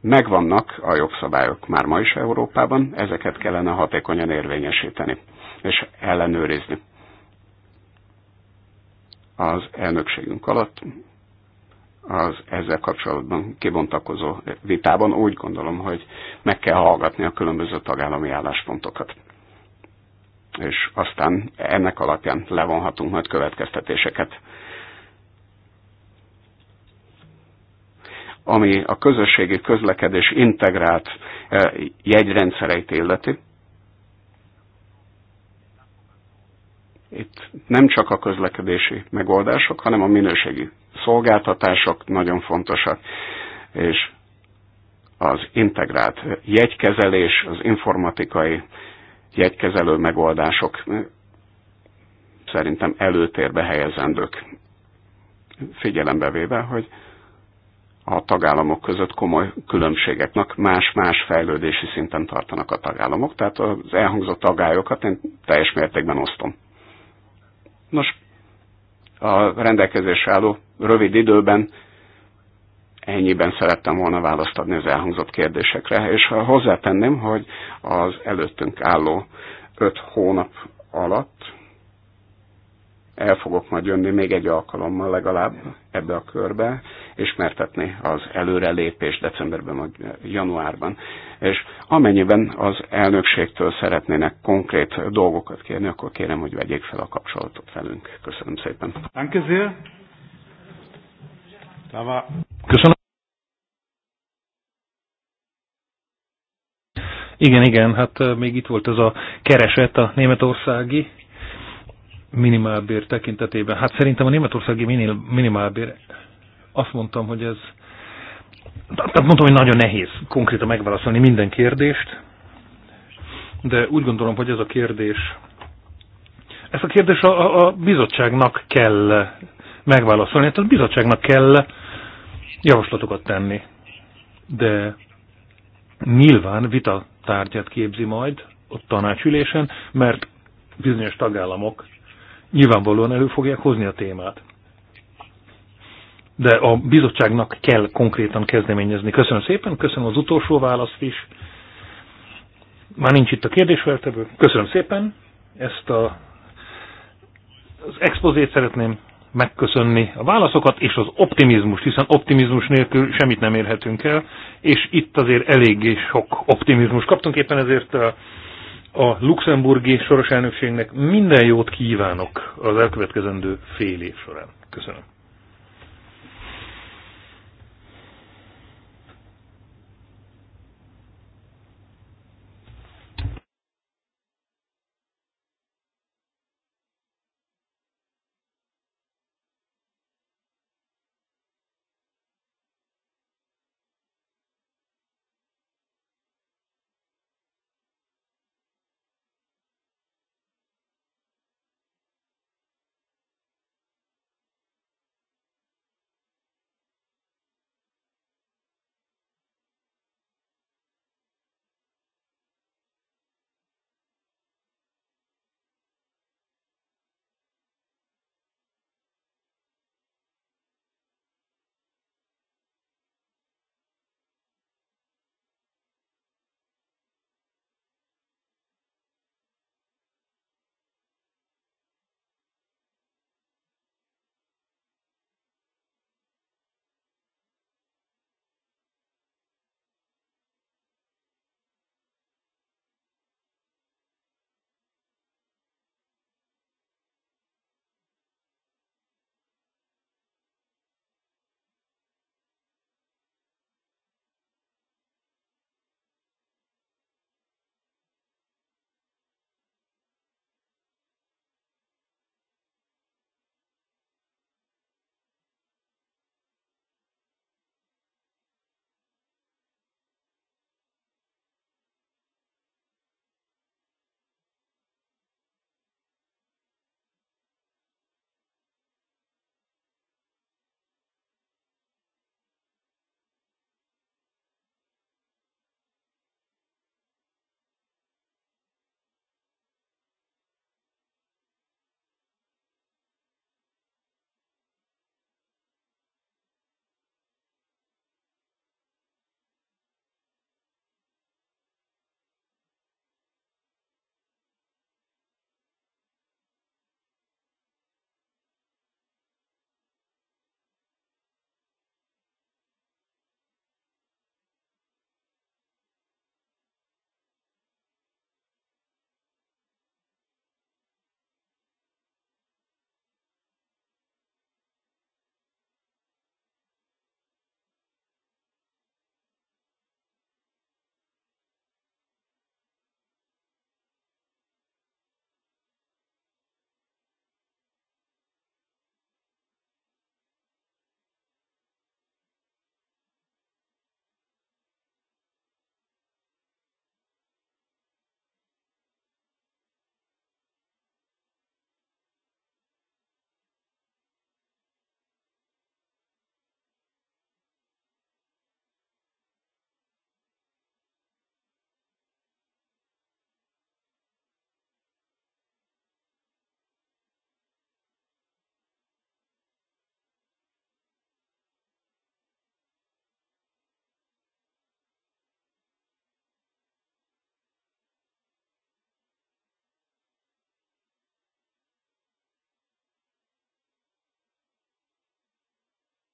Megvannak a jogszabályok már ma is Európában, ezeket kellene hatékonyan érvényesíteni és ellenőrizni az elnökségünk alatt az ezzel kapcsolatban kibontakozó vitában úgy gondolom, hogy meg kell hallgatni a különböző tagállami álláspontokat. És aztán ennek alapján levonhatunk majd következtetéseket. Ami a közösségi közlekedés integrált eh, jegyrendszereit illeti, itt nem csak a közlekedési megoldások, hanem a minőségi szolgáltatások nagyon fontosak, és az integrált jegykezelés, az informatikai jegykezelő megoldások szerintem előtérbe helyezendők. Figyelembe véve, hogy a tagállamok között komoly különbségeknek más-más fejlődési szinten tartanak a tagállamok, tehát az elhangzott agályokat én teljes mértékben osztom. Nos, a rendelkezés álló rövid időben ennyiben szerettem volna választ adni az elhangzott kérdésekre, és hozzátenném, hogy az előttünk álló öt hónap alatt el fogok majd jönni még egy alkalommal legalább ebbe a körbe, ismertetni az előrelépés decemberben vagy januárban. És amennyiben az elnökségtől szeretnének konkrét dolgokat kérni, akkor kérem, hogy vegyék fel a kapcsolatot velünk. Köszönöm szépen. Köszönöm. Igen, igen, hát még itt volt ez a kereset, a németországi minimálbér tekintetében. Hát szerintem a németországi minimálbér, azt mondtam, hogy ez, tehát mondtam, hogy nagyon nehéz konkrétan megválaszolni minden kérdést, de úgy gondolom, hogy ez a kérdés, ez a kérdés a, a bizottságnak kell megválaszolni, tehát a bizottságnak kell javaslatokat tenni. De nyilván vita tárgyát képzi majd ott tanácsülésen, mert bizonyos tagállamok nyilvánvalóan elő fogják hozni a témát. De a bizottságnak kell konkrétan kezdeményezni. Köszönöm szépen, köszönöm az utolsó választ is. Már nincs itt a kérdésfeltevő. Köszönöm szépen ezt a, az expozét szeretném megköszönni a válaszokat és az optimizmust, hiszen optimizmus nélkül semmit nem érhetünk el, és itt azért eléggé sok optimizmus kaptunk, éppen ezért a luxemburgi soros elnökségnek minden jót kívánok az elkövetkezendő fél év során. Köszönöm.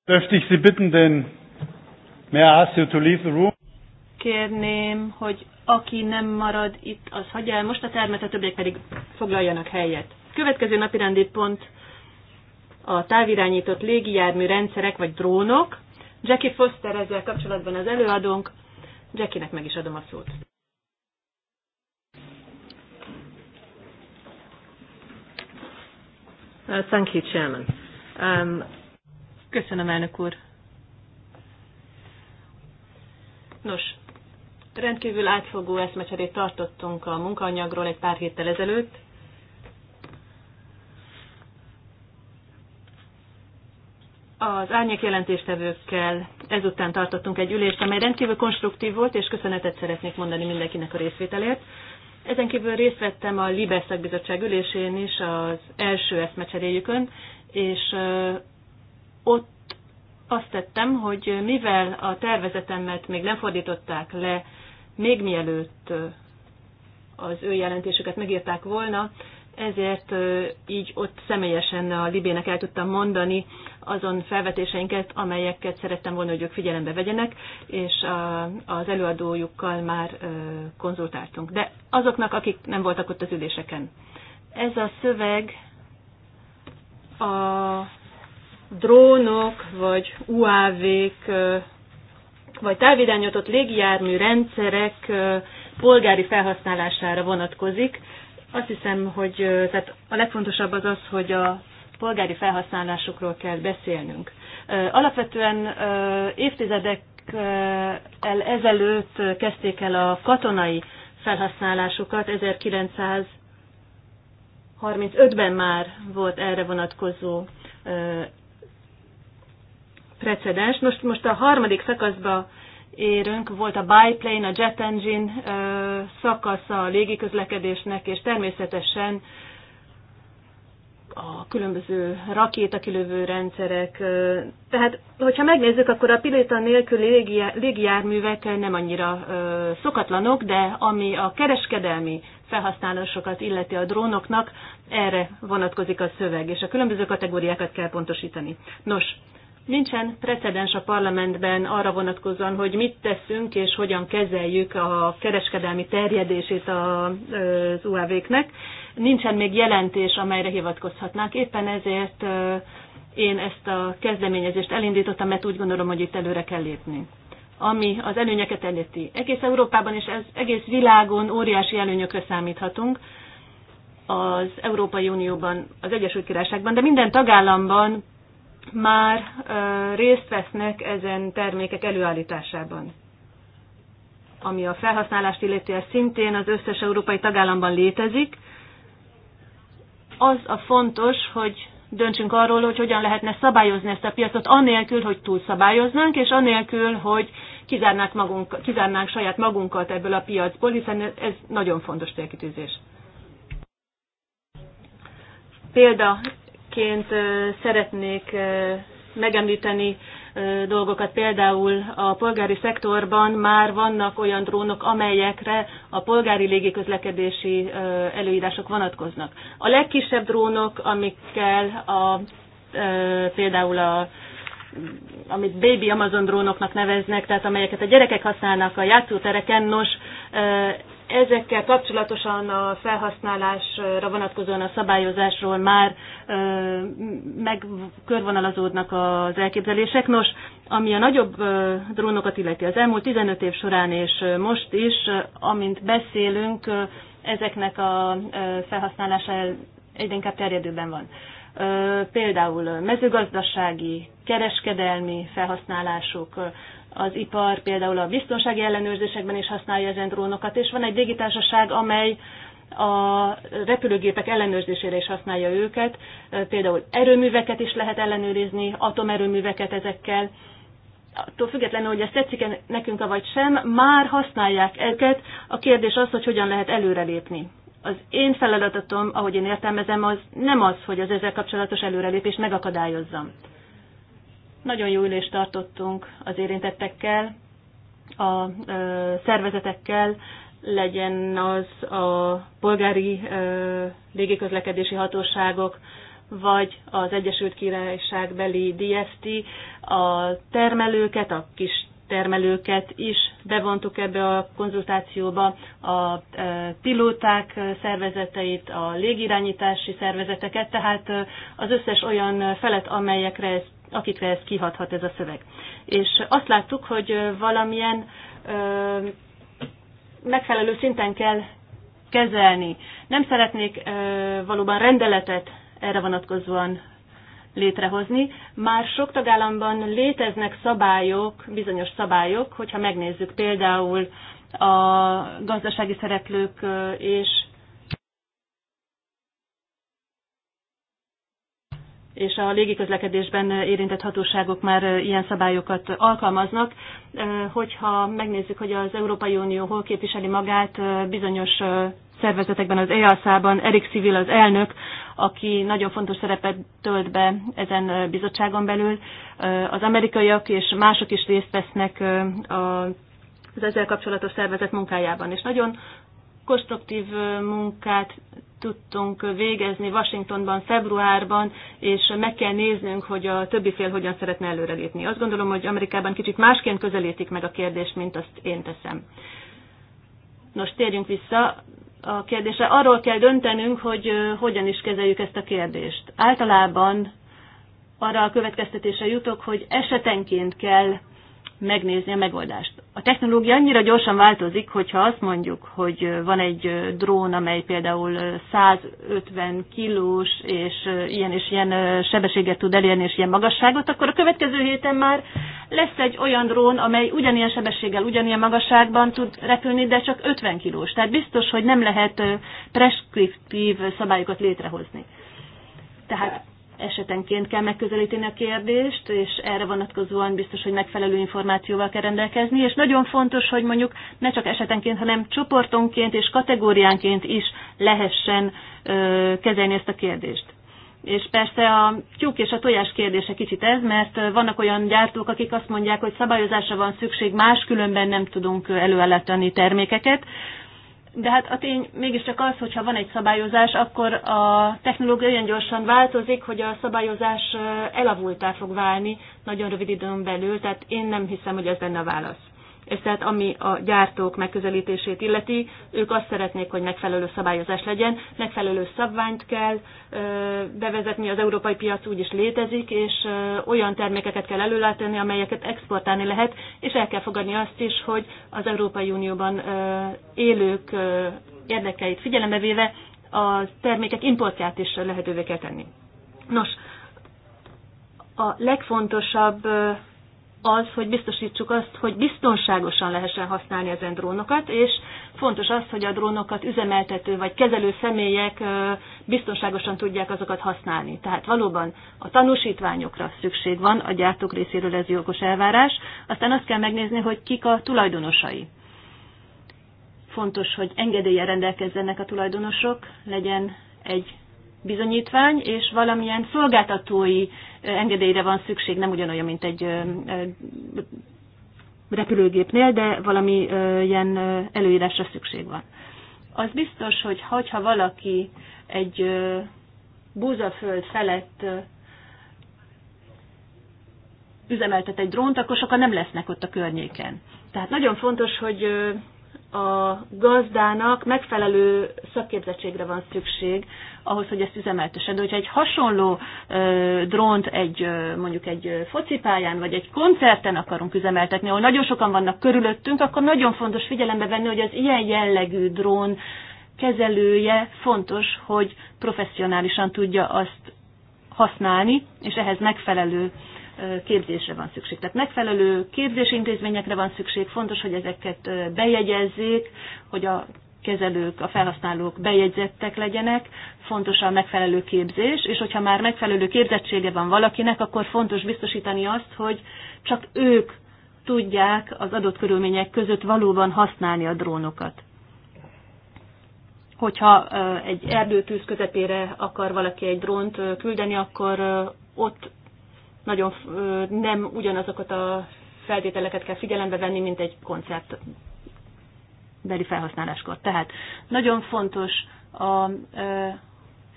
Dürfte ich Sie bitten, den you to leave the room? Kérném, hogy aki nem marad itt, az hagyja el most a termet, a többiek pedig foglaljanak helyet. Következő napi rendi pont a távirányított légijármű rendszerek vagy drónok. Jackie Foster ezzel kapcsolatban az előadónk. Jackie-nek meg is adom a szót. Uh, thank you, Chairman. Um, Köszönöm, elnök úr. Nos, rendkívül átfogó eszmecserét tartottunk a munkaanyagról egy pár héttel ezelőtt. Az árnyék jelentéstevőkkel ezután tartottunk egy ülést, amely rendkívül konstruktív volt, és köszönetet szeretnék mondani mindenkinek a részvételért. Ezen kívül részt vettem a Libes szakbizottság ülésén is az első eszmecseréjükön, és ott azt tettem, hogy mivel a tervezetemet még nem fordították le, még mielőtt az ő jelentésüket megírták volna, ezért így ott személyesen a Libének el tudtam mondani azon felvetéseinket, amelyeket szerettem volna, hogy ők figyelembe vegyenek, és az előadójukkal már konzultáltunk. De azoknak, akik nem voltak ott az üléseken. Ez a szöveg a drónok, vagy UAV-k, vagy távirányított légijármű rendszerek polgári felhasználására vonatkozik. Azt hiszem, hogy tehát a legfontosabb az az, hogy a polgári felhasználásokról kell beszélnünk. Alapvetően évtizedek el ezelőtt kezdték el a katonai felhasználásukat, 1935-ben már volt erre vonatkozó precedens. Most, most a harmadik szakaszba érünk, volt a biplane, a jet engine ö, szakasza a légiközlekedésnek, és természetesen a különböző rakétakilövő rendszerek. Tehát, hogyha megnézzük, akkor a pilóta nélküli légijárművek nem annyira szokatlanok, de ami a kereskedelmi felhasználásokat illeti a drónoknak, erre vonatkozik a szöveg, és a különböző kategóriákat kell pontosítani. Nos, Nincsen precedens a parlamentben arra vonatkozóan, hogy mit teszünk és hogyan kezeljük a kereskedelmi terjedését az UAV-knek. Nincsen még jelentés, amelyre hivatkozhatnánk. Éppen ezért én ezt a kezdeményezést elindítottam, mert úgy gondolom, hogy itt előre kell lépni ami az előnyeket illeti. Egész Európában és ez, egész világon óriási előnyökre számíthatunk az Európai Unióban, az Egyesült Királyságban, de minden tagállamban már részt vesznek ezen termékek előállításában. Ami a felhasználást illeti, ez szintén az összes európai tagállamban létezik. Az a fontos, hogy döntsünk arról, hogy hogyan lehetne szabályozni ezt a piacot, anélkül, hogy túlszabályoznánk, és anélkül, hogy kizárnánk, magunk, kizárnánk saját magunkat ebből a piacból, hiszen ez nagyon fontos célkitűzés. Példa Ként szeretnék megemlíteni dolgokat. Például a polgári szektorban már vannak olyan drónok, amelyekre a polgári légiközlekedési előírások vonatkoznak. A legkisebb drónok, amikkel a, például a amit baby Amazon drónoknak neveznek, tehát amelyeket a gyerekek használnak a játszótereken, nos, Ezekkel kapcsolatosan a felhasználásra vonatkozóan a szabályozásról már megkörvonalazódnak az elképzelések. Nos, ami a nagyobb drónokat illeti az elmúlt 15 év során és most is, amint beszélünk, ezeknek a felhasználása egyre inkább terjedőben van. Például mezőgazdasági, kereskedelmi felhasználások, az ipar például a biztonsági ellenőrzésekben is használja ezen drónokat, és van egy légitársaság, amely a repülőgépek ellenőrzésére is használja őket, például erőműveket is lehet ellenőrizni, atomerőműveket ezekkel. Attól függetlenül, hogy ezt tetszik -e nekünk, vagy sem, már használják őket. A kérdés az, hogy hogyan lehet előrelépni. Az én feladatom, ahogy én értelmezem, az nem az, hogy az ezzel kapcsolatos előrelépést megakadályozzam. Nagyon jó ülést tartottunk az érintettekkel, a szervezetekkel, legyen az a polgári légiközlekedési hatóságok, vagy az Egyesült Királyság beli DFT, a termelőket, a kis termelőket is bevontuk ebbe a konzultációba, a pilóták szervezeteit, a légirányítási szervezeteket, tehát az összes olyan felet, amelyekre ez akikre ez kihathat ez a szöveg. És azt láttuk, hogy valamilyen ö, megfelelő szinten kell kezelni. Nem szeretnék ö, valóban rendeletet erre vonatkozóan létrehozni. Már sok tagállamban léteznek szabályok, bizonyos szabályok, hogyha megnézzük például a gazdasági szereplők és és a légiközlekedésben érintett hatóságok már ilyen szabályokat alkalmaznak. Eh, hogyha megnézzük, hogy az Európai Unió hol képviseli magát, eh, bizonyos eh, szervezetekben, az EASA-ban Erik Civil az elnök, aki nagyon fontos szerepet tölt be ezen bizottságon belül. Az amerikaiak és mások is részt vesznek az ezzel kapcsolatos szervezet munkájában, és nagyon konstruktív munkát tudtunk végezni Washingtonban, februárban, és meg kell néznünk, hogy a többi fél hogyan szeretne előrelépni. Azt gondolom, hogy Amerikában kicsit másként közelítik meg a kérdést, mint azt én teszem. Nos, térjünk vissza a kérdésre. Arról kell döntenünk, hogy hogyan is kezeljük ezt a kérdést. Általában arra a következtetése jutok, hogy esetenként kell megnézni a megoldást. A technológia annyira gyorsan változik, hogyha azt mondjuk, hogy van egy drón, amely például 150 kilós, és ilyen és ilyen sebességet tud elérni, és ilyen magasságot, akkor a következő héten már lesz egy olyan drón, amely ugyanilyen sebességgel, ugyanilyen magasságban tud repülni, de csak 50 kilós. Tehát biztos, hogy nem lehet preskriptív szabályokat létrehozni. Tehát esetenként kell megközelíteni a kérdést, és erre vonatkozóan biztos, hogy megfelelő információval kell rendelkezni, és nagyon fontos, hogy mondjuk ne csak esetenként, hanem csoportonként és kategóriánként is lehessen ö, kezelni ezt a kérdést. És persze a tyúk és a tojás kérdése kicsit ez, mert vannak olyan gyártók, akik azt mondják, hogy szabályozásra van szükség, máskülönben nem tudunk előállítani termékeket. De hát a tény mégiscsak az, hogyha van egy szabályozás, akkor a technológia olyan gyorsan változik, hogy a szabályozás elavultá fog válni nagyon rövid időn belül, tehát én nem hiszem, hogy ez lenne a válasz és tehát ami a gyártók megközelítését illeti, ők azt szeretnék, hogy megfelelő szabályozás legyen, megfelelő szabványt kell bevezetni, az európai piac is létezik, és olyan termékeket kell előlátni, amelyeket exportálni lehet, és el kell fogadni azt is, hogy az Európai Unióban élők érdekeit figyelembe véve a termékek importját is lehetővé kell tenni. Nos, a legfontosabb az, hogy biztosítsuk azt, hogy biztonságosan lehessen használni ezen drónokat, és fontos az, hogy a drónokat üzemeltető vagy kezelő személyek biztonságosan tudják azokat használni. Tehát valóban a tanúsítványokra szükség van, a gyártók részéről ez jogos elvárás, aztán azt kell megnézni, hogy kik a tulajdonosai. Fontos, hogy engedélye rendelkezzenek a tulajdonosok, legyen egy bizonyítvány, és valamilyen szolgáltatói engedélyre van szükség, nem ugyanolyan, mint egy repülőgépnél, de valami ilyen előírásra szükség van. Az biztos, hogy ha valaki egy búzaföld felett üzemeltet egy drónt, akkor sokan nem lesznek ott a környéken. Tehát nagyon fontos, hogy a gazdának megfelelő szakképzettségre van szükség ahhoz, hogy ezt üzemeltesen. De hogyha egy hasonló ö, drónt egy mondjuk egy focipályán vagy egy koncerten akarunk üzemeltetni, ahol nagyon sokan vannak körülöttünk, akkor nagyon fontos figyelembe venni, hogy az ilyen jellegű drón kezelője fontos, hogy professzionálisan tudja azt használni, és ehhez megfelelő képzésre van szükség. Tehát megfelelő képzési intézményekre van szükség, fontos, hogy ezeket bejegyezzék, hogy a kezelők, a felhasználók bejegyzettek legyenek, fontos a megfelelő képzés, és hogyha már megfelelő képzettsége van valakinek, akkor fontos biztosítani azt, hogy csak ők tudják az adott körülmények között valóban használni a drónokat. Hogyha egy erdőtűz közepére akar valaki egy drónt küldeni, akkor ott nagyon nem ugyanazokat a feltételeket kell figyelembe venni, mint egy koncert beli felhasználáskor. Tehát nagyon fontos a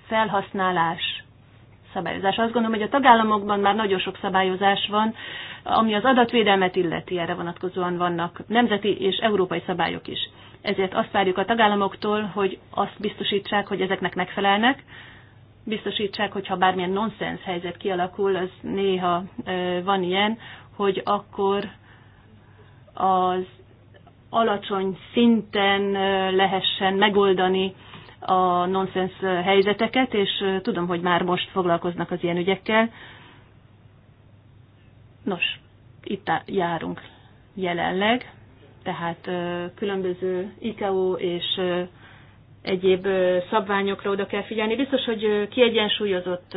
felhasználás szabályozás. Azt gondolom, hogy a tagállamokban már nagyon sok szabályozás van, ami az adatvédelmet illeti, erre vonatkozóan vannak nemzeti és európai szabályok is. Ezért azt várjuk a tagállamoktól, hogy azt biztosítsák, hogy ezeknek megfelelnek, biztosítsák, hogyha bármilyen nonsens helyzet kialakul, az néha van ilyen, hogy akkor az alacsony szinten lehessen megoldani a nonsens helyzeteket, és tudom, hogy már most foglalkoznak az ilyen ügyekkel. Nos, itt járunk jelenleg, tehát különböző ICAO és egyéb szabványokra oda kell figyelni. Biztos, hogy kiegyensúlyozott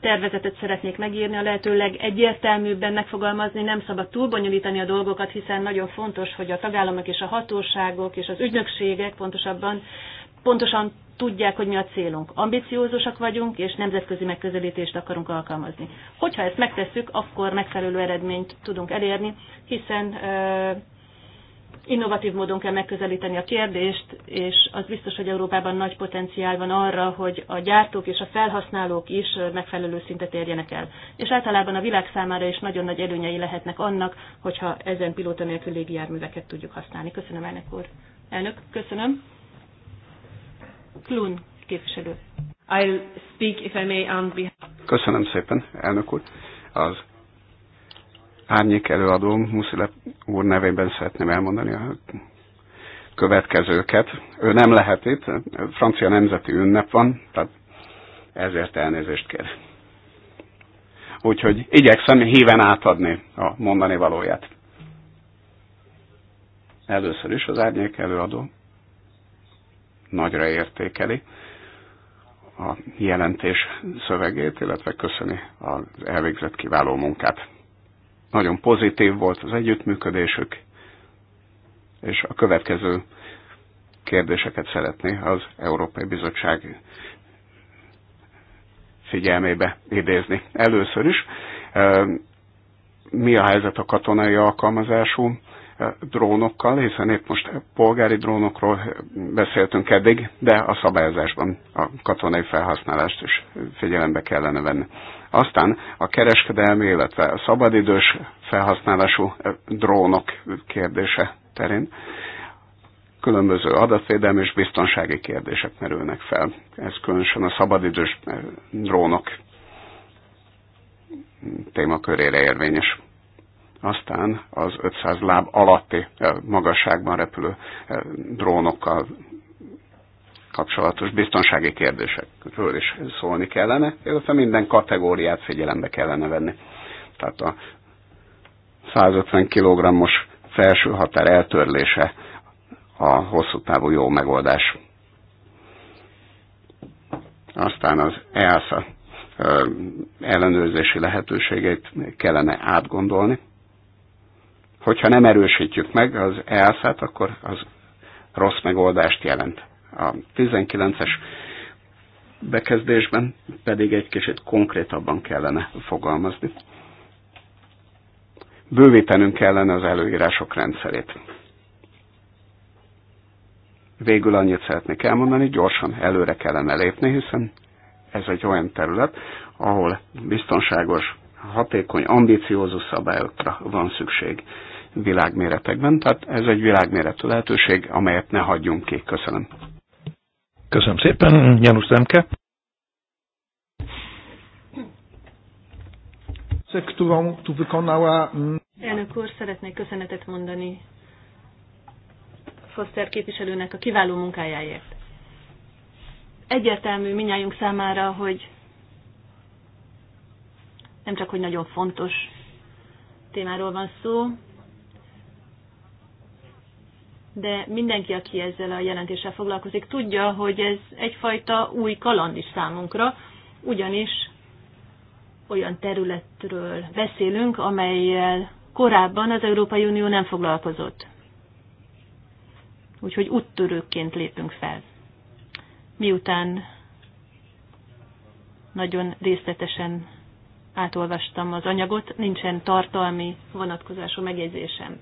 tervezetet szeretnék megírni, a lehető legegyértelműbben megfogalmazni, nem szabad túlbonyolítani a dolgokat, hiszen nagyon fontos, hogy a tagállamok és a hatóságok és az ügynökségek pontosabban pontosan tudják, hogy mi a célunk. Ambiciózusak vagyunk, és nemzetközi megközelítést akarunk alkalmazni. Hogyha ezt megtesszük, akkor megfelelő eredményt tudunk elérni, hiszen innovatív módon kell megközelíteni a kérdést, és az biztos, hogy Európában nagy potenciál van arra, hogy a gyártók és a felhasználók is megfelelő szintet érjenek el. És általában a világ számára is nagyon nagy előnyei lehetnek annak, hogyha ezen pilóta nélkül járműveket tudjuk használni. Köszönöm, elnök úr. Elnök, köszönöm. Klun képviselő. I'll speak, if I may, on behalf... Köszönöm szépen, elnök úr. Az árnyék előadóm Muszilep úr nevében szeretném elmondani a következőket. Ő nem lehet itt, francia nemzeti ünnep van, tehát ezért elnézést kér. Úgyhogy igyekszem híven átadni a mondani valóját. Először is az árnyék előadó nagyra értékeli a jelentés szövegét, illetve köszöni az elvégzett kiváló munkát. Nagyon pozitív volt az együttműködésük, és a következő kérdéseket szeretné az Európai Bizottság figyelmébe idézni. Először is, eh, mi a helyzet a katonai alkalmazású Eh, drónokkal, hiszen épp most polgári drónokról beszéltünk eddig, de a szabályozásban a katonai felhasználást is figyelembe kellene venni. Aztán a kereskedelmi, illetve a szabadidős felhasználású eh, drónok kérdése terén különböző adatvédelmi és biztonsági kérdések merülnek fel. Ez különösen a szabadidős eh, drónok témakörére érvényes aztán az 500 láb alatti eh, magasságban repülő eh, drónokkal kapcsolatos biztonsági kérdésekről is szólni kellene, illetve minden kategóriát figyelembe kellene venni. Tehát a 150 kg-os felső határ eltörlése a hosszú távú jó megoldás. Aztán az EASA eh, ellenőrzési lehetőségeit kellene átgondolni, Hogyha nem erősítjük meg az easz akkor az rossz megoldást jelent. A 19-es bekezdésben pedig egy kicsit konkrétabban kellene fogalmazni. Bővítenünk kellene az előírások rendszerét. Végül annyit szeretnék elmondani, gyorsan előre kellene lépni, hiszen ez egy olyan terület, ahol biztonságos, hatékony, ambiciózus szabályokra van szükség világméretekben, tehát ez egy világméretű lehetőség, amelyet ne hagyjunk ki. Köszönöm. Köszönöm szépen, Janusz Zemke. Mm, Elnök úr, szeretnék köszönetet mondani Foster képviselőnek a kiváló munkájáért. Egyértelmű minnyájunk számára, hogy nem csak, hogy nagyon fontos témáról van szó, de mindenki, aki ezzel a jelentéssel foglalkozik, tudja, hogy ez egyfajta új kaland is számunkra, ugyanis olyan területről beszélünk, amelyel korábban az Európai Unió nem foglalkozott. Úgyhogy úttörőként lépünk fel. Miután nagyon részletesen átolvastam az anyagot, nincsen tartalmi vonatkozású megjegyzésem.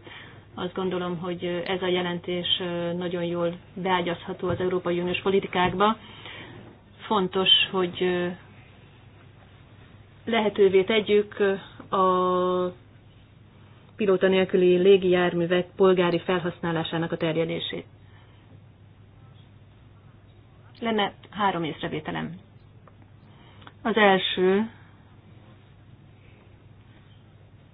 Azt gondolom, hogy ez a jelentés nagyon jól beágyazható az Európai Uniós politikákba. Fontos, hogy lehetővé tegyük a pilóta nélküli légijárművek polgári felhasználásának a terjedését. Lenne három észrevételem. Az első,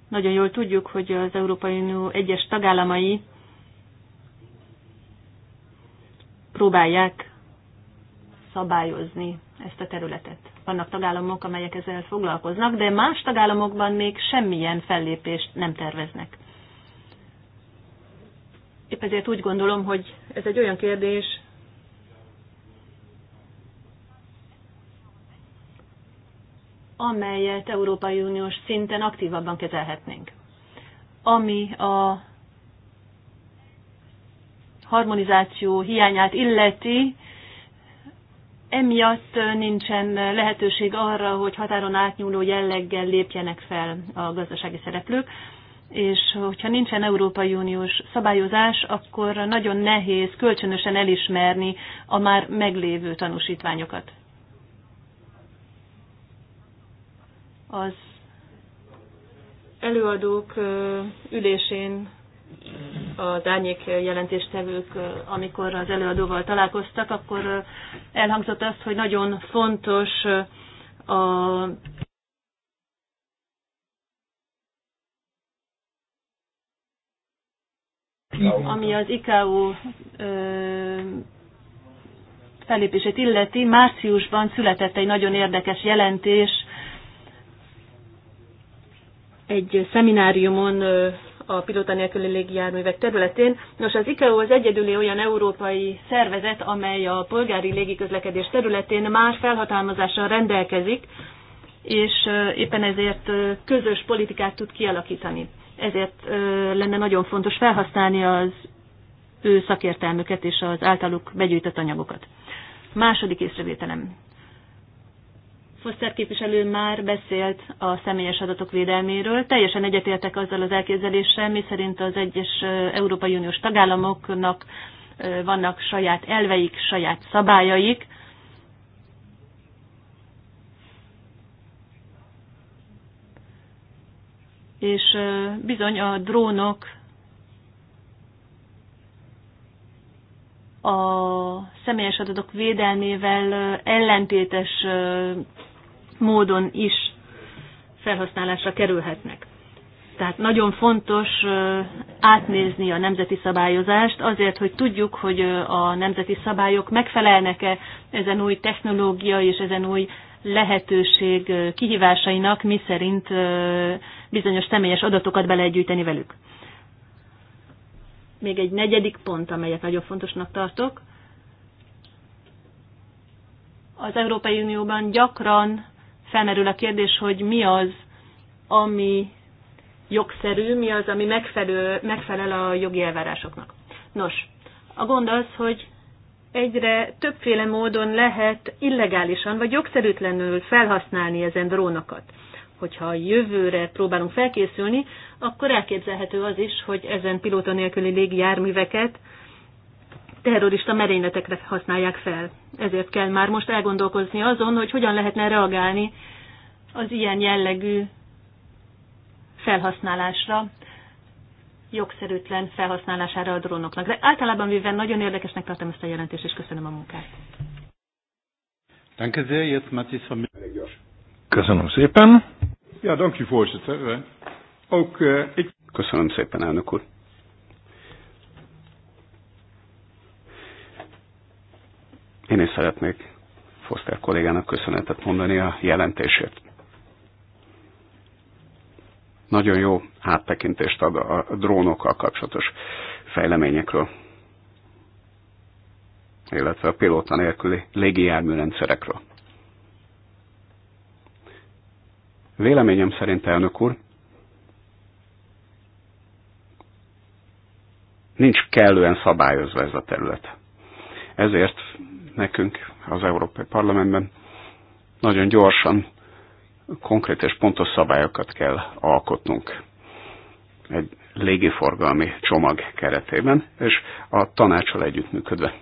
nagyon jól tudjuk, hogy az Európai Unió egyes tagállamai próbálják szabályozni ezt a területet. Vannak tagállamok, amelyek ezzel foglalkoznak, de más tagállamokban még semmilyen fellépést nem terveznek. Épp ezért úgy gondolom, hogy ez egy olyan kérdés, amelyet Európai Uniós szinten aktívabban kezelhetnénk. Ami a harmonizáció hiányát illeti, emiatt nincsen lehetőség arra, hogy határon átnyúló jelleggel lépjenek fel a gazdasági szereplők, és hogyha nincsen Európai Uniós szabályozás, akkor nagyon nehéz kölcsönösen elismerni a már meglévő tanúsítványokat. az előadók ülésén az árnyék jelentéstevők, amikor az előadóval találkoztak, akkor elhangzott azt, hogy nagyon fontos a ami az IKU fellépését illeti, márciusban született egy nagyon érdekes jelentés egy szemináriumon a pilóta nélküli légijárművek területén. Nos, az ICAO az egyedüli olyan európai szervezet, amely a polgári légiközlekedés területén már felhatalmazással rendelkezik, és éppen ezért közös politikát tud kialakítani. Ezért lenne nagyon fontos felhasználni az ő szakértelmüket és az általuk begyűjtött anyagokat. Második észrevételem. Foster képviselő már beszélt a személyes adatok védelméről. Teljesen egyetértek azzal az elképzeléssel, mi szerint az egyes Európai Uniós tagállamoknak vannak saját elveik, saját szabályaik. És bizony a drónok a személyes adatok védelmével ellentétes módon is felhasználásra kerülhetnek. Tehát nagyon fontos átnézni a nemzeti szabályozást azért, hogy tudjuk, hogy a nemzeti szabályok megfelelnek-e ezen új technológia és ezen új lehetőség kihívásainak, mi szerint bizonyos személyes adatokat belegyűjteni velük. Még egy negyedik pont, amelyet nagyon fontosnak tartok. Az Európai Unióban gyakran felmerül a kérdés, hogy mi az, ami jogszerű, mi az, ami megfelel, megfelel a jogi elvárásoknak. Nos, a gond az, hogy egyre többféle módon lehet illegálisan vagy jogszerűtlenül felhasználni ezen drónokat. Hogyha a jövőre próbálunk felkészülni, akkor elképzelhető az is, hogy ezen pilóta nélküli légjárműveket terrorista merényletekre használják fel. Ezért kell már most elgondolkozni azon, hogy hogyan lehetne reagálni az ilyen jellegű felhasználásra, jogszerűtlen felhasználására a drónoknak. De általában véve nagyon érdekesnek tartom ezt a jelentést, és köszönöm a munkát. Köszönöm szépen. Ja, äh, Köszönöm szépen, elnök úr. Én is szeretnék Foster kollégának köszönetet mondani a jelentését. Nagyon jó áttekintést ad a drónokkal kapcsolatos fejleményekről, illetve a pilóta nélküli légijárműrendszerekről. Véleményem szerint, elnök úr, nincs kellően szabályozva ez a terület. Ezért nekünk az Európai Parlamentben. Nagyon gyorsan konkrét és pontos szabályokat kell alkotnunk egy légiforgalmi csomag keretében, és a tanácsal együttműködve.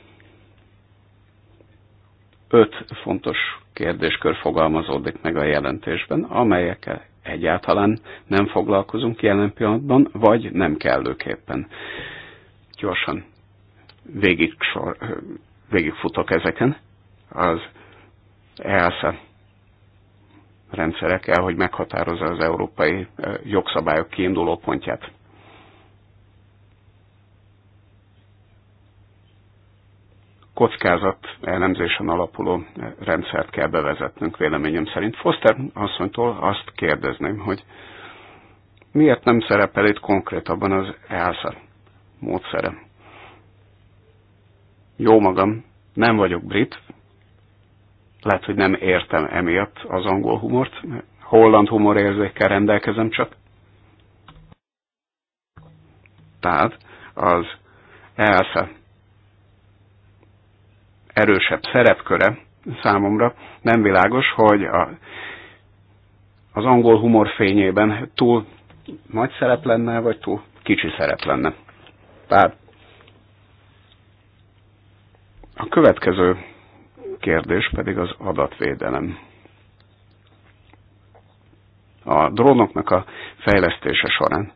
Öt fontos kérdéskör fogalmazódik meg a jelentésben, amelyekkel egyáltalán nem foglalkozunk jelen pillanatban, vagy nem kellőképpen. Gyorsan végig sor, végigfutok ezeken, az ELSA rendszerek el, hogy meghatározza az európai jogszabályok kiinduló pontját. kockázat elemzésen alapuló rendszert kell bevezetnünk véleményem szerint. Foster asszonytól azt kérdezném, hogy miért nem szerepel itt konkrétabban az ELSA módszere? Jó magam, nem vagyok brit, lehet, hogy nem értem emiatt az angol humort, holland humor érzékkel rendelkezem csak. Tehát az ELSZE e erősebb szerepköre számomra nem világos, hogy a, az angol humor fényében túl nagy szerep lenne, vagy túl kicsi szerep lenne. Tehát a következő kérdés pedig az adatvédelem. A drónoknak a fejlesztése során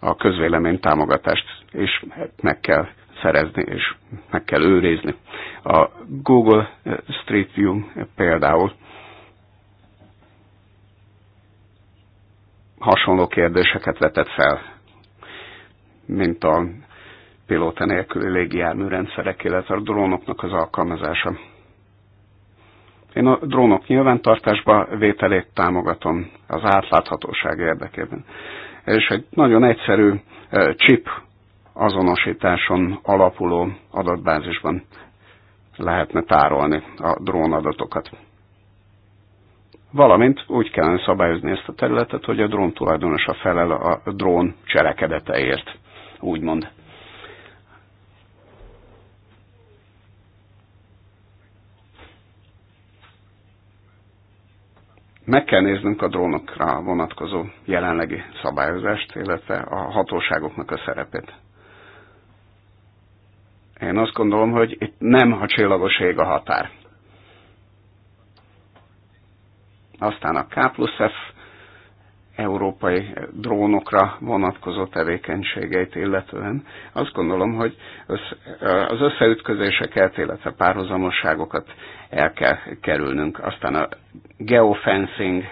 a közvélemény támogatást is meg kell szerezni és meg kell őrizni. A Google Street View például hasonló kérdéseket vetett fel, mint a pilóta nélküli légijármű rendszerek, illetve a drónoknak az alkalmazása. Én a drónok nyilvántartásba vételét támogatom az átláthatóság érdekében. És egy nagyon egyszerű chip azonosításon alapuló adatbázisban lehetne tárolni a drónadatokat. Valamint úgy kellene szabályozni ezt a területet, hogy a drón tulajdonosa felel a drón cselekedeteért, úgymond. Meg kell néznünk a drónokra vonatkozó jelenlegi szabályozást, illetve a hatóságoknak a szerepét. Én azt gondolom, hogy itt nem a csillagos ég a határ. Aztán a K plusz F európai drónokra vonatkozó tevékenységeit illetően. Azt gondolom, hogy az összeütközéseket, illetve párhuzamosságokat el kell kerülnünk. Aztán a geofencing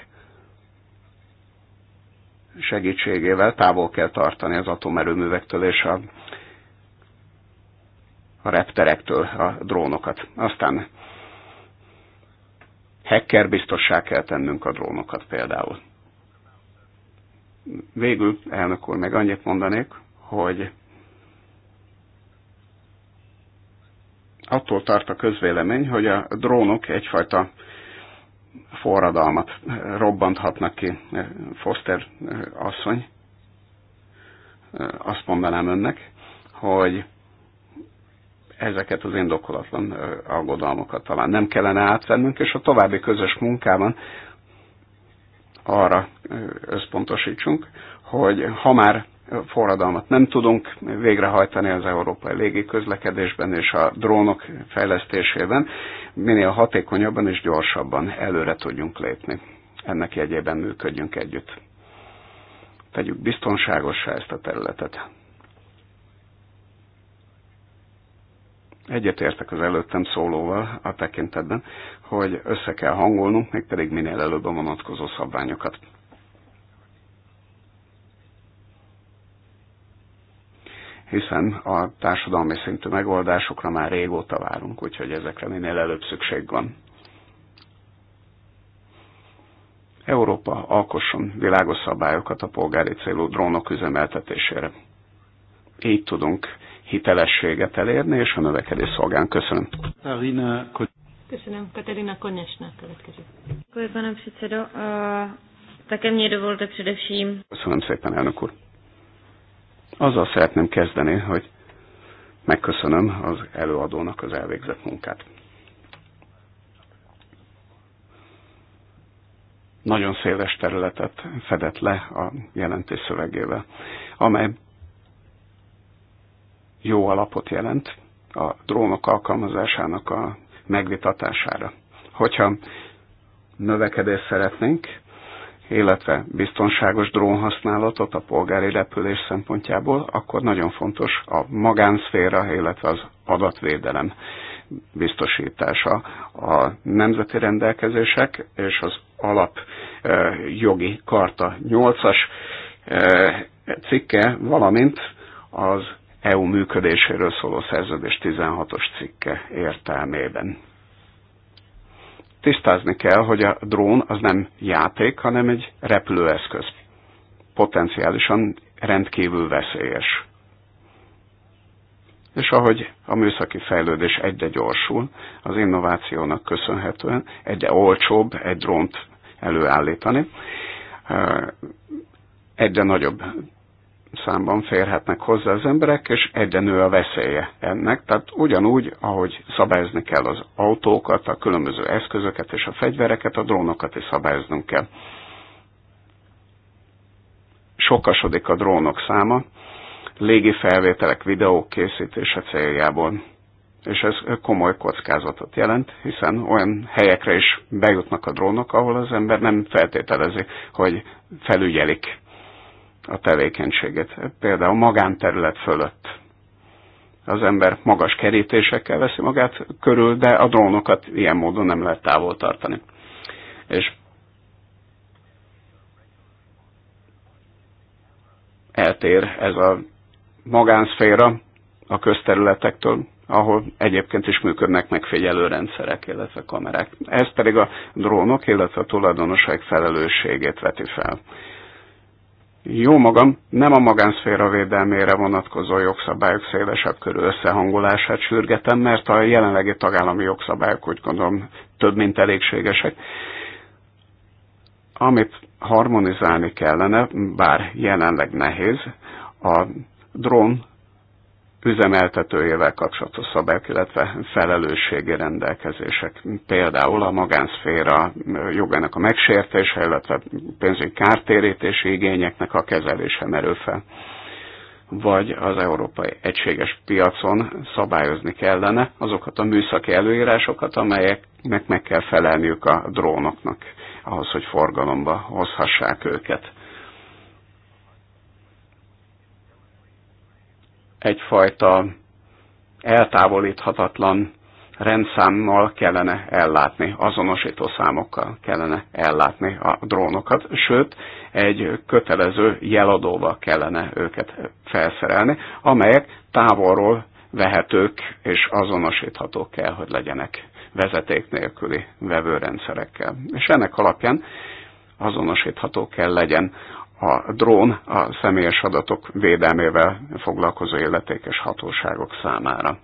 segítségével távol kell tartani az atomerőművektől és a, a repterektől a drónokat. Aztán hacker biztossá kell tennünk a drónokat például Végül, elnök úr, meg annyit mondanék, hogy attól tart a közvélemény, hogy a drónok egyfajta forradalmat robbanthatnak ki. Foster asszony, azt mondanám önnek, hogy ezeket az indokolatlan aggodalmakat talán nem kellene átvennünk, és a további közös munkában arra összpontosítsunk, hogy ha már forradalmat nem tudunk végrehajtani az európai légiközlekedésben és a drónok fejlesztésében, minél hatékonyabban és gyorsabban előre tudjunk lépni. Ennek jegyében működjünk együtt. Tegyük biztonságossá ezt a területet. Egyetértek az előttem szólóval a tekintetben, hogy össze kell hangolnunk, még pedig minél előbb a vonatkozó szabványokat. hiszen a társadalmi szintű megoldásokra már régóta várunk, úgyhogy ezekre minél előbb szükség van. Európa alkosson világos szabályokat a polgári célú drónok üzemeltetésére. Így tudunk hitelességet elérni, és a növekedés szolgán. Köszönöm. Köszönöm. Katerina Konyesná következik. Köszönöm, pane předsedo. Také mě dovolte Köszönöm szépen, elnök úr. Azzal szeretném kezdeni, hogy megköszönöm az előadónak az elvégzett munkát. Nagyon széles területet fedett le a jelentés szövegével, amely jó alapot jelent a drónok alkalmazásának a megvitatására. Hogyha növekedést szeretnénk, illetve biztonságos drónhasználatot a polgári repülés szempontjából, akkor nagyon fontos a magánszféra, illetve az adatvédelem biztosítása. A nemzeti rendelkezések és az alap eh, jogi karta 8-as eh, cikke, valamint az EU működéséről szóló szerződés 16-os cikke értelmében. Tisztázni kell, hogy a drón az nem játék, hanem egy repülőeszköz. Potenciálisan rendkívül veszélyes. És ahogy a műszaki fejlődés egyre gyorsul, az innovációnak köszönhetően egyre olcsóbb egy drónt előállítani, egyre nagyobb számban férhetnek hozzá az emberek, és egyre nő a veszélye ennek. Tehát ugyanúgy, ahogy szabályozni kell az autókat, a különböző eszközöket és a fegyvereket, a drónokat is szabályoznunk kell. Sokasodik a drónok száma, légi felvételek, videók készítése céljából. És ez komoly kockázatot jelent, hiszen olyan helyekre is bejutnak a drónok, ahol az ember nem feltételezi, hogy felügyelik a tevékenységet, például magánterület fölött. Az ember magas kerítésekkel veszi magát körül, de a drónokat ilyen módon nem lehet távol tartani. És eltér ez a magánszféra a közterületektől, ahol egyébként is működnek megfigyelő rendszerek, illetve kamerák. Ez pedig a drónok, illetve a tulajdonosok felelősségét veti fel jó magam nem a magánszféra védelmére vonatkozó jogszabályok szélesebb körű összehangolását sürgetem, mert a jelenlegi tagállami jogszabályok úgy gondolom több, mint elégségesek. Amit harmonizálni kellene, bár jelenleg nehéz, a drón üzemeltetőjével kapcsolatos szabályok, illetve felelősségi rendelkezések. Például a magánszféra jogának a megsértése, illetve pénzügyi kártérítési igényeknek a kezelése merül fel. Vagy az európai egységes piacon szabályozni kellene azokat a műszaki előírásokat, amelyeknek meg kell felelniük a drónoknak ahhoz, hogy forgalomba hozhassák őket egyfajta eltávolíthatatlan rendszámmal kellene ellátni, azonosító számokkal kellene ellátni a drónokat, sőt, egy kötelező jeladóval kellene őket felszerelni, amelyek távolról vehetők és azonosíthatók kell, hogy legyenek vezeték nélküli vevőrendszerekkel. És ennek alapján azonosítható kell legyen a drón a személyes adatok védelmével foglalkozó illetékes hatóságok számára.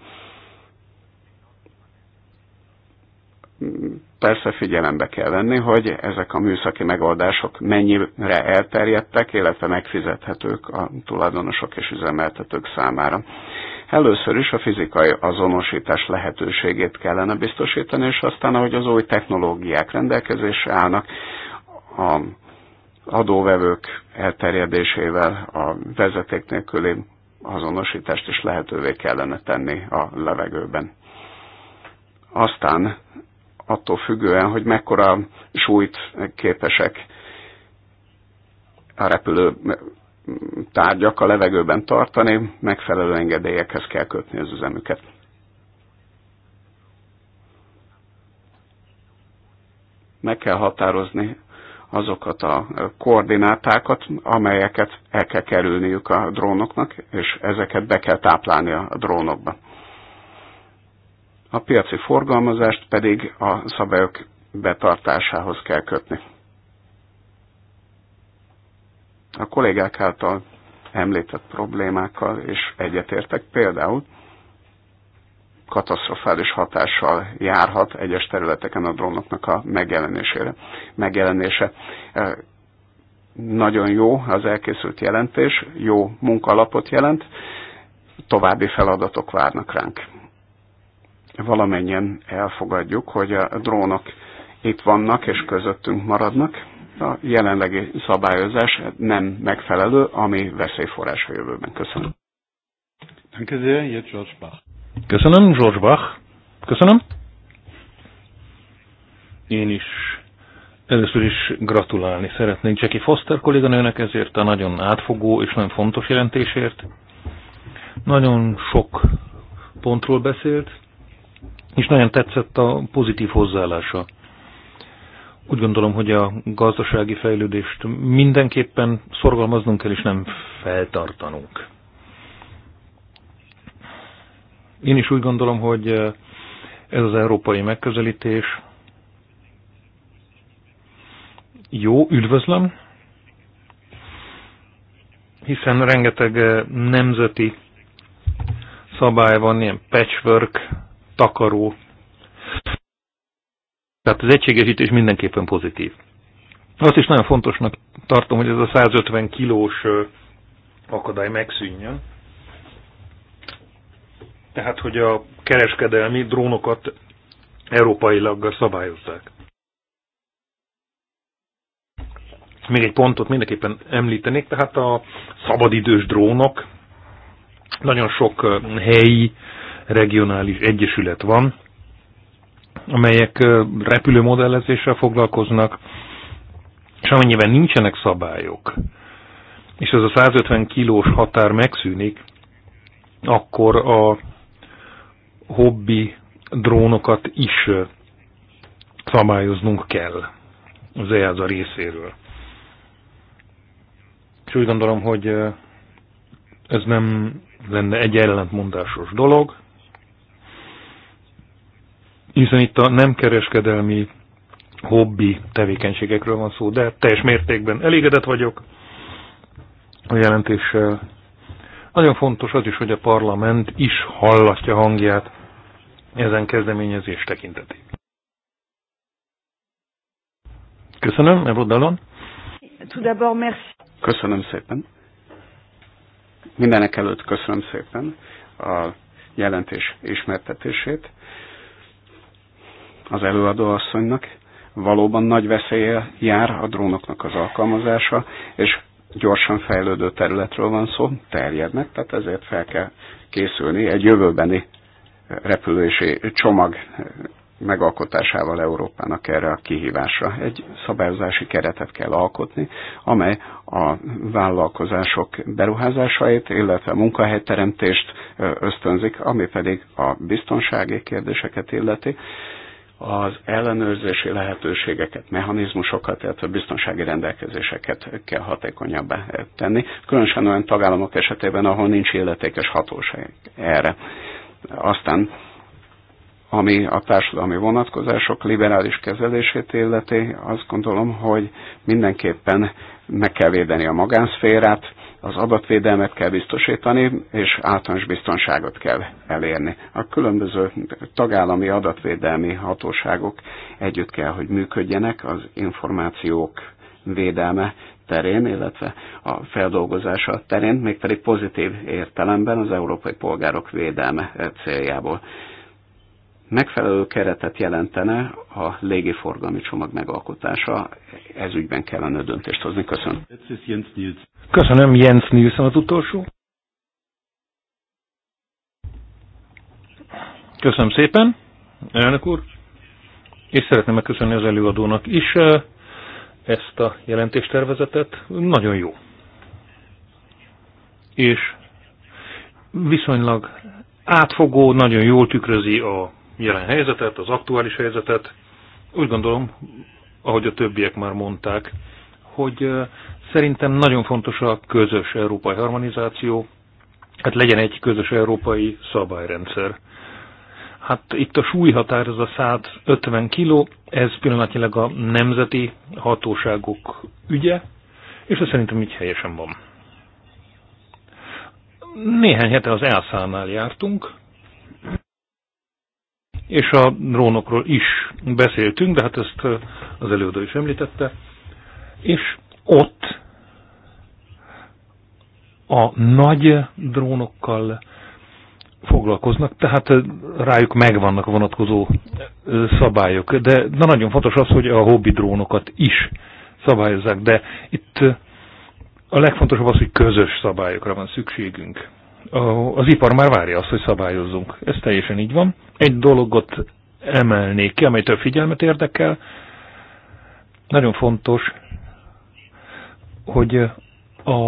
Persze figyelembe kell venni, hogy ezek a műszaki megoldások mennyire elterjedtek, illetve megfizethetők a tulajdonosok és üzemeltetők számára. Először is a fizikai azonosítás lehetőségét kellene biztosítani, és aztán, ahogy az új technológiák rendelkezésre állnak, a adóvevők elterjedésével a vezeték nélküli azonosítást is lehetővé kellene tenni a levegőben. Aztán attól függően, hogy mekkora súlyt képesek a repülő tárgyak a levegőben tartani, megfelelő engedélyekhez kell kötni az üzemüket. Meg kell határozni azokat a koordinátákat, amelyeket el kell kerülniük a drónoknak, és ezeket be kell táplálni a drónokba. A piaci forgalmazást pedig a szabályok betartásához kell kötni. A kollégák által említett problémákkal is egyetértek, például katasztrofális hatással járhat egyes területeken a drónoknak a megjelenésére. megjelenése. Nagyon jó az elkészült jelentés, jó munkalapot jelent, további feladatok várnak ránk. Valamennyien elfogadjuk, hogy a drónok itt vannak és közöttünk maradnak, a jelenlegi szabályozás nem megfelelő, ami veszélyforrás a jövőben. Köszönöm. Danke sehr, jetzt George Bach. Köszönöm, George Bach. Köszönöm. Én is először is gratulálni szeretnék Jackie Foster kolléganőnek ezért a nagyon átfogó és nagyon fontos jelentésért. Nagyon sok pontról beszélt, és nagyon tetszett a pozitív hozzáállása. Úgy gondolom, hogy a gazdasági fejlődést mindenképpen szorgalmaznunk kell, és nem feltartanunk. Én is úgy gondolom, hogy eh, ez az európai megközelítés jó, üdvözlöm, hiszen rengeteg eh, nemzeti szabály van, ilyen patchwork, takaró. Tehát az egységesítés mindenképpen pozitív. Azt is nagyon fontosnak tartom, hogy ez a 150 kilós eh, akadály megszűnjön tehát hogy a kereskedelmi drónokat európailag szabályozzák. Még egy pontot mindenképpen említenék, tehát a szabadidős drónok. Nagyon sok helyi, regionális egyesület van, amelyek repülőmodellezéssel foglalkoznak, és amennyiben nincsenek szabályok, és ez a 150 kilós határ megszűnik, akkor a hobbi drónokat is szabályoznunk kell az EASA részéről. És úgy gondolom, hogy ez nem lenne egy ellentmondásos dolog, hiszen itt a nem kereskedelmi hobbi tevékenységekről van szó, de teljes mértékben elégedett vagyok a jelentéssel. Nagyon fontos az is, hogy a parlament is hallatja hangját ezen kezdeményezés tekintetében. Köszönöm, Evodalon. Köszönöm szépen. Mindenek előtt köszönöm szépen a jelentés ismertetését az előadó asszonynak. Valóban nagy veszélye jár a drónoknak az alkalmazása, és gyorsan fejlődő területről van szó, terjednek, tehát ezért fel kell készülni egy jövőbeni repülési csomag megalkotásával Európának erre a kihívásra. Egy szabályozási keretet kell alkotni, amely a vállalkozások beruházásait, illetve a munkahelyteremtést ösztönzik, ami pedig a biztonsági kérdéseket illeti, az ellenőrzési lehetőségeket, mechanizmusokat, illetve biztonsági rendelkezéseket kell hatékonyabbá tenni, különösen olyan tagállamok esetében, ahol nincs illetékes hatóság erre aztán, ami a társadalmi vonatkozások liberális kezelését illeti, azt gondolom, hogy mindenképpen meg kell védeni a magánszférát, az adatvédelmet kell biztosítani, és általános biztonságot kell elérni. A különböző tagállami adatvédelmi hatóságok együtt kell, hogy működjenek, az információk védelme terén, illetve a feldolgozása terén, mégpedig pozitív értelemben az európai polgárok védelme céljából. Megfelelő keretet jelentene a légiforgalmi csomag megalkotása, ez ügyben kellene döntést hozni. Köszönöm. Köszönöm, Jens Nielsen az utolsó. Köszönöm szépen, elnök úr, és szeretném megköszönni az előadónak is eh, ezt a jelentéstervezetet, nagyon jó. És viszonylag átfogó, nagyon jól tükrözi a jelen helyzetet, az aktuális helyzetet. Úgy gondolom, ahogy a többiek már mondták, hogy szerintem nagyon fontos a közös európai harmonizáció, hát legyen egy közös európai szabályrendszer. Hát itt a súlyhatár, ez a 150 kg, ez pillanatnyilag a nemzeti hatóságok ügye, és ez szerintem így helyesen van. Néhány hete az elszánál jártunk, és a drónokról is beszéltünk, de hát ezt az előadó is említette, és ott a nagy drónokkal foglalkoznak, tehát rájuk megvannak a vonatkozó szabályok. De na, nagyon fontos az, hogy a hobbi drónokat is szabályozzák, de itt a legfontosabb az, hogy közös szabályokra van szükségünk. Az ipar már várja azt, hogy szabályozzunk. Ez teljesen így van. Egy dologot emelnék ki, amely több figyelmet érdekel. Nagyon fontos, hogy a,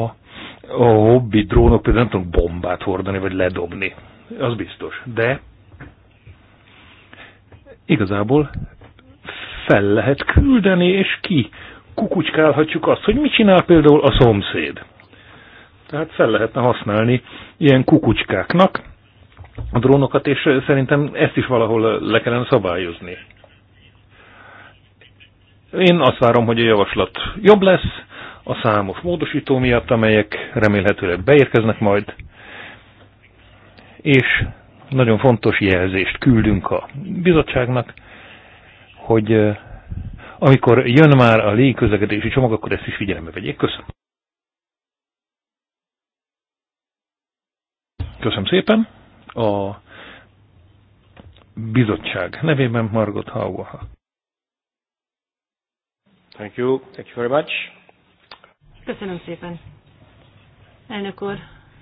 a hobbi drónok például nem tudnak bombát hordani, vagy ledobni az biztos. De igazából fel lehet küldeni, és ki kukucskálhatjuk azt, hogy mit csinál például a szomszéd. Tehát fel lehetne használni ilyen kukucskáknak a drónokat, és szerintem ezt is valahol le kellene szabályozni. Én azt várom, hogy a javaslat jobb lesz, a számos módosító miatt, amelyek remélhetőleg beérkeznek majd, és nagyon fontos jelzést küldünk a bizottságnak, hogy amikor jön már a légközlekedési csomag, akkor ezt is figyelembe vegyék. Köszönöm. Köszönöm szépen. A bizottság nevében Margot Hauha. Thank you. Thank you very much. Köszönöm szépen. Elnök úr,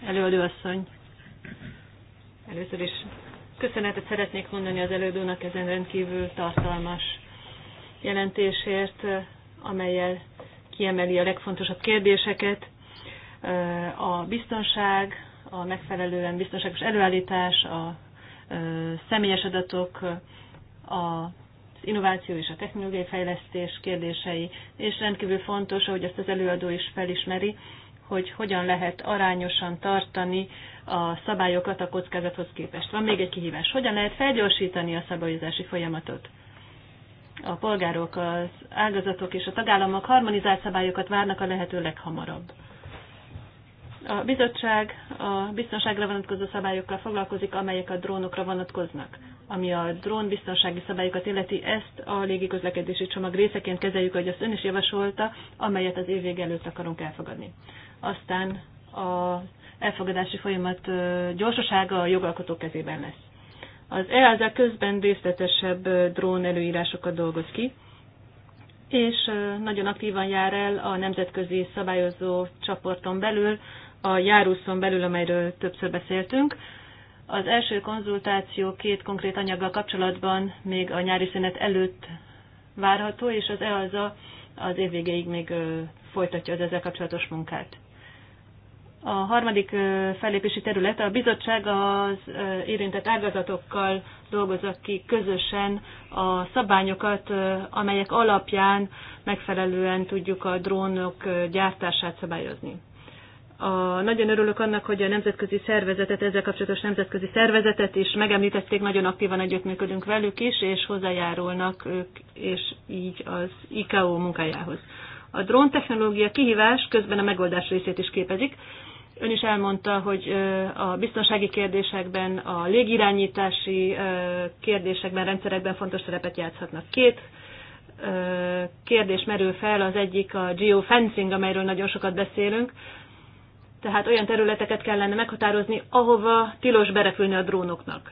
előadóasszony, Először is köszönetet szeretnék mondani az elődőnek ezen rendkívül tartalmas jelentésért, amelyel kiemeli a legfontosabb kérdéseket, a biztonság, a megfelelően biztonságos előállítás, a személyes adatok, a innováció és a technológiai fejlesztés kérdései, és rendkívül fontos, ahogy ezt az előadó is felismeri, hogy hogyan lehet arányosan tartani a szabályokat a kockázathoz képest. Van még egy kihívás. Hogyan lehet felgyorsítani a szabályozási folyamatot? A polgárok, az ágazatok és a tagállamok harmonizált szabályokat várnak a lehető leghamarabb. A bizottság a biztonságra vonatkozó szabályokkal foglalkozik, amelyek a drónokra vonatkoznak. Ami a drón biztonsági szabályokat illeti, ezt a légiközlekedési csomag részeként kezeljük, hogy azt ön is javasolta, amelyet az év előtt akarunk elfogadni aztán a elfogadási folyamat gyorsasága a jogalkotó kezében lesz. Az EASA közben részletesebb drón előírásokat dolgoz ki, és nagyon aktívan jár el a nemzetközi szabályozó csoporton belül, a járuszon belül, amelyről többször beszéltünk. Az első konzultáció két konkrét anyaggal kapcsolatban még a nyári szünet előtt várható, és az EASA az év végéig még folytatja az ezzel kapcsolatos munkát. A harmadik fellépési terület a bizottság az érintett ágazatokkal dolgozott ki közösen a szabályokat, amelyek alapján megfelelően tudjuk a drónok gyártását szabályozni. A, nagyon örülök annak, hogy a nemzetközi szervezetet, ezzel kapcsolatos nemzetközi szervezetet is megemlítették, nagyon aktívan együttműködünk velük is, és hozzájárulnak ők, és így az ICAO munkájához. A drón technológia kihívás közben a megoldás részét is képezik, Ön is elmondta, hogy a biztonsági kérdésekben, a légirányítási kérdésekben, rendszerekben fontos szerepet játszhatnak. Két kérdés merül fel, az egyik a geofencing, amelyről nagyon sokat beszélünk. Tehát olyan területeket kellene meghatározni, ahova tilos berepülni a drónoknak.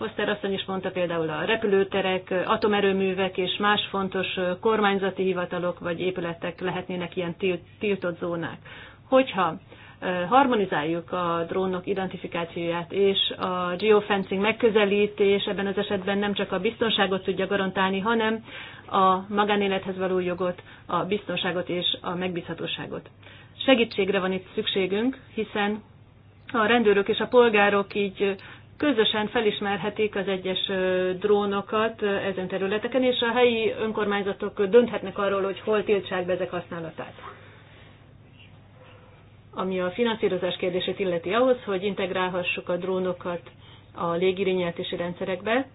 Foster asszony is mondta például a repülőterek, atomerőművek és más fontos kormányzati hivatalok vagy épületek lehetnének ilyen tiltott zónák. Hogyha harmonizáljuk a drónok identifikációját, és a geofencing megközelítés ebben az esetben nem csak a biztonságot tudja garantálni, hanem a magánélethez való jogot, a biztonságot és a megbízhatóságot. Segítségre van itt szükségünk, hiszen a rendőrök és a polgárok így közösen felismerhetik az egyes drónokat ezen területeken, és a helyi önkormányzatok dönthetnek arról, hogy hol tiltsák be ezek használatát. Ami a finanszírozás kérdését illeti ahhoz, hogy integrálhassuk a drónokat a légirényeltési rendszerekbe,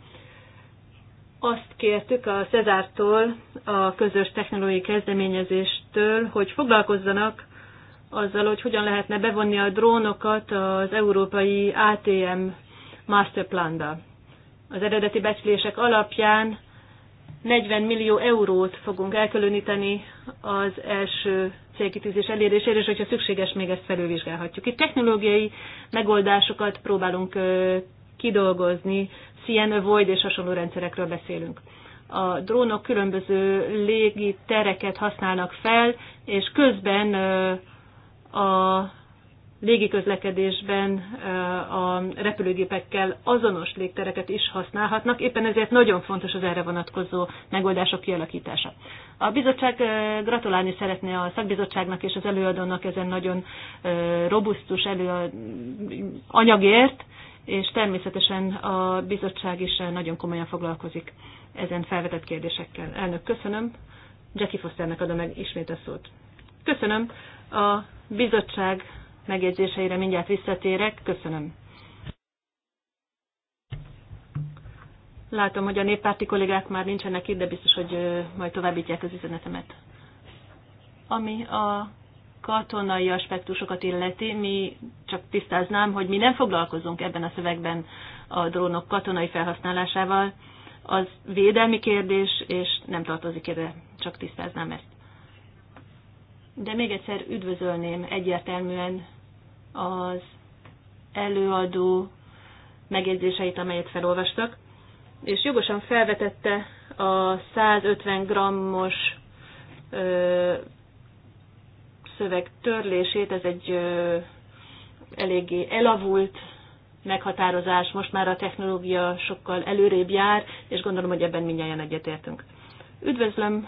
azt kértük a Cezártól, a közös technológiai kezdeményezéstől, hogy foglalkozzanak azzal, hogy hogyan lehetne bevonni a drónokat az európai ATM masterplanba. Az eredeti becslések alapján 40 millió eurót fogunk elkülöníteni az első célkitűzés elérésére, és hogyha szükséges, még ezt felülvizsgálhatjuk. Itt technológiai megoldásokat próbálunk kidolgozni, CN Void és hasonló rendszerekről beszélünk. A drónok különböző légi tereket használnak fel, és közben a légiközlekedésben a repülőgépekkel azonos légtereket is használhatnak, éppen ezért nagyon fontos az erre vonatkozó megoldások kialakítása. A bizottság gratulálni szeretné a szakbizottságnak és az előadónak ezen nagyon robusztus elő anyagért, és természetesen a bizottság is nagyon komolyan foglalkozik ezen felvetett kérdésekkel. Elnök, köszönöm. Jackie Fosternek adom meg ismét a szót. Köszönöm. A bizottság megjegyzéseire mindjárt visszatérek. Köszönöm. Látom, hogy a néppárti kollégák már nincsenek itt, de biztos, hogy majd továbbítják az üzenetemet. Ami a katonai aspektusokat illeti, mi csak tisztáznám, hogy mi nem foglalkozunk ebben a szövegben a drónok katonai felhasználásával. Az védelmi kérdés, és nem tartozik ide, csak tisztáznám ezt. De még egyszer üdvözölném egyértelműen az előadó megjegyzéseit, amelyet felolvastak, és jogosan felvetette a 150 grammos szöveg törlését, ez egy ö, eléggé elavult meghatározás, most már a technológia sokkal előrébb jár, és gondolom, hogy ebben mindjárt egyetértünk. Üdvözlöm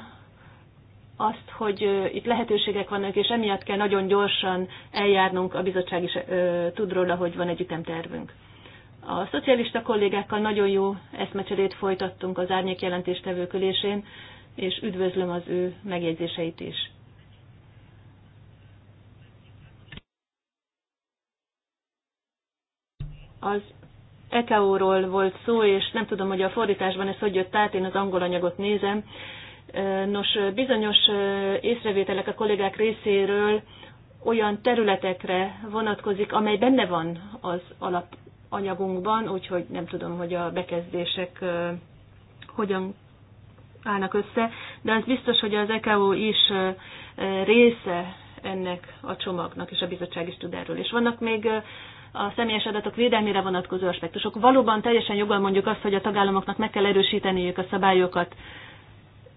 azt, hogy itt lehetőségek vannak, és emiatt kell nagyon gyorsan eljárnunk, a bizottság is tud róla, hogy van egy ütemtervünk. A szocialista kollégákkal nagyon jó eszmecserét folytattunk az árnyék jelentéstevőkülésén, és üdvözlöm az ő megjegyzéseit is. Az ECAO-ról volt szó, és nem tudom, hogy a fordításban ez hogy jött át, én az angol anyagot nézem. Nos, bizonyos észrevételek a kollégák részéről olyan területekre vonatkozik, amely benne van az alapanyagunkban, úgyhogy nem tudom, hogy a bekezdések hogyan állnak össze, de az biztos, hogy az EKO is része ennek a csomagnak, és a bizottság is tud erről. És vannak még a személyes adatok védelmére vonatkozó aspektusok. Valóban teljesen joggal mondjuk azt, hogy a tagállamoknak meg kell erősíteniük a szabályokat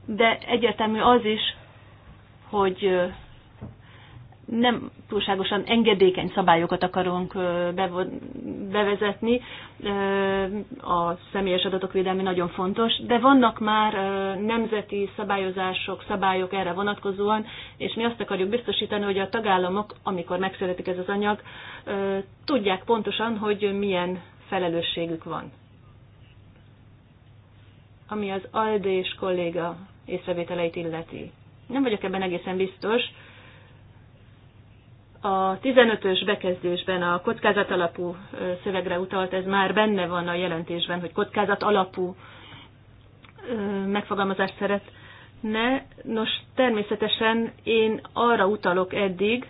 de egyértelmű az is, hogy nem túlságosan engedékeny szabályokat akarunk bevezetni. A személyes adatok védelmi nagyon fontos, de vannak már nemzeti szabályozások, szabályok erre vonatkozóan, és mi azt akarjuk biztosítani, hogy a tagállamok, amikor megszületik ez az anyag, tudják pontosan, hogy milyen felelősségük van ami az Alde és kolléga észrevételeit illeti. Nem vagyok ebben egészen biztos. A 15-ös bekezdésben a kockázat alapú szövegre utalt, ez már benne van a jelentésben, hogy kockázat alapú megfogalmazást szeretne. Nos, természetesen én arra utalok eddig,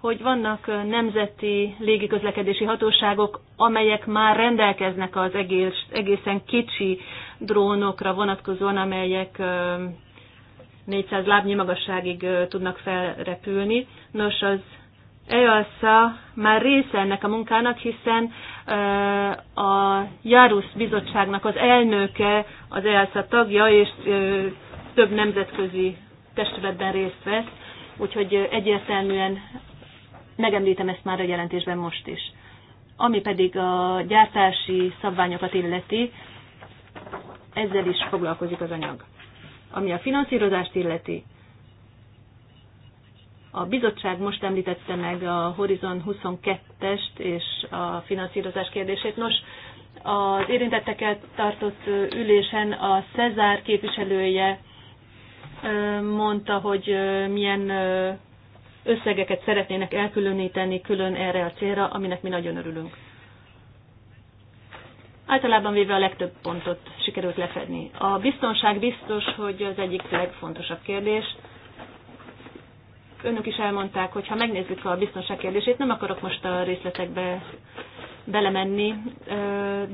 hogy vannak nemzeti légiközlekedési hatóságok, amelyek már rendelkeznek az egész, egészen kicsi drónokra vonatkozóan, amelyek 400 lábnyi magasságig tudnak felrepülni. Nos, az EASA már része ennek a munkának, hiszen a Járusz bizottságnak az elnöke az EASA tagja, és több nemzetközi testületben részt vesz, úgyhogy egyértelműen Megemlítem ezt már a jelentésben most is. Ami pedig a gyártási szabványokat illeti, ezzel is foglalkozik az anyag. Ami a finanszírozást illeti, a bizottság most említette meg a Horizon 22-est és a finanszírozás kérdését. Nos, az érintettekkel tartott ülésen a Cezár képviselője mondta, hogy milyen összegeket szeretnének elkülöníteni külön erre a célra, aminek mi nagyon örülünk. Általában véve a legtöbb pontot sikerült lefedni. A biztonság biztos, hogy az egyik legfontosabb kérdés. Önök is elmondták, hogy ha megnézzük a biztonság kérdését, nem akarok most a részletekbe belemenni,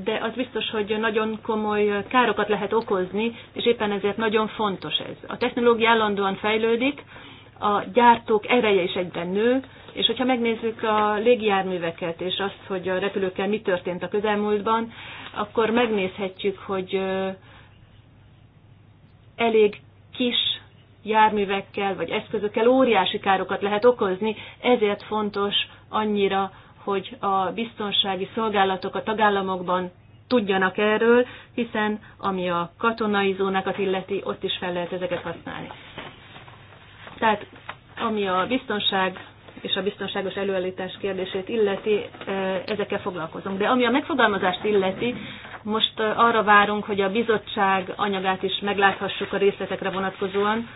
de az biztos, hogy nagyon komoly károkat lehet okozni, és éppen ezért nagyon fontos ez. A technológia állandóan fejlődik, a gyártók ereje is egyben nő, és hogyha megnézzük a légijárműveket, és azt, hogy a repülőkkel mi történt a közelmúltban, akkor megnézhetjük, hogy elég kis járművekkel vagy eszközökkel óriási károkat lehet okozni, ezért fontos annyira, hogy a biztonsági szolgálatok a tagállamokban tudjanak erről, hiszen ami a katonai zónákat illeti, ott is fel lehet ezeket használni. Tehát ami a biztonság és a biztonságos előállítás kérdését illeti, ezekkel foglalkozunk. De ami a megfogalmazást illeti, most arra várunk, hogy a bizottság anyagát is megláthassuk a részletekre vonatkozóan.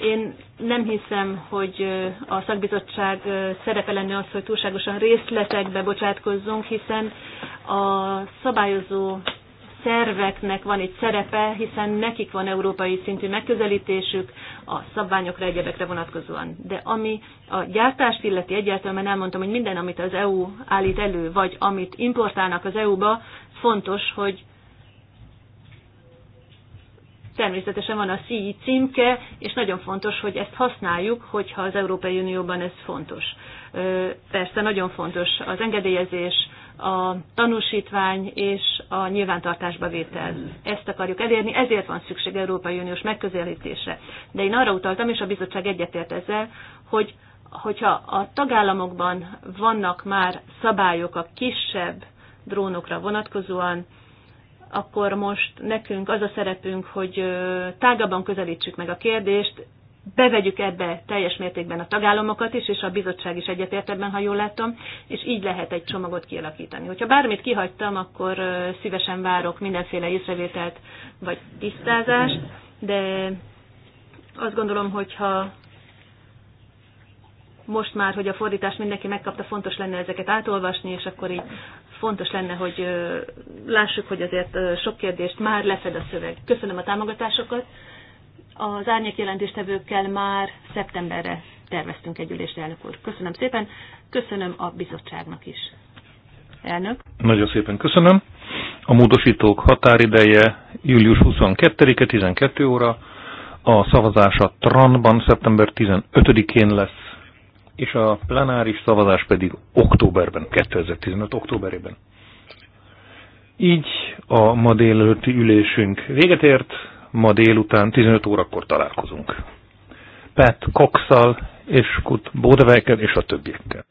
Én nem hiszem, hogy a szakbizottság szerepe lenne az, hogy túlságosan részletekbe bocsátkozzunk, hiszen a szabályozó szerveknek van itt szerepe, hiszen nekik van európai szintű megközelítésük a szabványokra, egyebekre vonatkozóan. De ami a gyártást illeti egyáltalán elmondtam, hogy minden, amit az EU állít elő, vagy amit importálnak az EU-ba, fontos, hogy természetesen van a CI címke, és nagyon fontos, hogy ezt használjuk, hogyha az Európai Unióban ez fontos. Persze nagyon fontos az engedélyezés, a tanúsítvány és a nyilvántartásba vétel. Ezt akarjuk elérni, ezért van szükség Európai Uniós megközelítésre. De én arra utaltam, és a bizottság egyetért ezzel, hogy hogyha a tagállamokban vannak már szabályok a kisebb drónokra vonatkozóan, akkor most nekünk az a szerepünk, hogy tágabban közelítsük meg a kérdést, bevegyük ebbe teljes mértékben a tagállamokat is, és a bizottság is egyetért ebben, ha jól látom, és így lehet egy csomagot kialakítani. Hogyha bármit kihagytam, akkor szívesen várok mindenféle észrevételt vagy tisztázást, de azt gondolom, hogyha most már, hogy a fordítás mindenki megkapta, fontos lenne ezeket átolvasni, és akkor így fontos lenne, hogy lássuk, hogy azért sok kérdést már lefed a szöveg. Köszönöm a támogatásokat, az árnyék jelentéstevőkkel már szeptemberre terveztünk egy ülést, elnök úr. Köszönöm szépen, köszönöm a bizottságnak is. Elnök. Nagyon szépen köszönöm. A módosítók határideje július 22-e 12 óra, a szavazás a Tranban szeptember 15-én lesz, és a plenáris szavazás pedig októberben, 2015. októberében. Így a ma délelőtti ülésünk véget ért ma délután 15 órakor találkozunk. Pat cox és Kut Bódevejkel és a többiekkel.